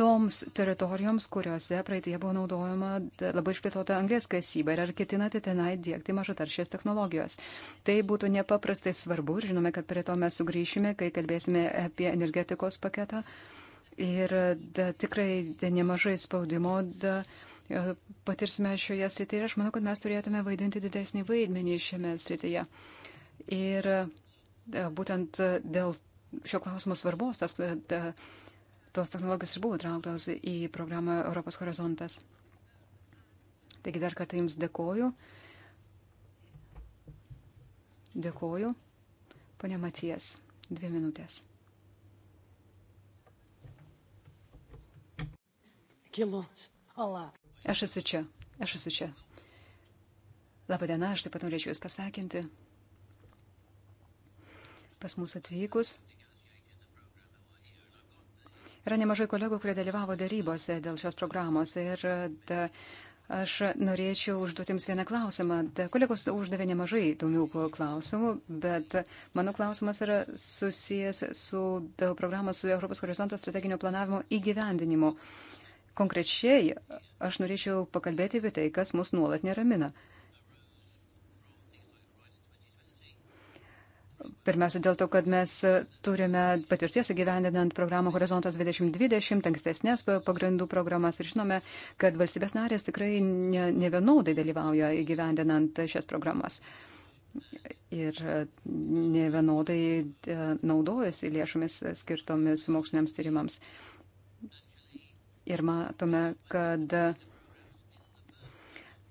toms teritorijoms, kuriuose praeitie buvo naudojama labai išplėtota anglės kasyba ir ar ketinate tenai dėkti mažataršės technologijos. Tai būtų nepaprastai svarbu ir žinome, kad prie to mes sugrįšime, kai kalbėsime apie energetikos paketą. Ir da, tikrai da, nemažai spaudimo da, E, patirsime šioje srityje ir aš manau, kad mes turėtume vaidinti didesnį vaidmenį šiame srityje. Ir e, būtent dėl šio klausimo svarbos tas, e, tos technologijos ir buvo trauktos į programą Europos horizontas. Taigi dar kartą Jums dėkoju. Dėkoju. Pone Matijas, dvi minutės. Kilos. Olá. Aš esu čia, aš esu čia. Labadiena, aš taip pat norėčiau Jūs pasakinti. Pas mūsų atvykus yra nemažai kolegų, kurie dalyvavo darybose dėl šios programos. Ir da, aš norėčiau užduoti Jums vieną klausimą. Da, kolegos uždavė nemažai įdomių klausimų, bet mano klausimas yra susijęs su da, programos su Europos horizonto strateginio planavimo įgyvendinimu. Uh, Konkrečiai aš norėčiau pakalbėti apie tai, kas mus nuolat neramina. Pirmiausia, dėl to, kad mes turime patirties įgyvendinant programą Horizontas 2020, ankstesnės pagrindų programas ir žinome, kad valstybės narės tikrai ne, ne vienodai dalyvauja įgyvendinant šias programas. Ir ne vienodai e, naudojasi lėšomis skirtomis moksliniams tyrimams ir matome, kad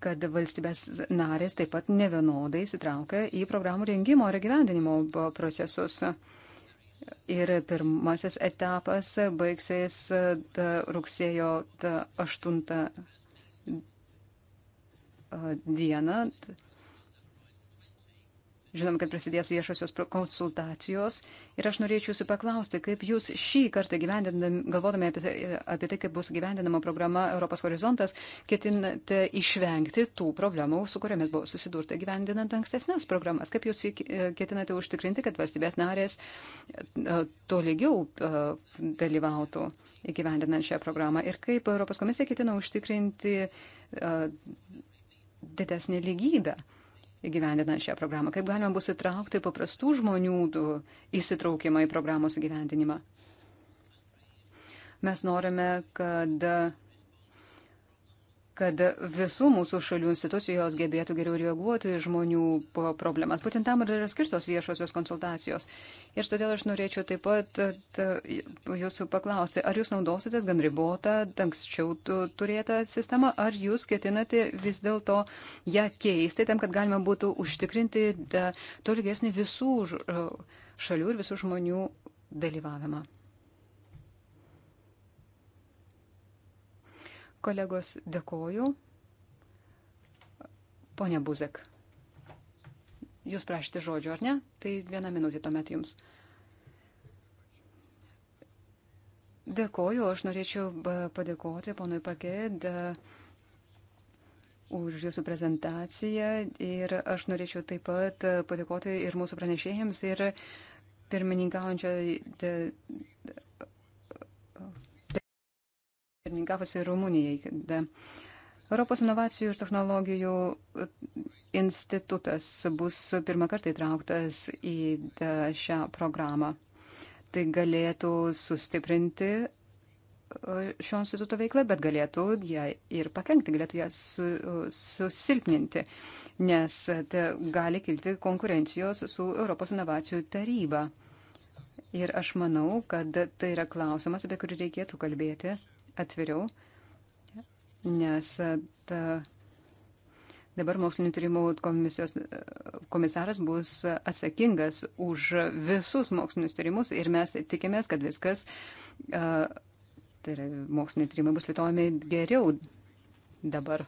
kad valstybės narės taip pat nevienodai įsitraukia į programų rengimo ir gyvendinimo procesus. Ir pirmasis etapas baigsis rugsėjo 8 dieną. Ta, Žinom, kad prasidės viešosios konsultacijos ir aš norėčiau jūsų paklausti, kaip jūs šį kartą galvodami apie, apie tai, kaip bus gyvendinama programa Europos horizontas, ketinate išvengti tų problemų, su kuriamis buvo susidurta gyvendinant ankstesnės programas. Kaip jūs e, ketinate užtikrinti, kad valstybės narės e, tolygiau e, dalyvautų įgyvendinant šią programą ir kaip Europos komisija ketina užtikrinti didesnį lygybę įgyvendinant šią programą? Kaip galima bus įtraukti paprastų žmonių įsitraukimą į programos įgyvendinimą? Mes norime, kad kad visų mūsų šalių institucijos gebėtų geriau reaguoti žmonių problemas. Būtent tam ir yra skirtos viešosios konsultacijos. Ir todėl aš norėčiau taip pat ta, jūsų paklausti, ar jūs naudositės gan ribotą, anksčiau turėtą sistemą, ar jūs ketinate vis dėlto ją keisti, tam, kad galima būtų užtikrinti e, tolygesnį visų šalių ir visų žmonių dalyvavimą. Kolegos, dėkoju. Pone Buzek, jūs prašyti žodžio, ar ne? Tai vieną minutį tuomet jums. Dėkoju, aš norėčiau padėkoti ponui Pakėd už jūsų prezentaciją ir aš norėčiau taip pat padėkoti ir mūsų pranešėjams ir pirmininkaujančiai pirmininkavusi Rumunijai. Da. Europos inovacijų ir technologijų e, institutas bus pirmą kartą įtrauktas į e, šią programą. Tai galėtų sustiprinti e, šio instituto veikla, bet galėtų ją ir pakengti, galėtų ją su, susilpninti, nes gali kilti konkurencijos su Europos inovacijų taryba. Ir aš manau, kad tai yra klausimas, apie kurį reikėtų kalbėti atviriau, nes e, ta, dabar mokslinio tyrimų komisijos e, komisaras bus atsakingas už visus mokslinius tyrimus ir mes tikimės, kad viskas, e, tai yra moksliniai tyrimai bus plėtojami geriau dabar.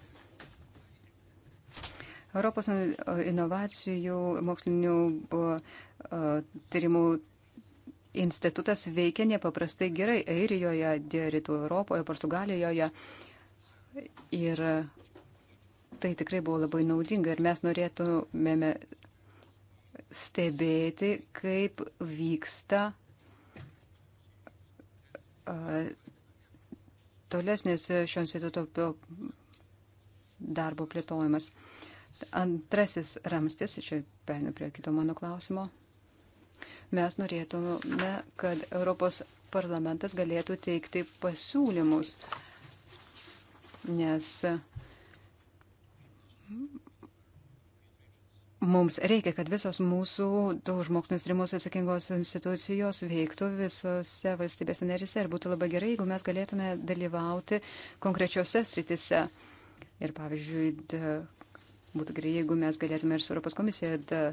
Europos inovacijų mokslinių tyrimų institutas veikia nepaprastai gerai Airijoje, Rytų Europoje, Portugalijoje. Ir tai tikrai buvo labai naudinga ir mes norėtumėme stebėti, kaip vyksta tolesnis šio instituto darbo plėtojimas. Antrasis ramstis, čia perinu prie kito mano klausimo. Mes norėtume, kad Europos parlamentas galėtų teikti pasiūlymus, nes mums reikia, kad visos mūsų užmokslinius rimus atsakingos institucijos veiktų visose valstybėse narise ir būtų labai gerai, jeigu mes galėtume dalyvauti konkrečiose sritise. Ir pavyzdžiui, da, būtų gerai, jeigu mes galėtume ir su Europos komisija da,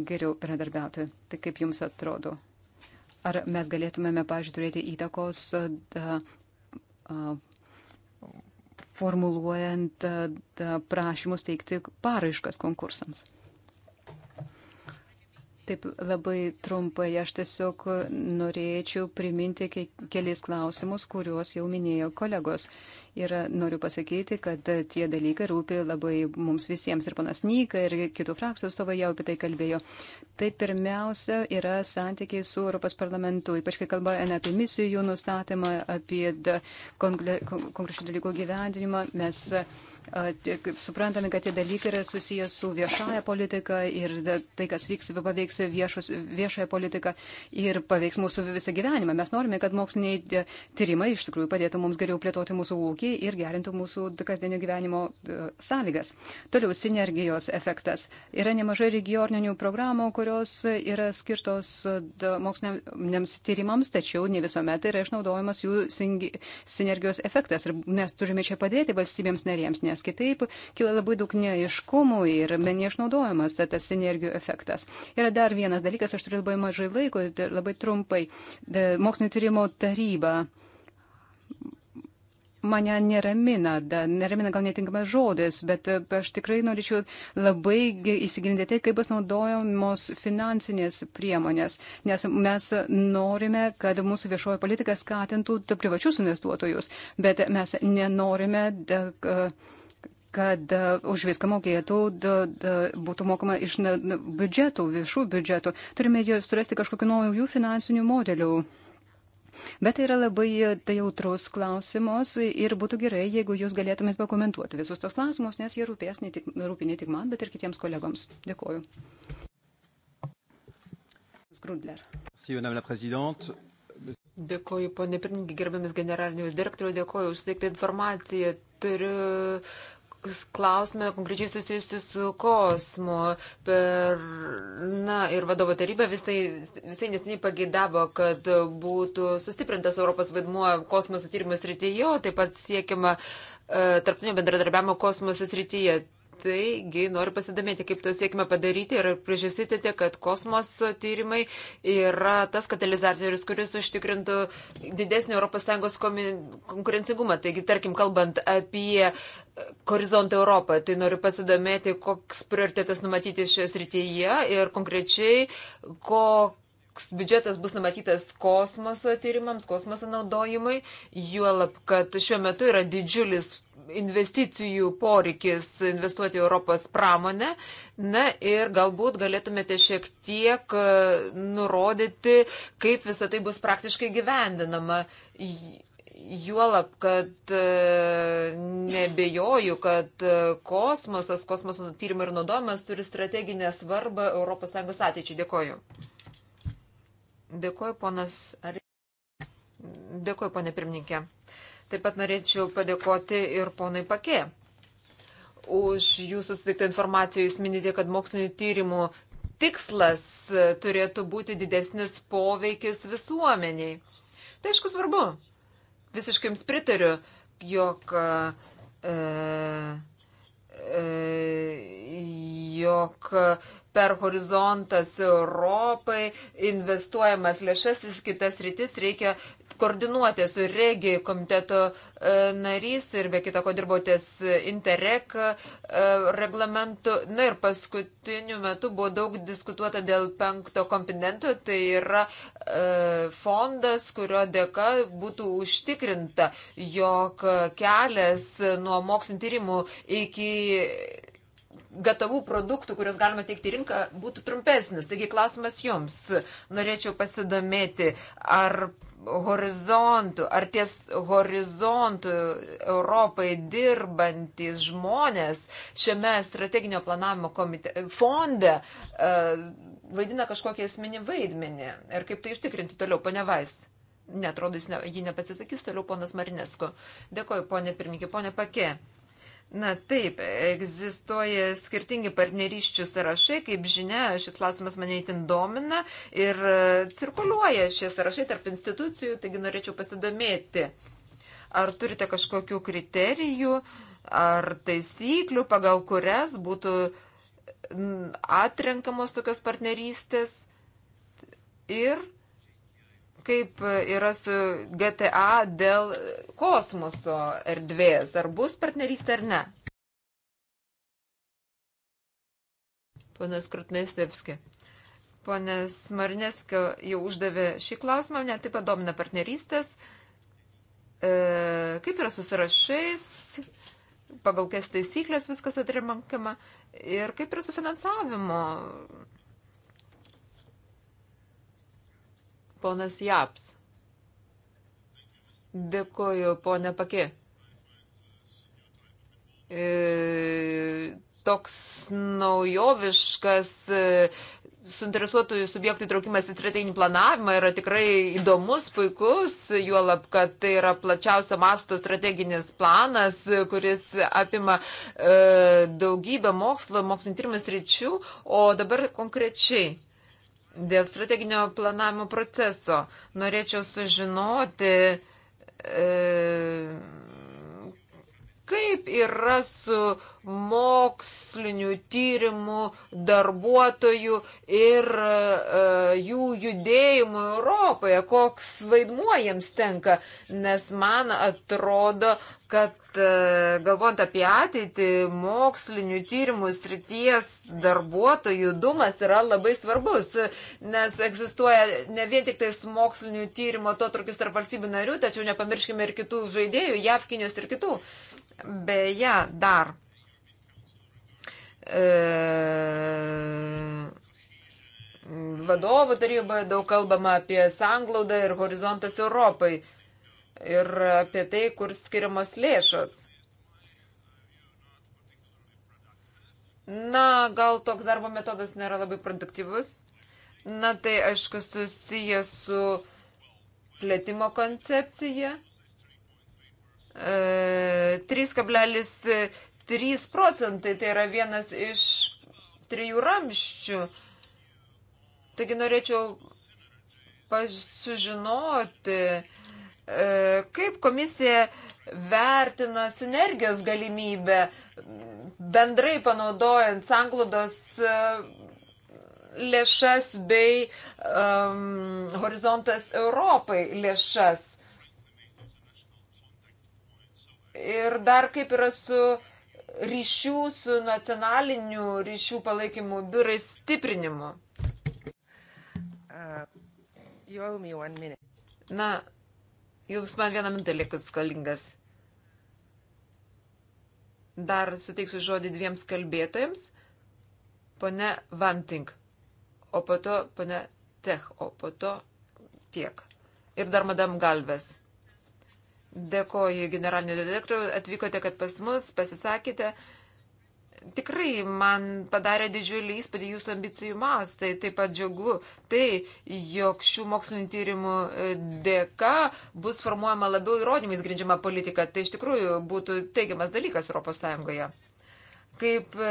geriau bendradarbiauti. Tai kaip jums atrodo? Ar mes galėtumėme, pažiūrėjau, turėti įtakos da, a, formuluojant da, prašymus teikti paraiškas konkursams? Taip labai trumpai, aš tiesiog norėčiau priminti keliais klausimus, kuriuos jau minėjo kolegos. Ir noriu pasakyti, kad tie dalykai rūpi labai mums visiems. Ir panas Nyka, ir kitų frakcijų atstovai jau apie tai kalbėjo. Tai pirmiausia yra santykiai su Europos parlamentu, ypač kai kalba eina apie misijų nustatymą, apie konkrečių dalykų gyvendinimą. Mes suprantame, kad tie dalykai yra susijęs su viešaja politika ir tai, kas vyks, paveiks viešus, viešąją politiką ir paveiks mūsų visą gyvenimą. Mes norime, kad moksliniai tyrimai iš tikrųjų padėtų mums geriau plėtoti mūsų ūkį poveikį ir gerintų mūsų kasdienio gyvenimo e, sąlygas. Toliau sinergijos efektas. Yra nemažai regioninių programų, kurios yra skirtos e, moksliniams tyrimams, tačiau ne visuomet yra išnaudojamas jų sinergijos efektas. Ir mes turime čia padėti valstybėms narėms, nes kitaip kila labai daug neaiškumų ir neišnaudojamas tas sinergijų efektas. Yra dar vienas dalykas, aš turiu labai mažai laiko, labai trumpai. Mokslinio tyrimo taryba mane neramina, da, neramina gal netinkamas žodis, bet e, aš tikrai norėčiau labai įsigilinti tai, kaip bus naudojamos finansinės priemonės, nes mes norime, kad mūsų viešoji politika skatintų privačius investuotojus, bet mes nenorime, da, kad e, už viską mokėtų, da, da, būtų mokama iš na, biudžetų, viešų biudžetų. Turime surasti kažkokiu naujų finansinių modelių. Bet tai yra labai jautrus klausimas ir būtų gerai, jeigu jūs galėtumėt pakomentuoti visus tos klausimus, nes jie rūpės ne tik, rūpi ne tik man, bet ir kitiems kolegoms. Dėkuoju. Grudler. Dėkuoju, ponė pirmininkė, gerbiamis generalinius direktorių, dėkuoju už suteiktą informaciją. Turiu klausimą konkrečiai susijusiu su kosmu. Per, na, ir vadovo taryba visai, visai nesiniai pagėdavo, kad būtų sustiprintas Europos vaidmuo kosmoso tyrimų srityje, o taip pat siekiama uh, e, tarptinio bendradarbiavimo kosmoso srityje. Taigi noriu pasidomėti, kaip to siekime padaryti ir priežasitėte, kad kosmoso tyrimai yra tas katalizatorius, kuris užtikrintų didesnį ES konkurencingumą. Taigi, tarkim, kalbant apie uh, Horizonto Europą. Tai noriu pasidomėti, koks prioritetas numatyti šioje srityje ir konkrečiai, koks biudžetas bus numatytas kosmoso tyrimams, kosmoso naudojimai, juolab, kad šiuo metu yra didžiulis investicijų poreikis investuoti Europos pramonę. Na ir galbūt galėtumėte šiek tiek e, nurodyti, kaip visą tai bus praktiškai gyvendinama. Juolab, kad e, nebejoju, kad e, kosmosas, kosmoso tyrimai ir naudojimas turi strateginę svarbą ES ateičiai. Dėkoju. Dėkoju, ponas. Ar... Dėkoju, ponė pirmininkė. Taip pat norėčiau padėkoti ir ponai Pakė. Už jūsų suteiktą informaciją jūs minite, kad mokslinio tyrimų tikslas e, turėtų būti didesnis poveikis visuomeniai. Tai aišku svarbu visiškai jums pritariu, jog, e, e, jog per horizontas Europai investuojamas lėšas į kitas rytis reikia koordinuoti su regi komiteto e, narys ir be kita ko dirbotės Interreg e, reglamentu. Na ir paskutiniu metu buvo daug diskutuota dėl penkto komponento, tai yra e, fondas, kurio dėka būtų užtikrinta, jog kelias nuo mokslinio tyrimų iki gatavų produktų, kuriuos galima teikti rinką, būtų trumpesnis. Taigi klausimas jums. Norėčiau pasidomėti, ar horizontų, ar ties horizontų Europai dirbantis žmonės šiame strateginio planavimo komite, fonde uh, vaidina kažkokį esminį vaidmenį. Ir kaip tai ištikrinti toliau, ponia Vais? Netrodo, jis ne, ji nepasisakys toliau, ponas Marinesko. Dėkoju, ponė pirmininkė, ponė Pakė. Uh, Na taip, egzistuoja skirtingi partneriščių sąrašai, kaip žinia, šis klausimas mane įtin domina ir e, cirkuliuoja šie sąrašai tarp institucijų, taigi norėčiau pasidomėti, ar turite kažkokių kriterijų ar taisyklių, pagal kurias būtų atrenkamos tokios partnerystės ir kaip e, yra su GTA dėl kosmoso erdvės. Ar bus partnerystė ar ne? Ponas Krutnaisevski. Ponas Marineska jau uždavė šį klausimą, ne taip padomina partnerystės. E, kaip yra susirašais, pagal kokias taisyklės viskas atrimankama ir kaip yra su finansavimo Ponas Japs. Dėkuoju, ponė Pakė. E, toks naujoviškas e, suinteresuotųjų subjektų įtraukimas į strateginį planavimą yra tikrai įdomus, puikus, juolab, kad tai yra plačiausio masto strateginis planas, kuris apima e, daugybę mokslo, mokslinio tyrimų sričių, o dabar konkrečiai. Dėl strateginio planavimo proceso norėčiau sužinoti, e, kaip yra su mokslinių tyrimų darbuotojų ir uh, jų judėjimu Europoje, koks vaidmuo jiems tenka, nes man atrodo, kad uh, galvojant apie ateitį, mokslinių tyrimų srities darbuotojų dumas yra labai svarbus, nes egzistuoja ne vien tik tais mokslinių tyrimo atotrukis tarp valstybių narių, tačiau nepamirškime ir kitų žaidėjų, JAV, Kinijos ir kitų. Uh, Beje, dar. E, vadovų taryboje daug kalbama apie sanglaudą ir horizontas Europai ir apie tai, kur skiriamos lėšos. Na, gal toks darbo metodas nėra labai produktyvus. Na, tai aišku susijęs su plėtimo koncepcija. 3,3 procentai, tai yra vienas iš trijų ramščių. Taigi norėčiau sužinoti, e, kaip komisija vertina sinergijos galimybę bendrai panaudojant sanglodos e, lėšas bei um, horizontas Europai lėšas. Ir dar kaip yra su ryšių, su nacionaliniu ryšių palaikymu, biurais stiprinimu. Uh, Na, jums man vieną minutę likus skolingas. Dar suteiksiu žodį dviems kalbėtojams. Pone Vanting, o po to pone Tech, o po to tiek. Ir dar madam Galvės. Dėkoju generalinio direktorių, atvykote, kad pas mus pasisakėte. Tikrai man padarė didžiulį įspūdį jūsų ambicijų mastai, taip pat džiugu tai, jog šių mokslinio tyrimų e, dėka bus formuojama labiau įrodymais grindžiama politika. Tai iš tikrųjų būtų teigiamas dalykas ES. Kaip e,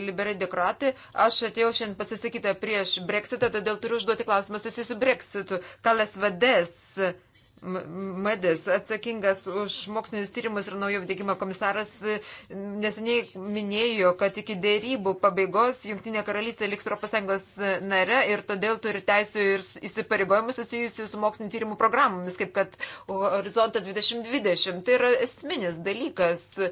liberai dekratai, aš atėjau šiandien pasisakytą prieš Brexitą, todėl turiu užduoti klausimą susijusiu su Brexitu. Kalės vadės. Madis, atsakingas už mokslinius tyrimus ir naujovių teikimo komisaras, e, neseniai minėjo, kad iki dėrybų pabaigos Junktinė karalystė liks ES e, nare ir todėl turi teisų ir įsipareigojimus susijusių su mokslinio tyrimų programomis, kaip kad Horizontą 2020. Tai yra esminis dalykas e,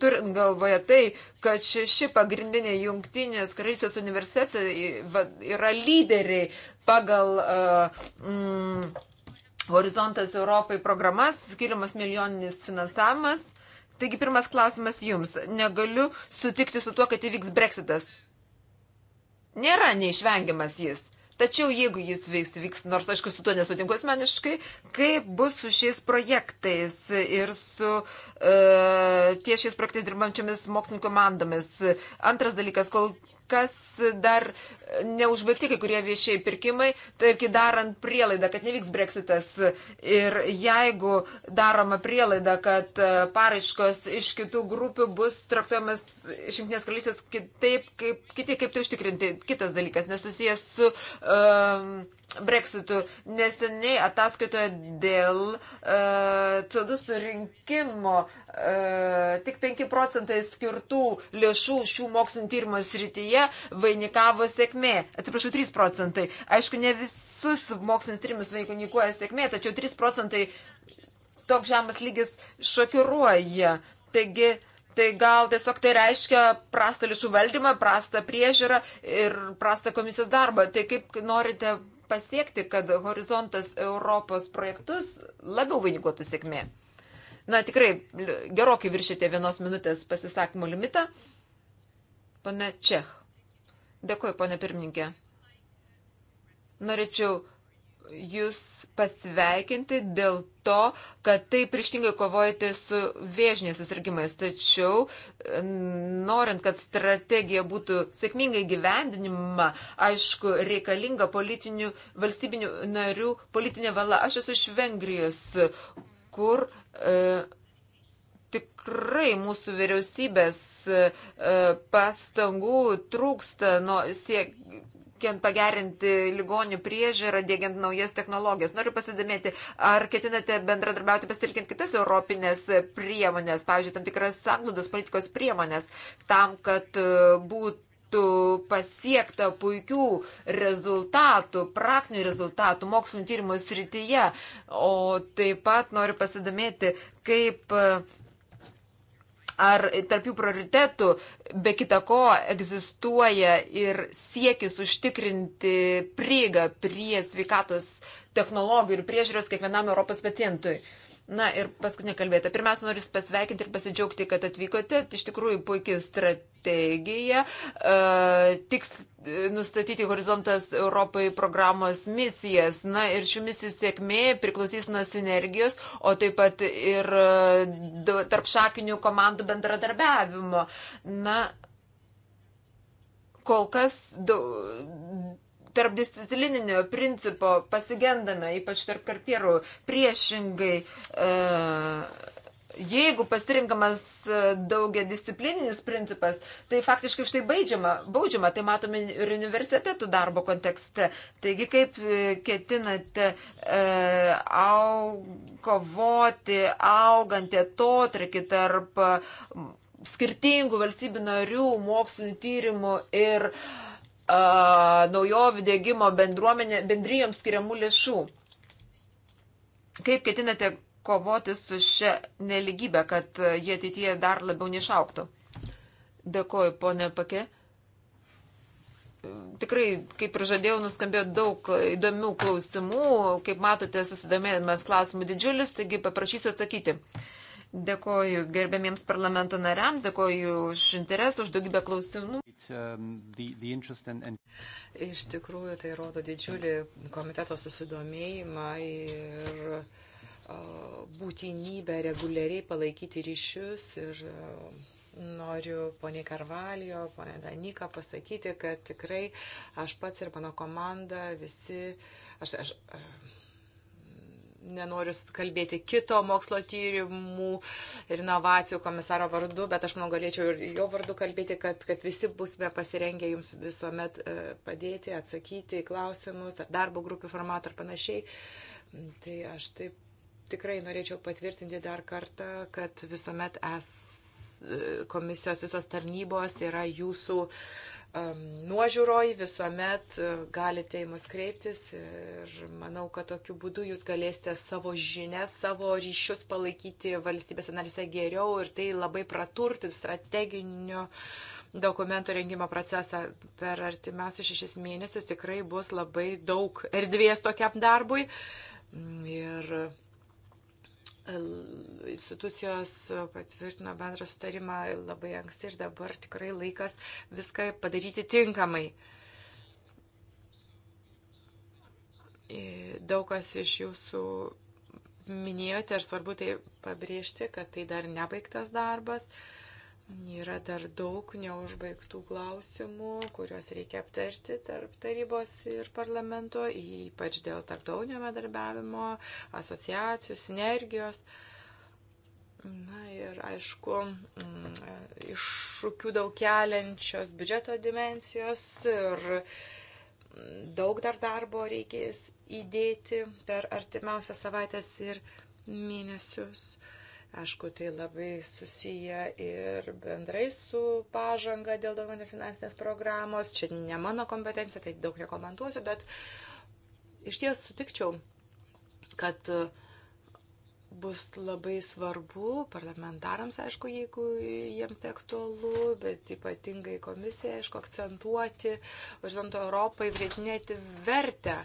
turint galvoje tai, kad šeši pagrindiniai jungtinės karalystės universitetai yra lyderiai pagal uh, mm, Horizontas Europai programas skiriamas milijoninis finansavimas. Taigi pirmas klausimas jums. Negaliu sutikti su tuo, kad įvyks breksitas. Nėra neišvengiamas jis. Tačiau jeigu jis vyks, vyks, nors aišku, su tuo nesutinku asmeniškai, kaip bus su šiais projektais ir su e, ties šiais projektais dirbančiomis mokslininkų komandomis. Antras dalykas, kol kas dar neužbaigti kai kurie viešiai pirkimai, tarki darant prielaidą, kad nevyks breksitas. Ir jeigu daroma prielaida, kad e, paraiškos iš kitų grupių bus traktuojamas iš jungtinės karalystės kitaip, kaip, kitaip, kaip tai užtikrinti. Kitas dalykas nesusijęs su. Um, breksitų. Neseniai ataskaitoje dėl uh, e, CO2 surinkimo uh, tik 5 procentai skirtų lėšų šių mokslinio tyrimo srityje vainikavo sėkmė. Atsiprašau, 3 procentai. Aišku, ne visus mokslinis tyrimus vainikuoja sėkmė, tačiau 3 procentai toks žemas lygis šokiruoja. Taigi, Tai gal tiesiog tai reiškia prastą lišų valdymą, prastą priežiūrą ir prastą komisijos darbą. Tai kaip norite pasiekti, kad horizontas Europos projektus labiau vainikuotų sėkmė? Na, tikrai gerokai viršėte vienos minutės pasisakymo limitą. Pane Čech. Dėkuoju, pane pirmininkė. Norėčiau jūs pasveikinti dėl to, kad taip prištingai kovojate su viežinės susirgymais. Tačiau, norint, kad strategija būtų sėkmingai gyvendinima, aišku, reikalinga politinių valstybinių narių politinė vala. Aš esu iš Vengrijos, kur. E, tikrai mūsų vyriausybės e, pastangų trūksta nuo siek, siekiant pagerinti ligonių priežiūrą, dėgiant naujas technologijas. Noriu pasidomėti, ar ketinate bendradarbiauti pasirinkint kitas europinės priemonės, pavyzdžiui, tam tikras sanglūdos politikos priemonės, tam, kad e, būtų pasiekta puikių rezultatų, praktinių rezultatų mokslinio tyrimo srityje. O taip pat noriu pasidomėti, kaip e, ar tarp jų prioritetų, be kita ko, egzistuoja ir siekis užtikrinti prieigą prie sveikatos technologijų ir priežiūros kiekvienam Europos pacientui. Uh, Na ir paskutinė kalbėta. Pirmiausia, noriu pasveikinti ir pasidžiaugti, kad atvykote. Iš tikrųjų, puikiai strategija. Uh, tiks uh, nustatyti horizontas Europai programos misijas. Na ir šių misijų sėkmė priklausys nuo sinergijos, o taip pat ir uh, tarp šakinių komandų bendradarbiavimo. Na, kol kas daug tarp disciplininio principo pasigendame, ypač tarp karjerų. Priešingai, e, jeigu pasirinkamas e, daugia disciplininis principas, tai faktiškai štai baidžiama, baudžiama, tai matome ir universitetų darbo kontekste. Taigi, kaip e, ketinate e, au, kovoti augantį atotrikį tarp skirtingų valstybių narių mokslinių tyrimų ir uh, naujovių dėgymo bendrijoms skiriamų lėšų. Kaip ketinate kovoti su šia neligybė, kad e, jie ateityje dar labiau neišauktų? Dėkoju, ponė Pake. Tikrai, kaip ir žadėjau, nuskambėjo daug įdomių klausimų. Kaip matote, susidomėjimas klausimų didžiulis, taigi paprašysiu atsakyti. Uh, Dėkoju gerbėmiems parlamento nariams, dėkoju už interesą, už daugybę klausimų. Um, Iš tikrųjų, tai rodo didžiulį komiteto susidomėjimą ir būtinybę reguliariai palaikyti ryšius. Ir noriu poniai Karvalijo, poniai Danika pasakyti, kad tikrai aš pats ir mano komanda visi. Aš, aš, nenoriu kalbėti kito mokslo tyrimų ir inovacijų komisaro vardu, bet aš manau galėčiau ir jo vardu kalbėti, kad, kad visi būsime pasirengę jums visuomet e, padėti, atsakyti į klausimus, darbo grupių formatų ir panašiai. Tai aš taip tikrai norėčiau patvirtinti dar kartą, kad visuomet es e, komisijos visos tarnybos yra jūsų uh, nuožiūroj visuomet e, galite į mus kreiptis ir manau, kad tokiu būdu jūs galėsite savo žinias, savo ryšius palaikyti valstybės analise geriau ir tai labai praturti strateginio dokumento rengimo procesą. Per artimiausius šešis mėnesius tikrai bus labai daug erdvės tokiam darbui. Mm, ir institucijos patvirtino bendrą sutarimą labai anksti ir dabar tikrai laikas viską padaryti tinkamai. E, daug kas iš jūsų minėjote ir svarbu tai pabrėžti, kad tai dar nebaigtas darbas. Uh, Yra dar daug neužbaigtų klausimų, kuriuos reikia aptarti tarp tarybos ir parlamento, ypač dėl tarptautinio medarbiavimo, asociacijų, sinergijos. Na ir aišku, mm, iššūkių daug keliančios biudžeto dimensijos ir daug dar darbo reikės įdėti per artimiausias savaitės ir mėnesius. Uh, Aišku, tai labai susiję ir bendrai su pažanga dėl daugiau finansinės programos. Čia ne mano kompetencija, tai daug nekomentuosiu, bet iš ties sutikčiau, kad bus labai svarbu parlamentarams, aišku, jeigu jiems tai aktualu, bet ypatingai komisija, aišku, akcentuoti, žinot, Europai vietinėti vertę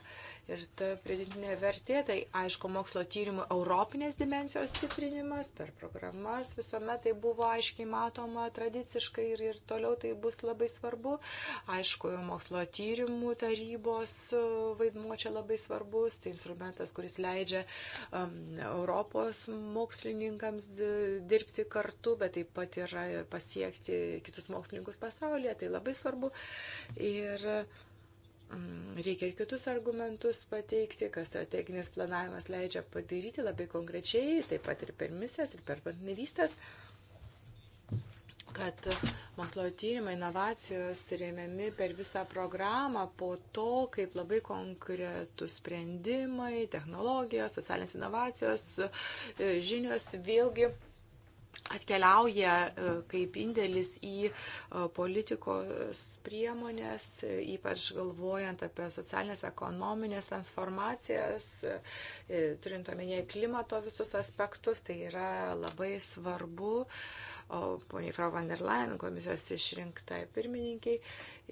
Ir ta pridėtinė vertė, tai aišku, mokslo tyrimų europinės dimensijos stiprinimas per programas visuomet tai buvo aiškiai matoma tradiciškai ir, ir toliau tai bus labai svarbu. Aišku, mokslo tyrimų tarybos e, vaidmuo čia labai svarbus, tai instrumentas, kuris leidžia um, Europos mokslininkams e, dirbti kartu, bet taip pat yra pasiekti kitus mokslininkus pasaulyje, tai labai svarbu. Ir, uh, Mm, reikia ir kitus argumentus pateikti, kas strateginis planavimas leidžia padaryti labai konkrečiai, taip pat ir per misijas, ir per partnerystės, kad mokslo tyrimai, inovacijos remiami per visą programą po to, kaip labai konkretus sprendimai, technologijos, socialinės inovacijos, e, žinios vėlgi atkeliauja e, kaip indėlis į e, politikos priemonės, e, ypač galvojant apie socialinės, ekonominės transformacijas, turint omenyje klimato visus aspektus, tai yra labai svarbu. Uh, poniai Frau van der Leyen, komisijos išrinktai pirmininkiai.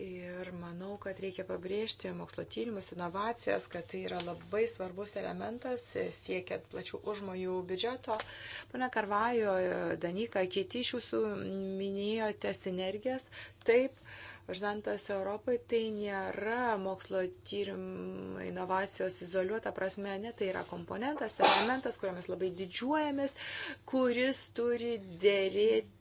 Ir manau, kad reikia pabrėžti mokslo tyrimus, inovacijas, kad tai yra labai svarbus elementas siekiant plačių užmojų biudžeto. Pane Karvajo, Danika, kiti iš jūsų minėjote sinergijas. Taip, Žantas Europai tai nėra mokslo tyrimo inovacijos izoliuota prasme, ne, tai yra komponentas, elementas, kuriuo mes labai didžiuojamės, kuris turi dėrėti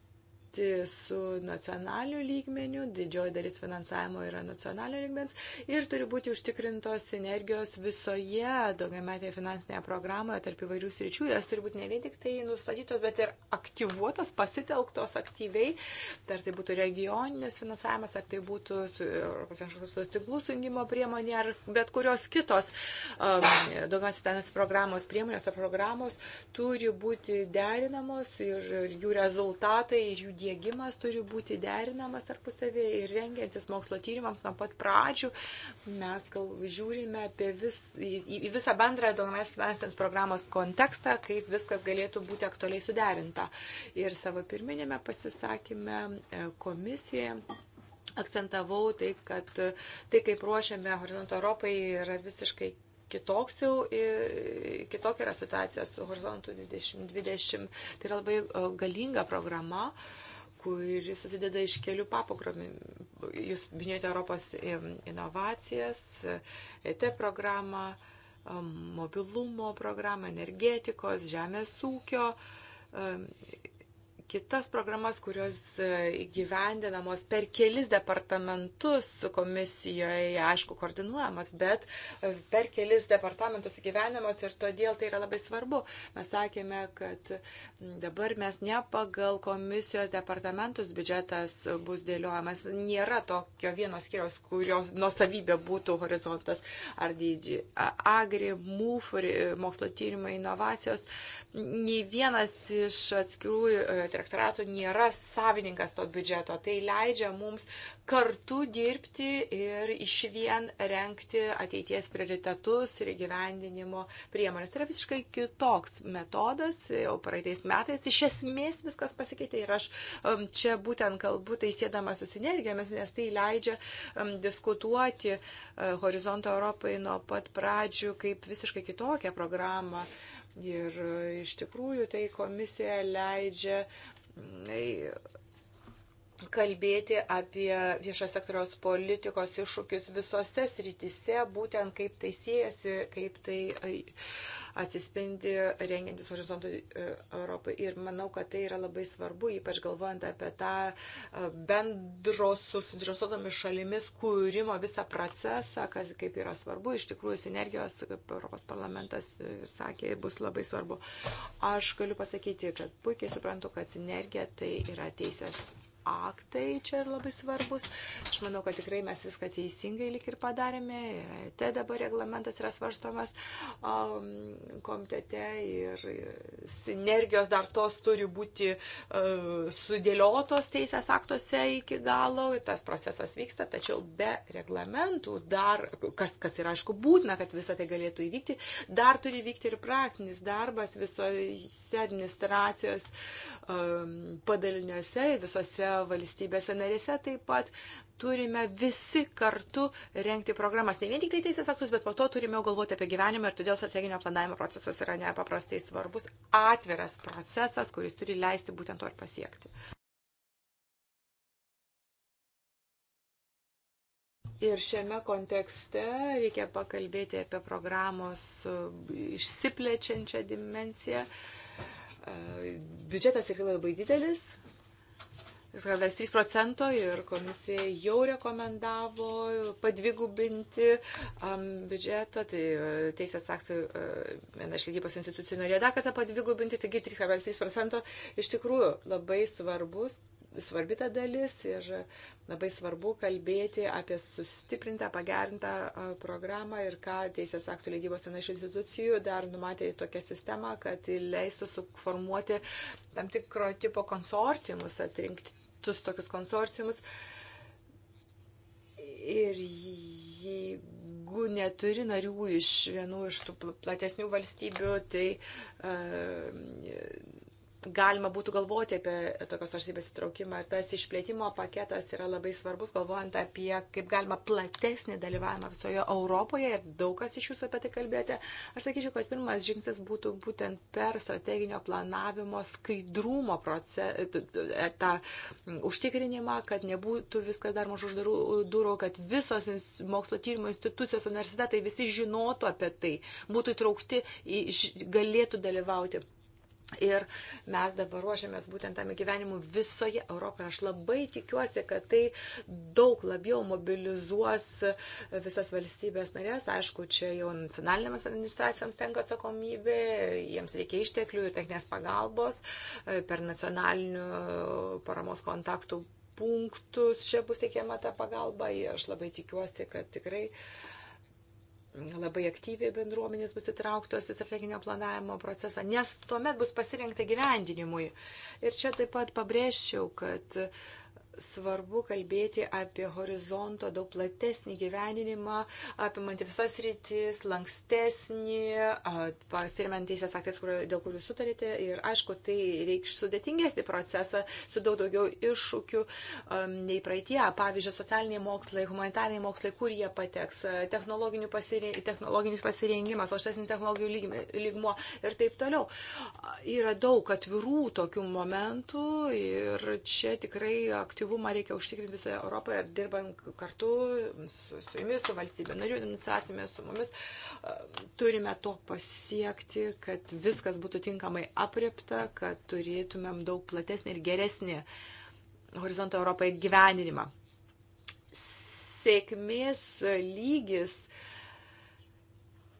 dirbti su nacionaliu lygmeniu, didžioji dalis finansavimo yra nacionalio lygmens ir turi būti užtikrintos sinergijos visoje daugiametėje finansinėje programoje tarp įvairių sričių. Jos turi būti ne vien tik tai nustatytos, bet ir aktyvuotos, pasitelktos aktyviai, ar tai būtų regioninis finansavimas, ar tai būtų Europos infrastruktūros tinklų sujungimo priemonė, ar bet kurios kitos um, daugiausiai tenės programos priemonės ar programos turi būti derinamos ir, ir jų rezultatai, ir jų dėgymas turi būti derinamas tarpusavėje ir rengiantis mokslo tyrimams nuo pat pradžių mes gal žiūrime apie vis, į, į visą bendrą daugiamės finansinės programos kontekstą, kaip viskas galėtų būti aktualiai suderinta. Ir savo pirminėme pasisakymė e, komisijoje akcentavau tai, kad e, tai, kaip ruošiame Horizonto Europai, yra visiškai kitoks jau, e, kitokia yra situacija su Horizontu 2020. Tai yra labai galinga programa. Uh, kuris susideda iš kelių papogromį. Jūs minėjote Europos inovacijas, ET programą, mobilumo programą, energetikos, žemės ūkio kitas programas, kurios e, gyvendinamos per kelis departamentus komisijoje, aišku, koordinuojamas, bet e, per kelis departamentus gyvenamos ir todėl tai yra labai svarbu. Mes sakėme, kad dabar mes ne pagal komisijos departamentus biudžetas bus dėliojamas. Nėra tokio vieno skiriaus, kurio nusavybė būtų horizontas ar dydžiai. Agri, MUF, mokslo tyrimai, inovacijos. Nei vienas iš atskirų e, direktorato nėra savininkas to biudžeto. Tai leidžia mums kartu dirbti ir iš vien renkti ateities prioritetus ir įgyvendinimo priemonės. Tai yra visiškai kitoks metodas. Jau praeitais metais iš esmės viskas pasikeitė ir aš um, čia būtent kalbu tai sėdama su sinergijomis, nes tai leidžia um, diskutuoti uh, Horizonto Europai nuo pat pradžių kaip visiškai kitokią programą. Uh, Ir e, iš tikrųjų tai komisija leidžia mm, kalbėti apie viešo sektoriaus politikos iššūkius visose srityse, būtent kaip tai siejasi, kaip tai atsispindi rengiantis horizontų e, Europai. Ir manau, kad tai yra labai svarbu, ypač galvojant apie tą e, bendro su suinteresuotomis šalimis kūrimo visą procesą, kas, kaip yra svarbu. Iš tikrųjų, sinergijos, kaip Europos parlamentas e, sakė, bus labai svarbu. Aš galiu pasakyti, kad puikiai suprantu, kad sinergija tai yra teisės aktai čia labai svarbus. Aš manau, kad tikrai mes viską teisingai lik ir padarėme. Ir te dabar reglamentas yra svarstomas um, komitete ir sinergijos dar tos turi būti uh, sudėliotos teisės aktuose iki galo. Tas procesas vyksta, tačiau be reglamentų dar, kas, kas yra aišku būtina, kad visą tai galėtų įvykti, dar turi vykti ir praktinis darbas visose administracijos um, padaliniuose, visose valstybėse narėse taip pat turime visi kartu renkti programas. Ne vien tik tai teisės aktus, bet po to turime galvoti apie gyvenimą ir todėl strateginio planavimo procesas yra nepaprastai svarbus, atviras procesas, kuris turi leisti būtent to ir pasiekti. Ir šiame kontekste reikia pakalbėti apie programos išsiplečiančią dimensiją. Biudžetas tikrai labai didelis, 0,3 procento ir komisija jau rekomendavo padvigubinti um, biudžetą, tai uh, teisės aktų uh, viena uh, iš lygybos institucijų norėjo dar kartą padvigubinti, taigi 3,3 procento iš tikrųjų labai svarbus svarbi ta dalis ir labai svarbu kalbėti apie sustiprintą, pagerintą uh, programą ir ką Teisės aktų leidybos viena iš institucijų dar numatė į tokią sistemą, kad leistų suformuoti tam tikro tipo konsorcijumus, atrinkti kitus tokius konsorciumus. Ir jeigu neturi narių iš vienų iš tų platesnių valstybių, tai uh, galima būtų galvoti apie tokios valstybės įtraukimą ir tas išplėtimo paketas yra labai svarbus, galvojant apie kaip galima platesnį dalyvavimą visoje Europoje ir daug kas iš jūsų apie tai kalbėjote. Aš sakyčiau, kad pirmas žingsnis būtų būtent per strateginio planavimo skaidrumo procesą, užtikrinimą, kad nebūtų viskas dar mažų uždarų durų, kad visos mokslo tyrimo institucijos, universitetai visi žinotų apie tai, būtų įtraukti, galėtų dalyvauti Ir mes dabar ruošiamės būtent tam gyvenimu visoje Europoje. Aš labai tikiuosi, kad tai daug labiau mobilizuos visas valstybės narės. Aišku, čia jau nacionalinėms administracijoms tenka atsakomybė, jiems reikia išteklių ir techninės pagalbos per nacionalinių paramos kontaktų punktus, čia bus teikiama ta pagalba ir aš labai tikiuosi, kad tikrai labai aktyviai bendruomenės bus įtrauktos į strateginio planavimo procesą, nes tuomet bus pasirinkta gyvendinimui. Ir čia taip pat pabrėžčiau, kad uh, svarbu kalbėti apie horizonto daug platesnį gyveninimą, apimantį visas rytis, lankstesnį, pasirimant teisės aktais, kur, dėl kurių sutarėte. Ir aišku, tai reikš sudėtingesnį procesą su daug daugiau iššūkių um, nei praeitie. Pavyzdžiui, socialiniai mokslai, humanitariniai mokslai, kur jie pateks, pasire, technologinis pasirengimas, aukštesnis technologijų lygmo ir taip toliau. Yra daug atvirų tokių momentų ir čia tikrai aktyvių efektyvumą reikia užtikrinti visoje Europoje ir dirbant kartu su, su jumis, su valstybė narių administracijomis, su mumis, e, turime to pasiekti, kad viskas būtų tinkamai apripta, kad turėtumėm daug platesnį ir geresnį horizonto Europoje gyveninimą. Sėkmės lygis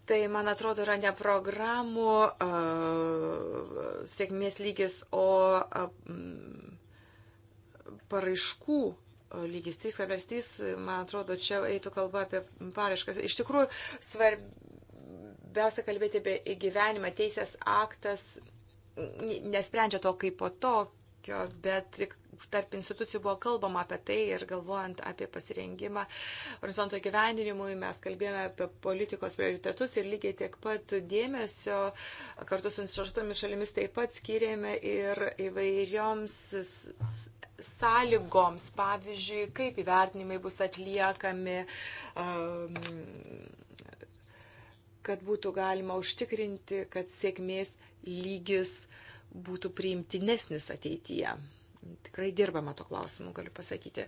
Tai, man atrodo, yra ne programų a, e, sėkmės lygis, o a, e, m, paraiškų e, lygis 3,3, man atrodo, čia eitų kalba apie paraiškas. Iš tikrųjų, svarbiausia kalbėti apie įgyvenimą. Teisės aktas nesprendžia to kaip po tokio, bet tarp institucijų buvo kalbama apie tai ir galvojant apie pasirengimą horizonto gyvendinimui, mes kalbėjome apie politikos prioritetus ir lygiai tiek pat dėmesio kartu su institutomis šalimis taip pat skiriame ir įvairioms sąlygoms, pavyzdžiui, kaip įvertinimai bus atliekami, um, kad būtų galima užtikrinti, kad sėkmės lygis būtų priimtinesnis ateityje. Tikrai dirbama to klausimu, galiu pasakyti.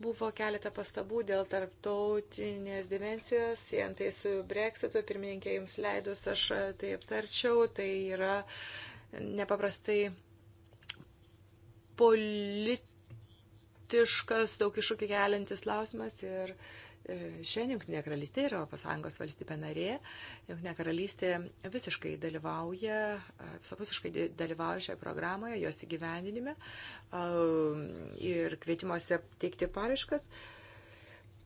Buvo keletą pastabų dėl tarptautinės dimensijos, sientai su Brexitu, pirmininkė jums leidus, aš tai aptarčiau, tai yra nepaprastai politiškas, daug iššūkį keliantis klausimas ir e, šiandien Junktinė karalystė yra ES valstybė narė. Junktinė karalystė visiškai dalyvauja, e, visapusiškai dalyvauja šioje programoje, jos įgyvendinime e, ir kvietimuose teikti paraiškas.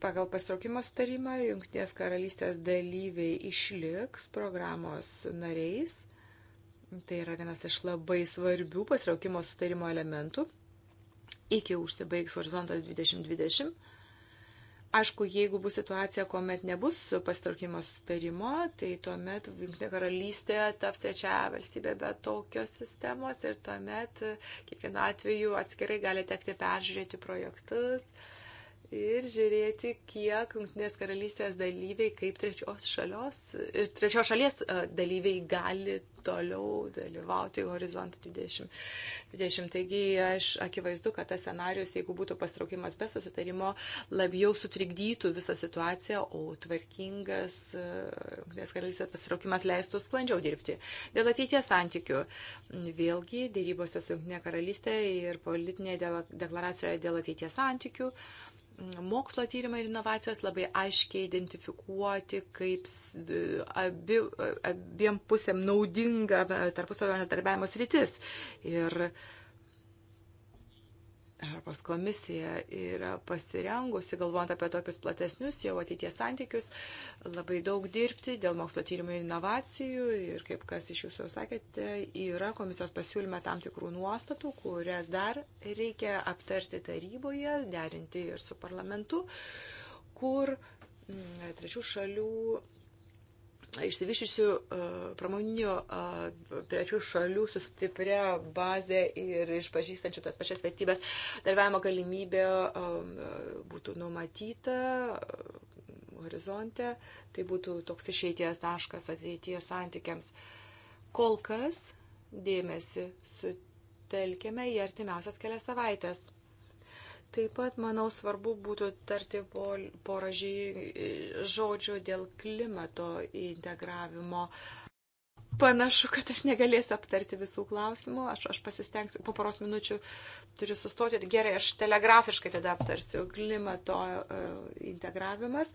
Pagal pasitraukimo starimą Junktinės karalystės dalyviai išliks programos nariais Tai yra vienas iš labai svarbių pasiraukimo sutarimo elementų. Iki užsibaigs horizontas 2020. Aišku, jeigu bus situacija, kuomet nebus pasitraukimo sutarimo, tai tuomet Junktinė karalystė taps trečiaja valstybė be tokios sistemos ir tuomet kiekvienu atveju atskirai gali tekti peržiūrėti projektus. Uh, ir žiūrėti, kiek Junktinės karalystės dalyviai, kaip trečios, šalios, trečios šalies e, dalyviai gali toliau dalyvauti horizontą 20. 20. Taigi aš akivaizdu, kad tas scenarius, jeigu būtų pastraukimas be susitarimo, labiau sutrikdytų visą situaciją, o tvarkingas e, Junktinės karalystės pastraukimas leistų sklandžiau dirbti. Dėl ateities santykių. Vėlgi, dėrybose su Junktinė karalystė ir politinėje deklaracijoje dėl ateities santykių. Uh, mokslo tyrimai ir inovacijos labai aiškiai identifikuoti kaip e, abi, e, abiem pusėm naudinga e, tarpusavio netarbiavimo sritis. Ir uh, Europos komisija yra pasirengusi, galvojant apie tokius platesnius jau ateities santykius, labai daug dirbti dėl mokslo tyrimų ir inovacijų ir, kaip kas iš jūsų jau sakėte, yra komisijos pasiūlyme tam tikrų nuostatų, kurias dar reikia aptarti taryboje, derinti ir su parlamentu, kur mm, trečių šalių išsivyšysių e, pramoninio e, trečių šalių sustipria bazė ir išpažįstančių tas pačias vertybės dalyvavimo galimybė e, būtų numatyta horizonte. Tai būtų toks išeities taškas ateities santykiams. Kol kas dėmesį sutelkime į artimiausias kelias savaitės. Taip pat, manau, svarbu būtų tarti porą žodžių dėl klimato integravimo. Panašu, kad aš negalėsiu aptarti visų klausimų, aš, aš pasistengsiu, po poros minučių turiu sustoti, gerai, aš telegrafiškai tada aptarsiu klimato e, integravimas.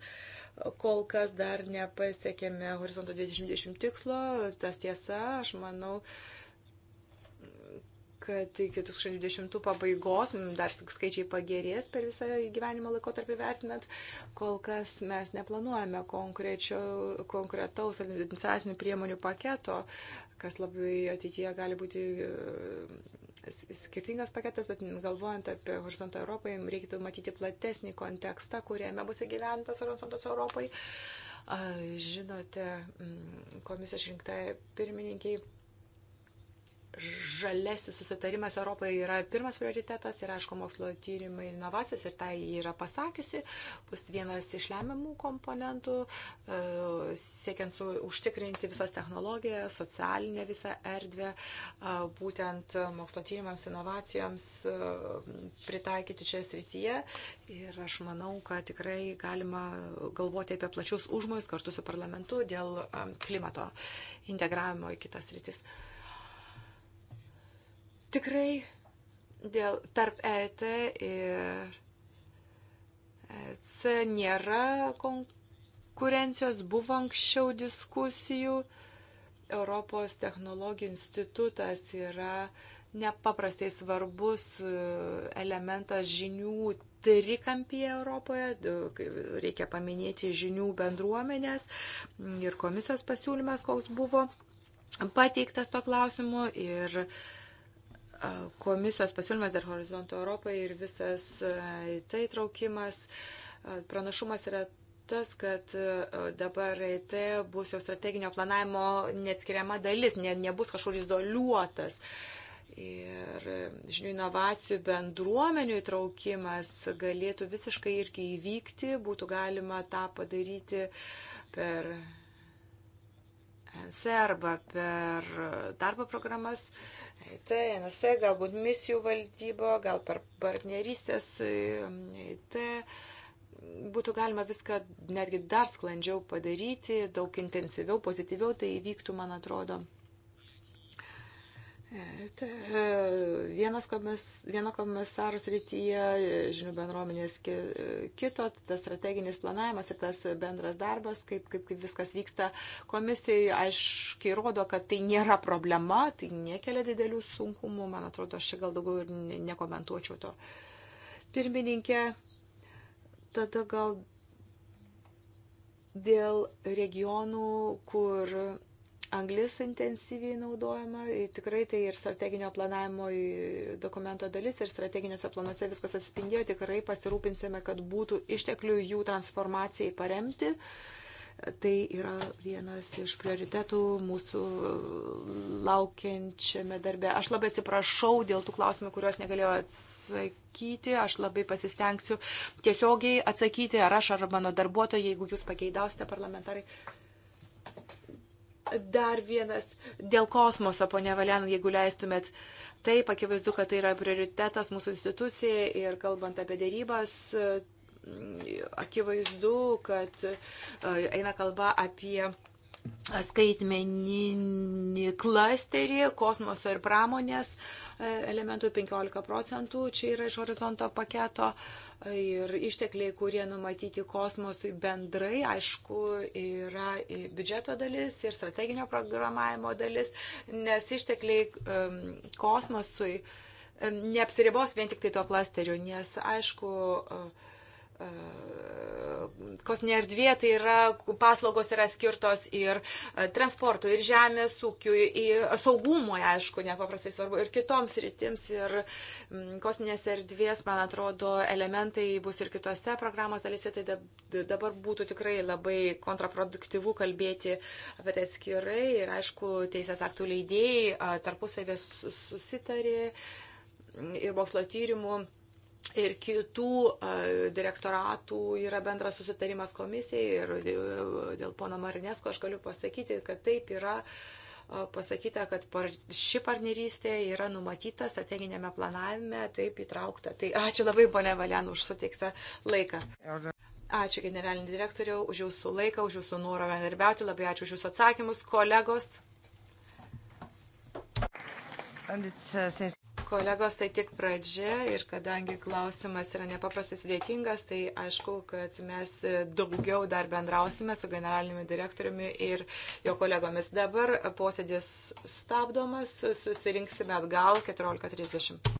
Kol kas dar nepasiekėme horizonto 2020 tikslo, tas tiesa, aš manau, uh, kad iki 2010 pabaigos, dar skaičiai pagerės per visą gyvenimo laikotarpį vertinant, kol kas mes neplanuojame konkretaus administracinių priemonių paketo, kas labai ateityje gali būti e, skirtingas paketas, bet galvojant apie horizontą Europai, reikėtų matyti platesnį kontekstą, kuriame bus įgyventas horizontas Europai. Žinote, komisija išrinkta pirmininkiai žalesis susitarimas Europoje yra pirmas prioritetas ir, aišku, mokslo tyrimai ir inovacijos ir tai yra pasakiusi, bus vienas iš lemiamų komponentų, e, siekiant su, užtikrinti visas technologijas, socialinę visą erdvę, e, būtent mokslo tyrimams, inovacijoms e, pritaikyti čia srityje. Ir aš manau, kad tikrai galima galvoti apie plačius užmojus kartu su parlamentu dėl klimato integravimo į kitas rytis. Thank you. Tikrai dėl tarp ET ir EC nėra konkurencijos, buvo anksčiau diskusijų. Europos technologijų institutas yra nepaprastai svarbus e, elementas žinių trikampyje Europoje. Reikia paminėti žinių bendruomenės ir komisijos pasiūlymas, koks buvo pateiktas to klausimu. Ir uh, komisijos pasiūlymas dar horizonto Europai ir visas e, tai traukimas. E, pranašumas yra tas, kad e, dabar IT bus jau strateginio planavimo neatskiriama dalis, ne, nebus kažkur izoliuotas. Ir žinių inovacijų bendruomenių įtraukimas galėtų visiškai irgi įvykti, būtų galima tą padaryti per NC arba per darbo programas EIT, NSE, galbūt misijų valdybo, gal per partnerystę su EIT um, būtų galima viską netgi dar sklandžiau padaryti, daug intensyviau, pozityviau tai įvyktų, man atrodo. E, vienas komis, vieno komisaro srityje, e, žinių bendruomenės e, kito, tas strateginis planavimas ir tas bendras darbas, kaip, kaip, kaip viskas vyksta komisijai, aiškiai rodo, kad tai nėra problema, tai nekelia didelių sunkumų, man atrodo, aš čia gal daugiau ir nekomentuočiau to. Pirmininkė, tada gal dėl regionų, kur anglis intensyviai naudojama, tikrai tai ir strateginio planavimo dokumento dalis, ir strateginiuose planuose viskas atsispindėjo, tikrai pasirūpinsime, kad būtų išteklių jų transformacijai paremti. Tai yra vienas iš prioritetų mūsų laukiančiame darbe. Aš labai atsiprašau dėl tų klausimų, kuriuos negalėjau atsakyti. Aš labai pasistengsiu tiesiogiai atsakyti, ar aš, ar mano darbuotojai, jeigu jūs pageidausite parlamentarai. Dar vienas dėl kosmoso, ponia Valen, jeigu leistumėt. Taip, akivaizdu, kad tai yra prioritetas mūsų institucijai ir kalbant apie dėrybas, akivaizdu, kad e, eina kalba apie skaitmeninį klasterį kosmoso ir pramonės e, elementų 15 procentų, čia yra iš horizonto paketo. Uh, ir ištekliai, kurie numatyti kosmosui bendrai, aišku, yra biudžeto dalis ir strateginio programavimo dalis, nes ištekliai kosmosui neapsiribos vien tik tai tuo klasteriu, nes aišku, uh, kosminė erdvė, tai yra paslaugos yra skirtos ir e, transportui, ir žemės ūkiui, ir e, saugumui, aišku, nepaprastai svarbu, ir kitoms rytims, ir mm, kosminės erdvės, man atrodo, elementai bus ir kitose programos dalyse, tai dabar būtų tikrai labai kontraproduktyvu kalbėti apie tai atskirai, ir aišku, teisės aktų leidėjai tarpusavės susitarė mm, ir mokslo tyrimų ir kitų e, direktoratų yra bendras susitarimas komisijai ir e, dėl pono Marinesko aš galiu pasakyti, kad taip yra e, pasakyta, kad par, ši partnerystė yra numatyta strateginėme planavime, taip įtraukta. Tai ačiū labai, ponė Valen, už suteiktą laiką. Ačiū generalinį direktoriau už jūsų laiką, už jūsų norą bendarbiauti, labai ačiū už jūsų atsakymus, kolegos. And it's, uh, since... Kolegos, tai tik pradžia ir kadangi klausimas yra nepaprastai sudėtingas, tai aišku, kad mes daugiau dar bendrausime su generaliniu direktoriumi ir jo kolegomis. Dabar posėdis stabdomas, susirinksime atgal 14.30.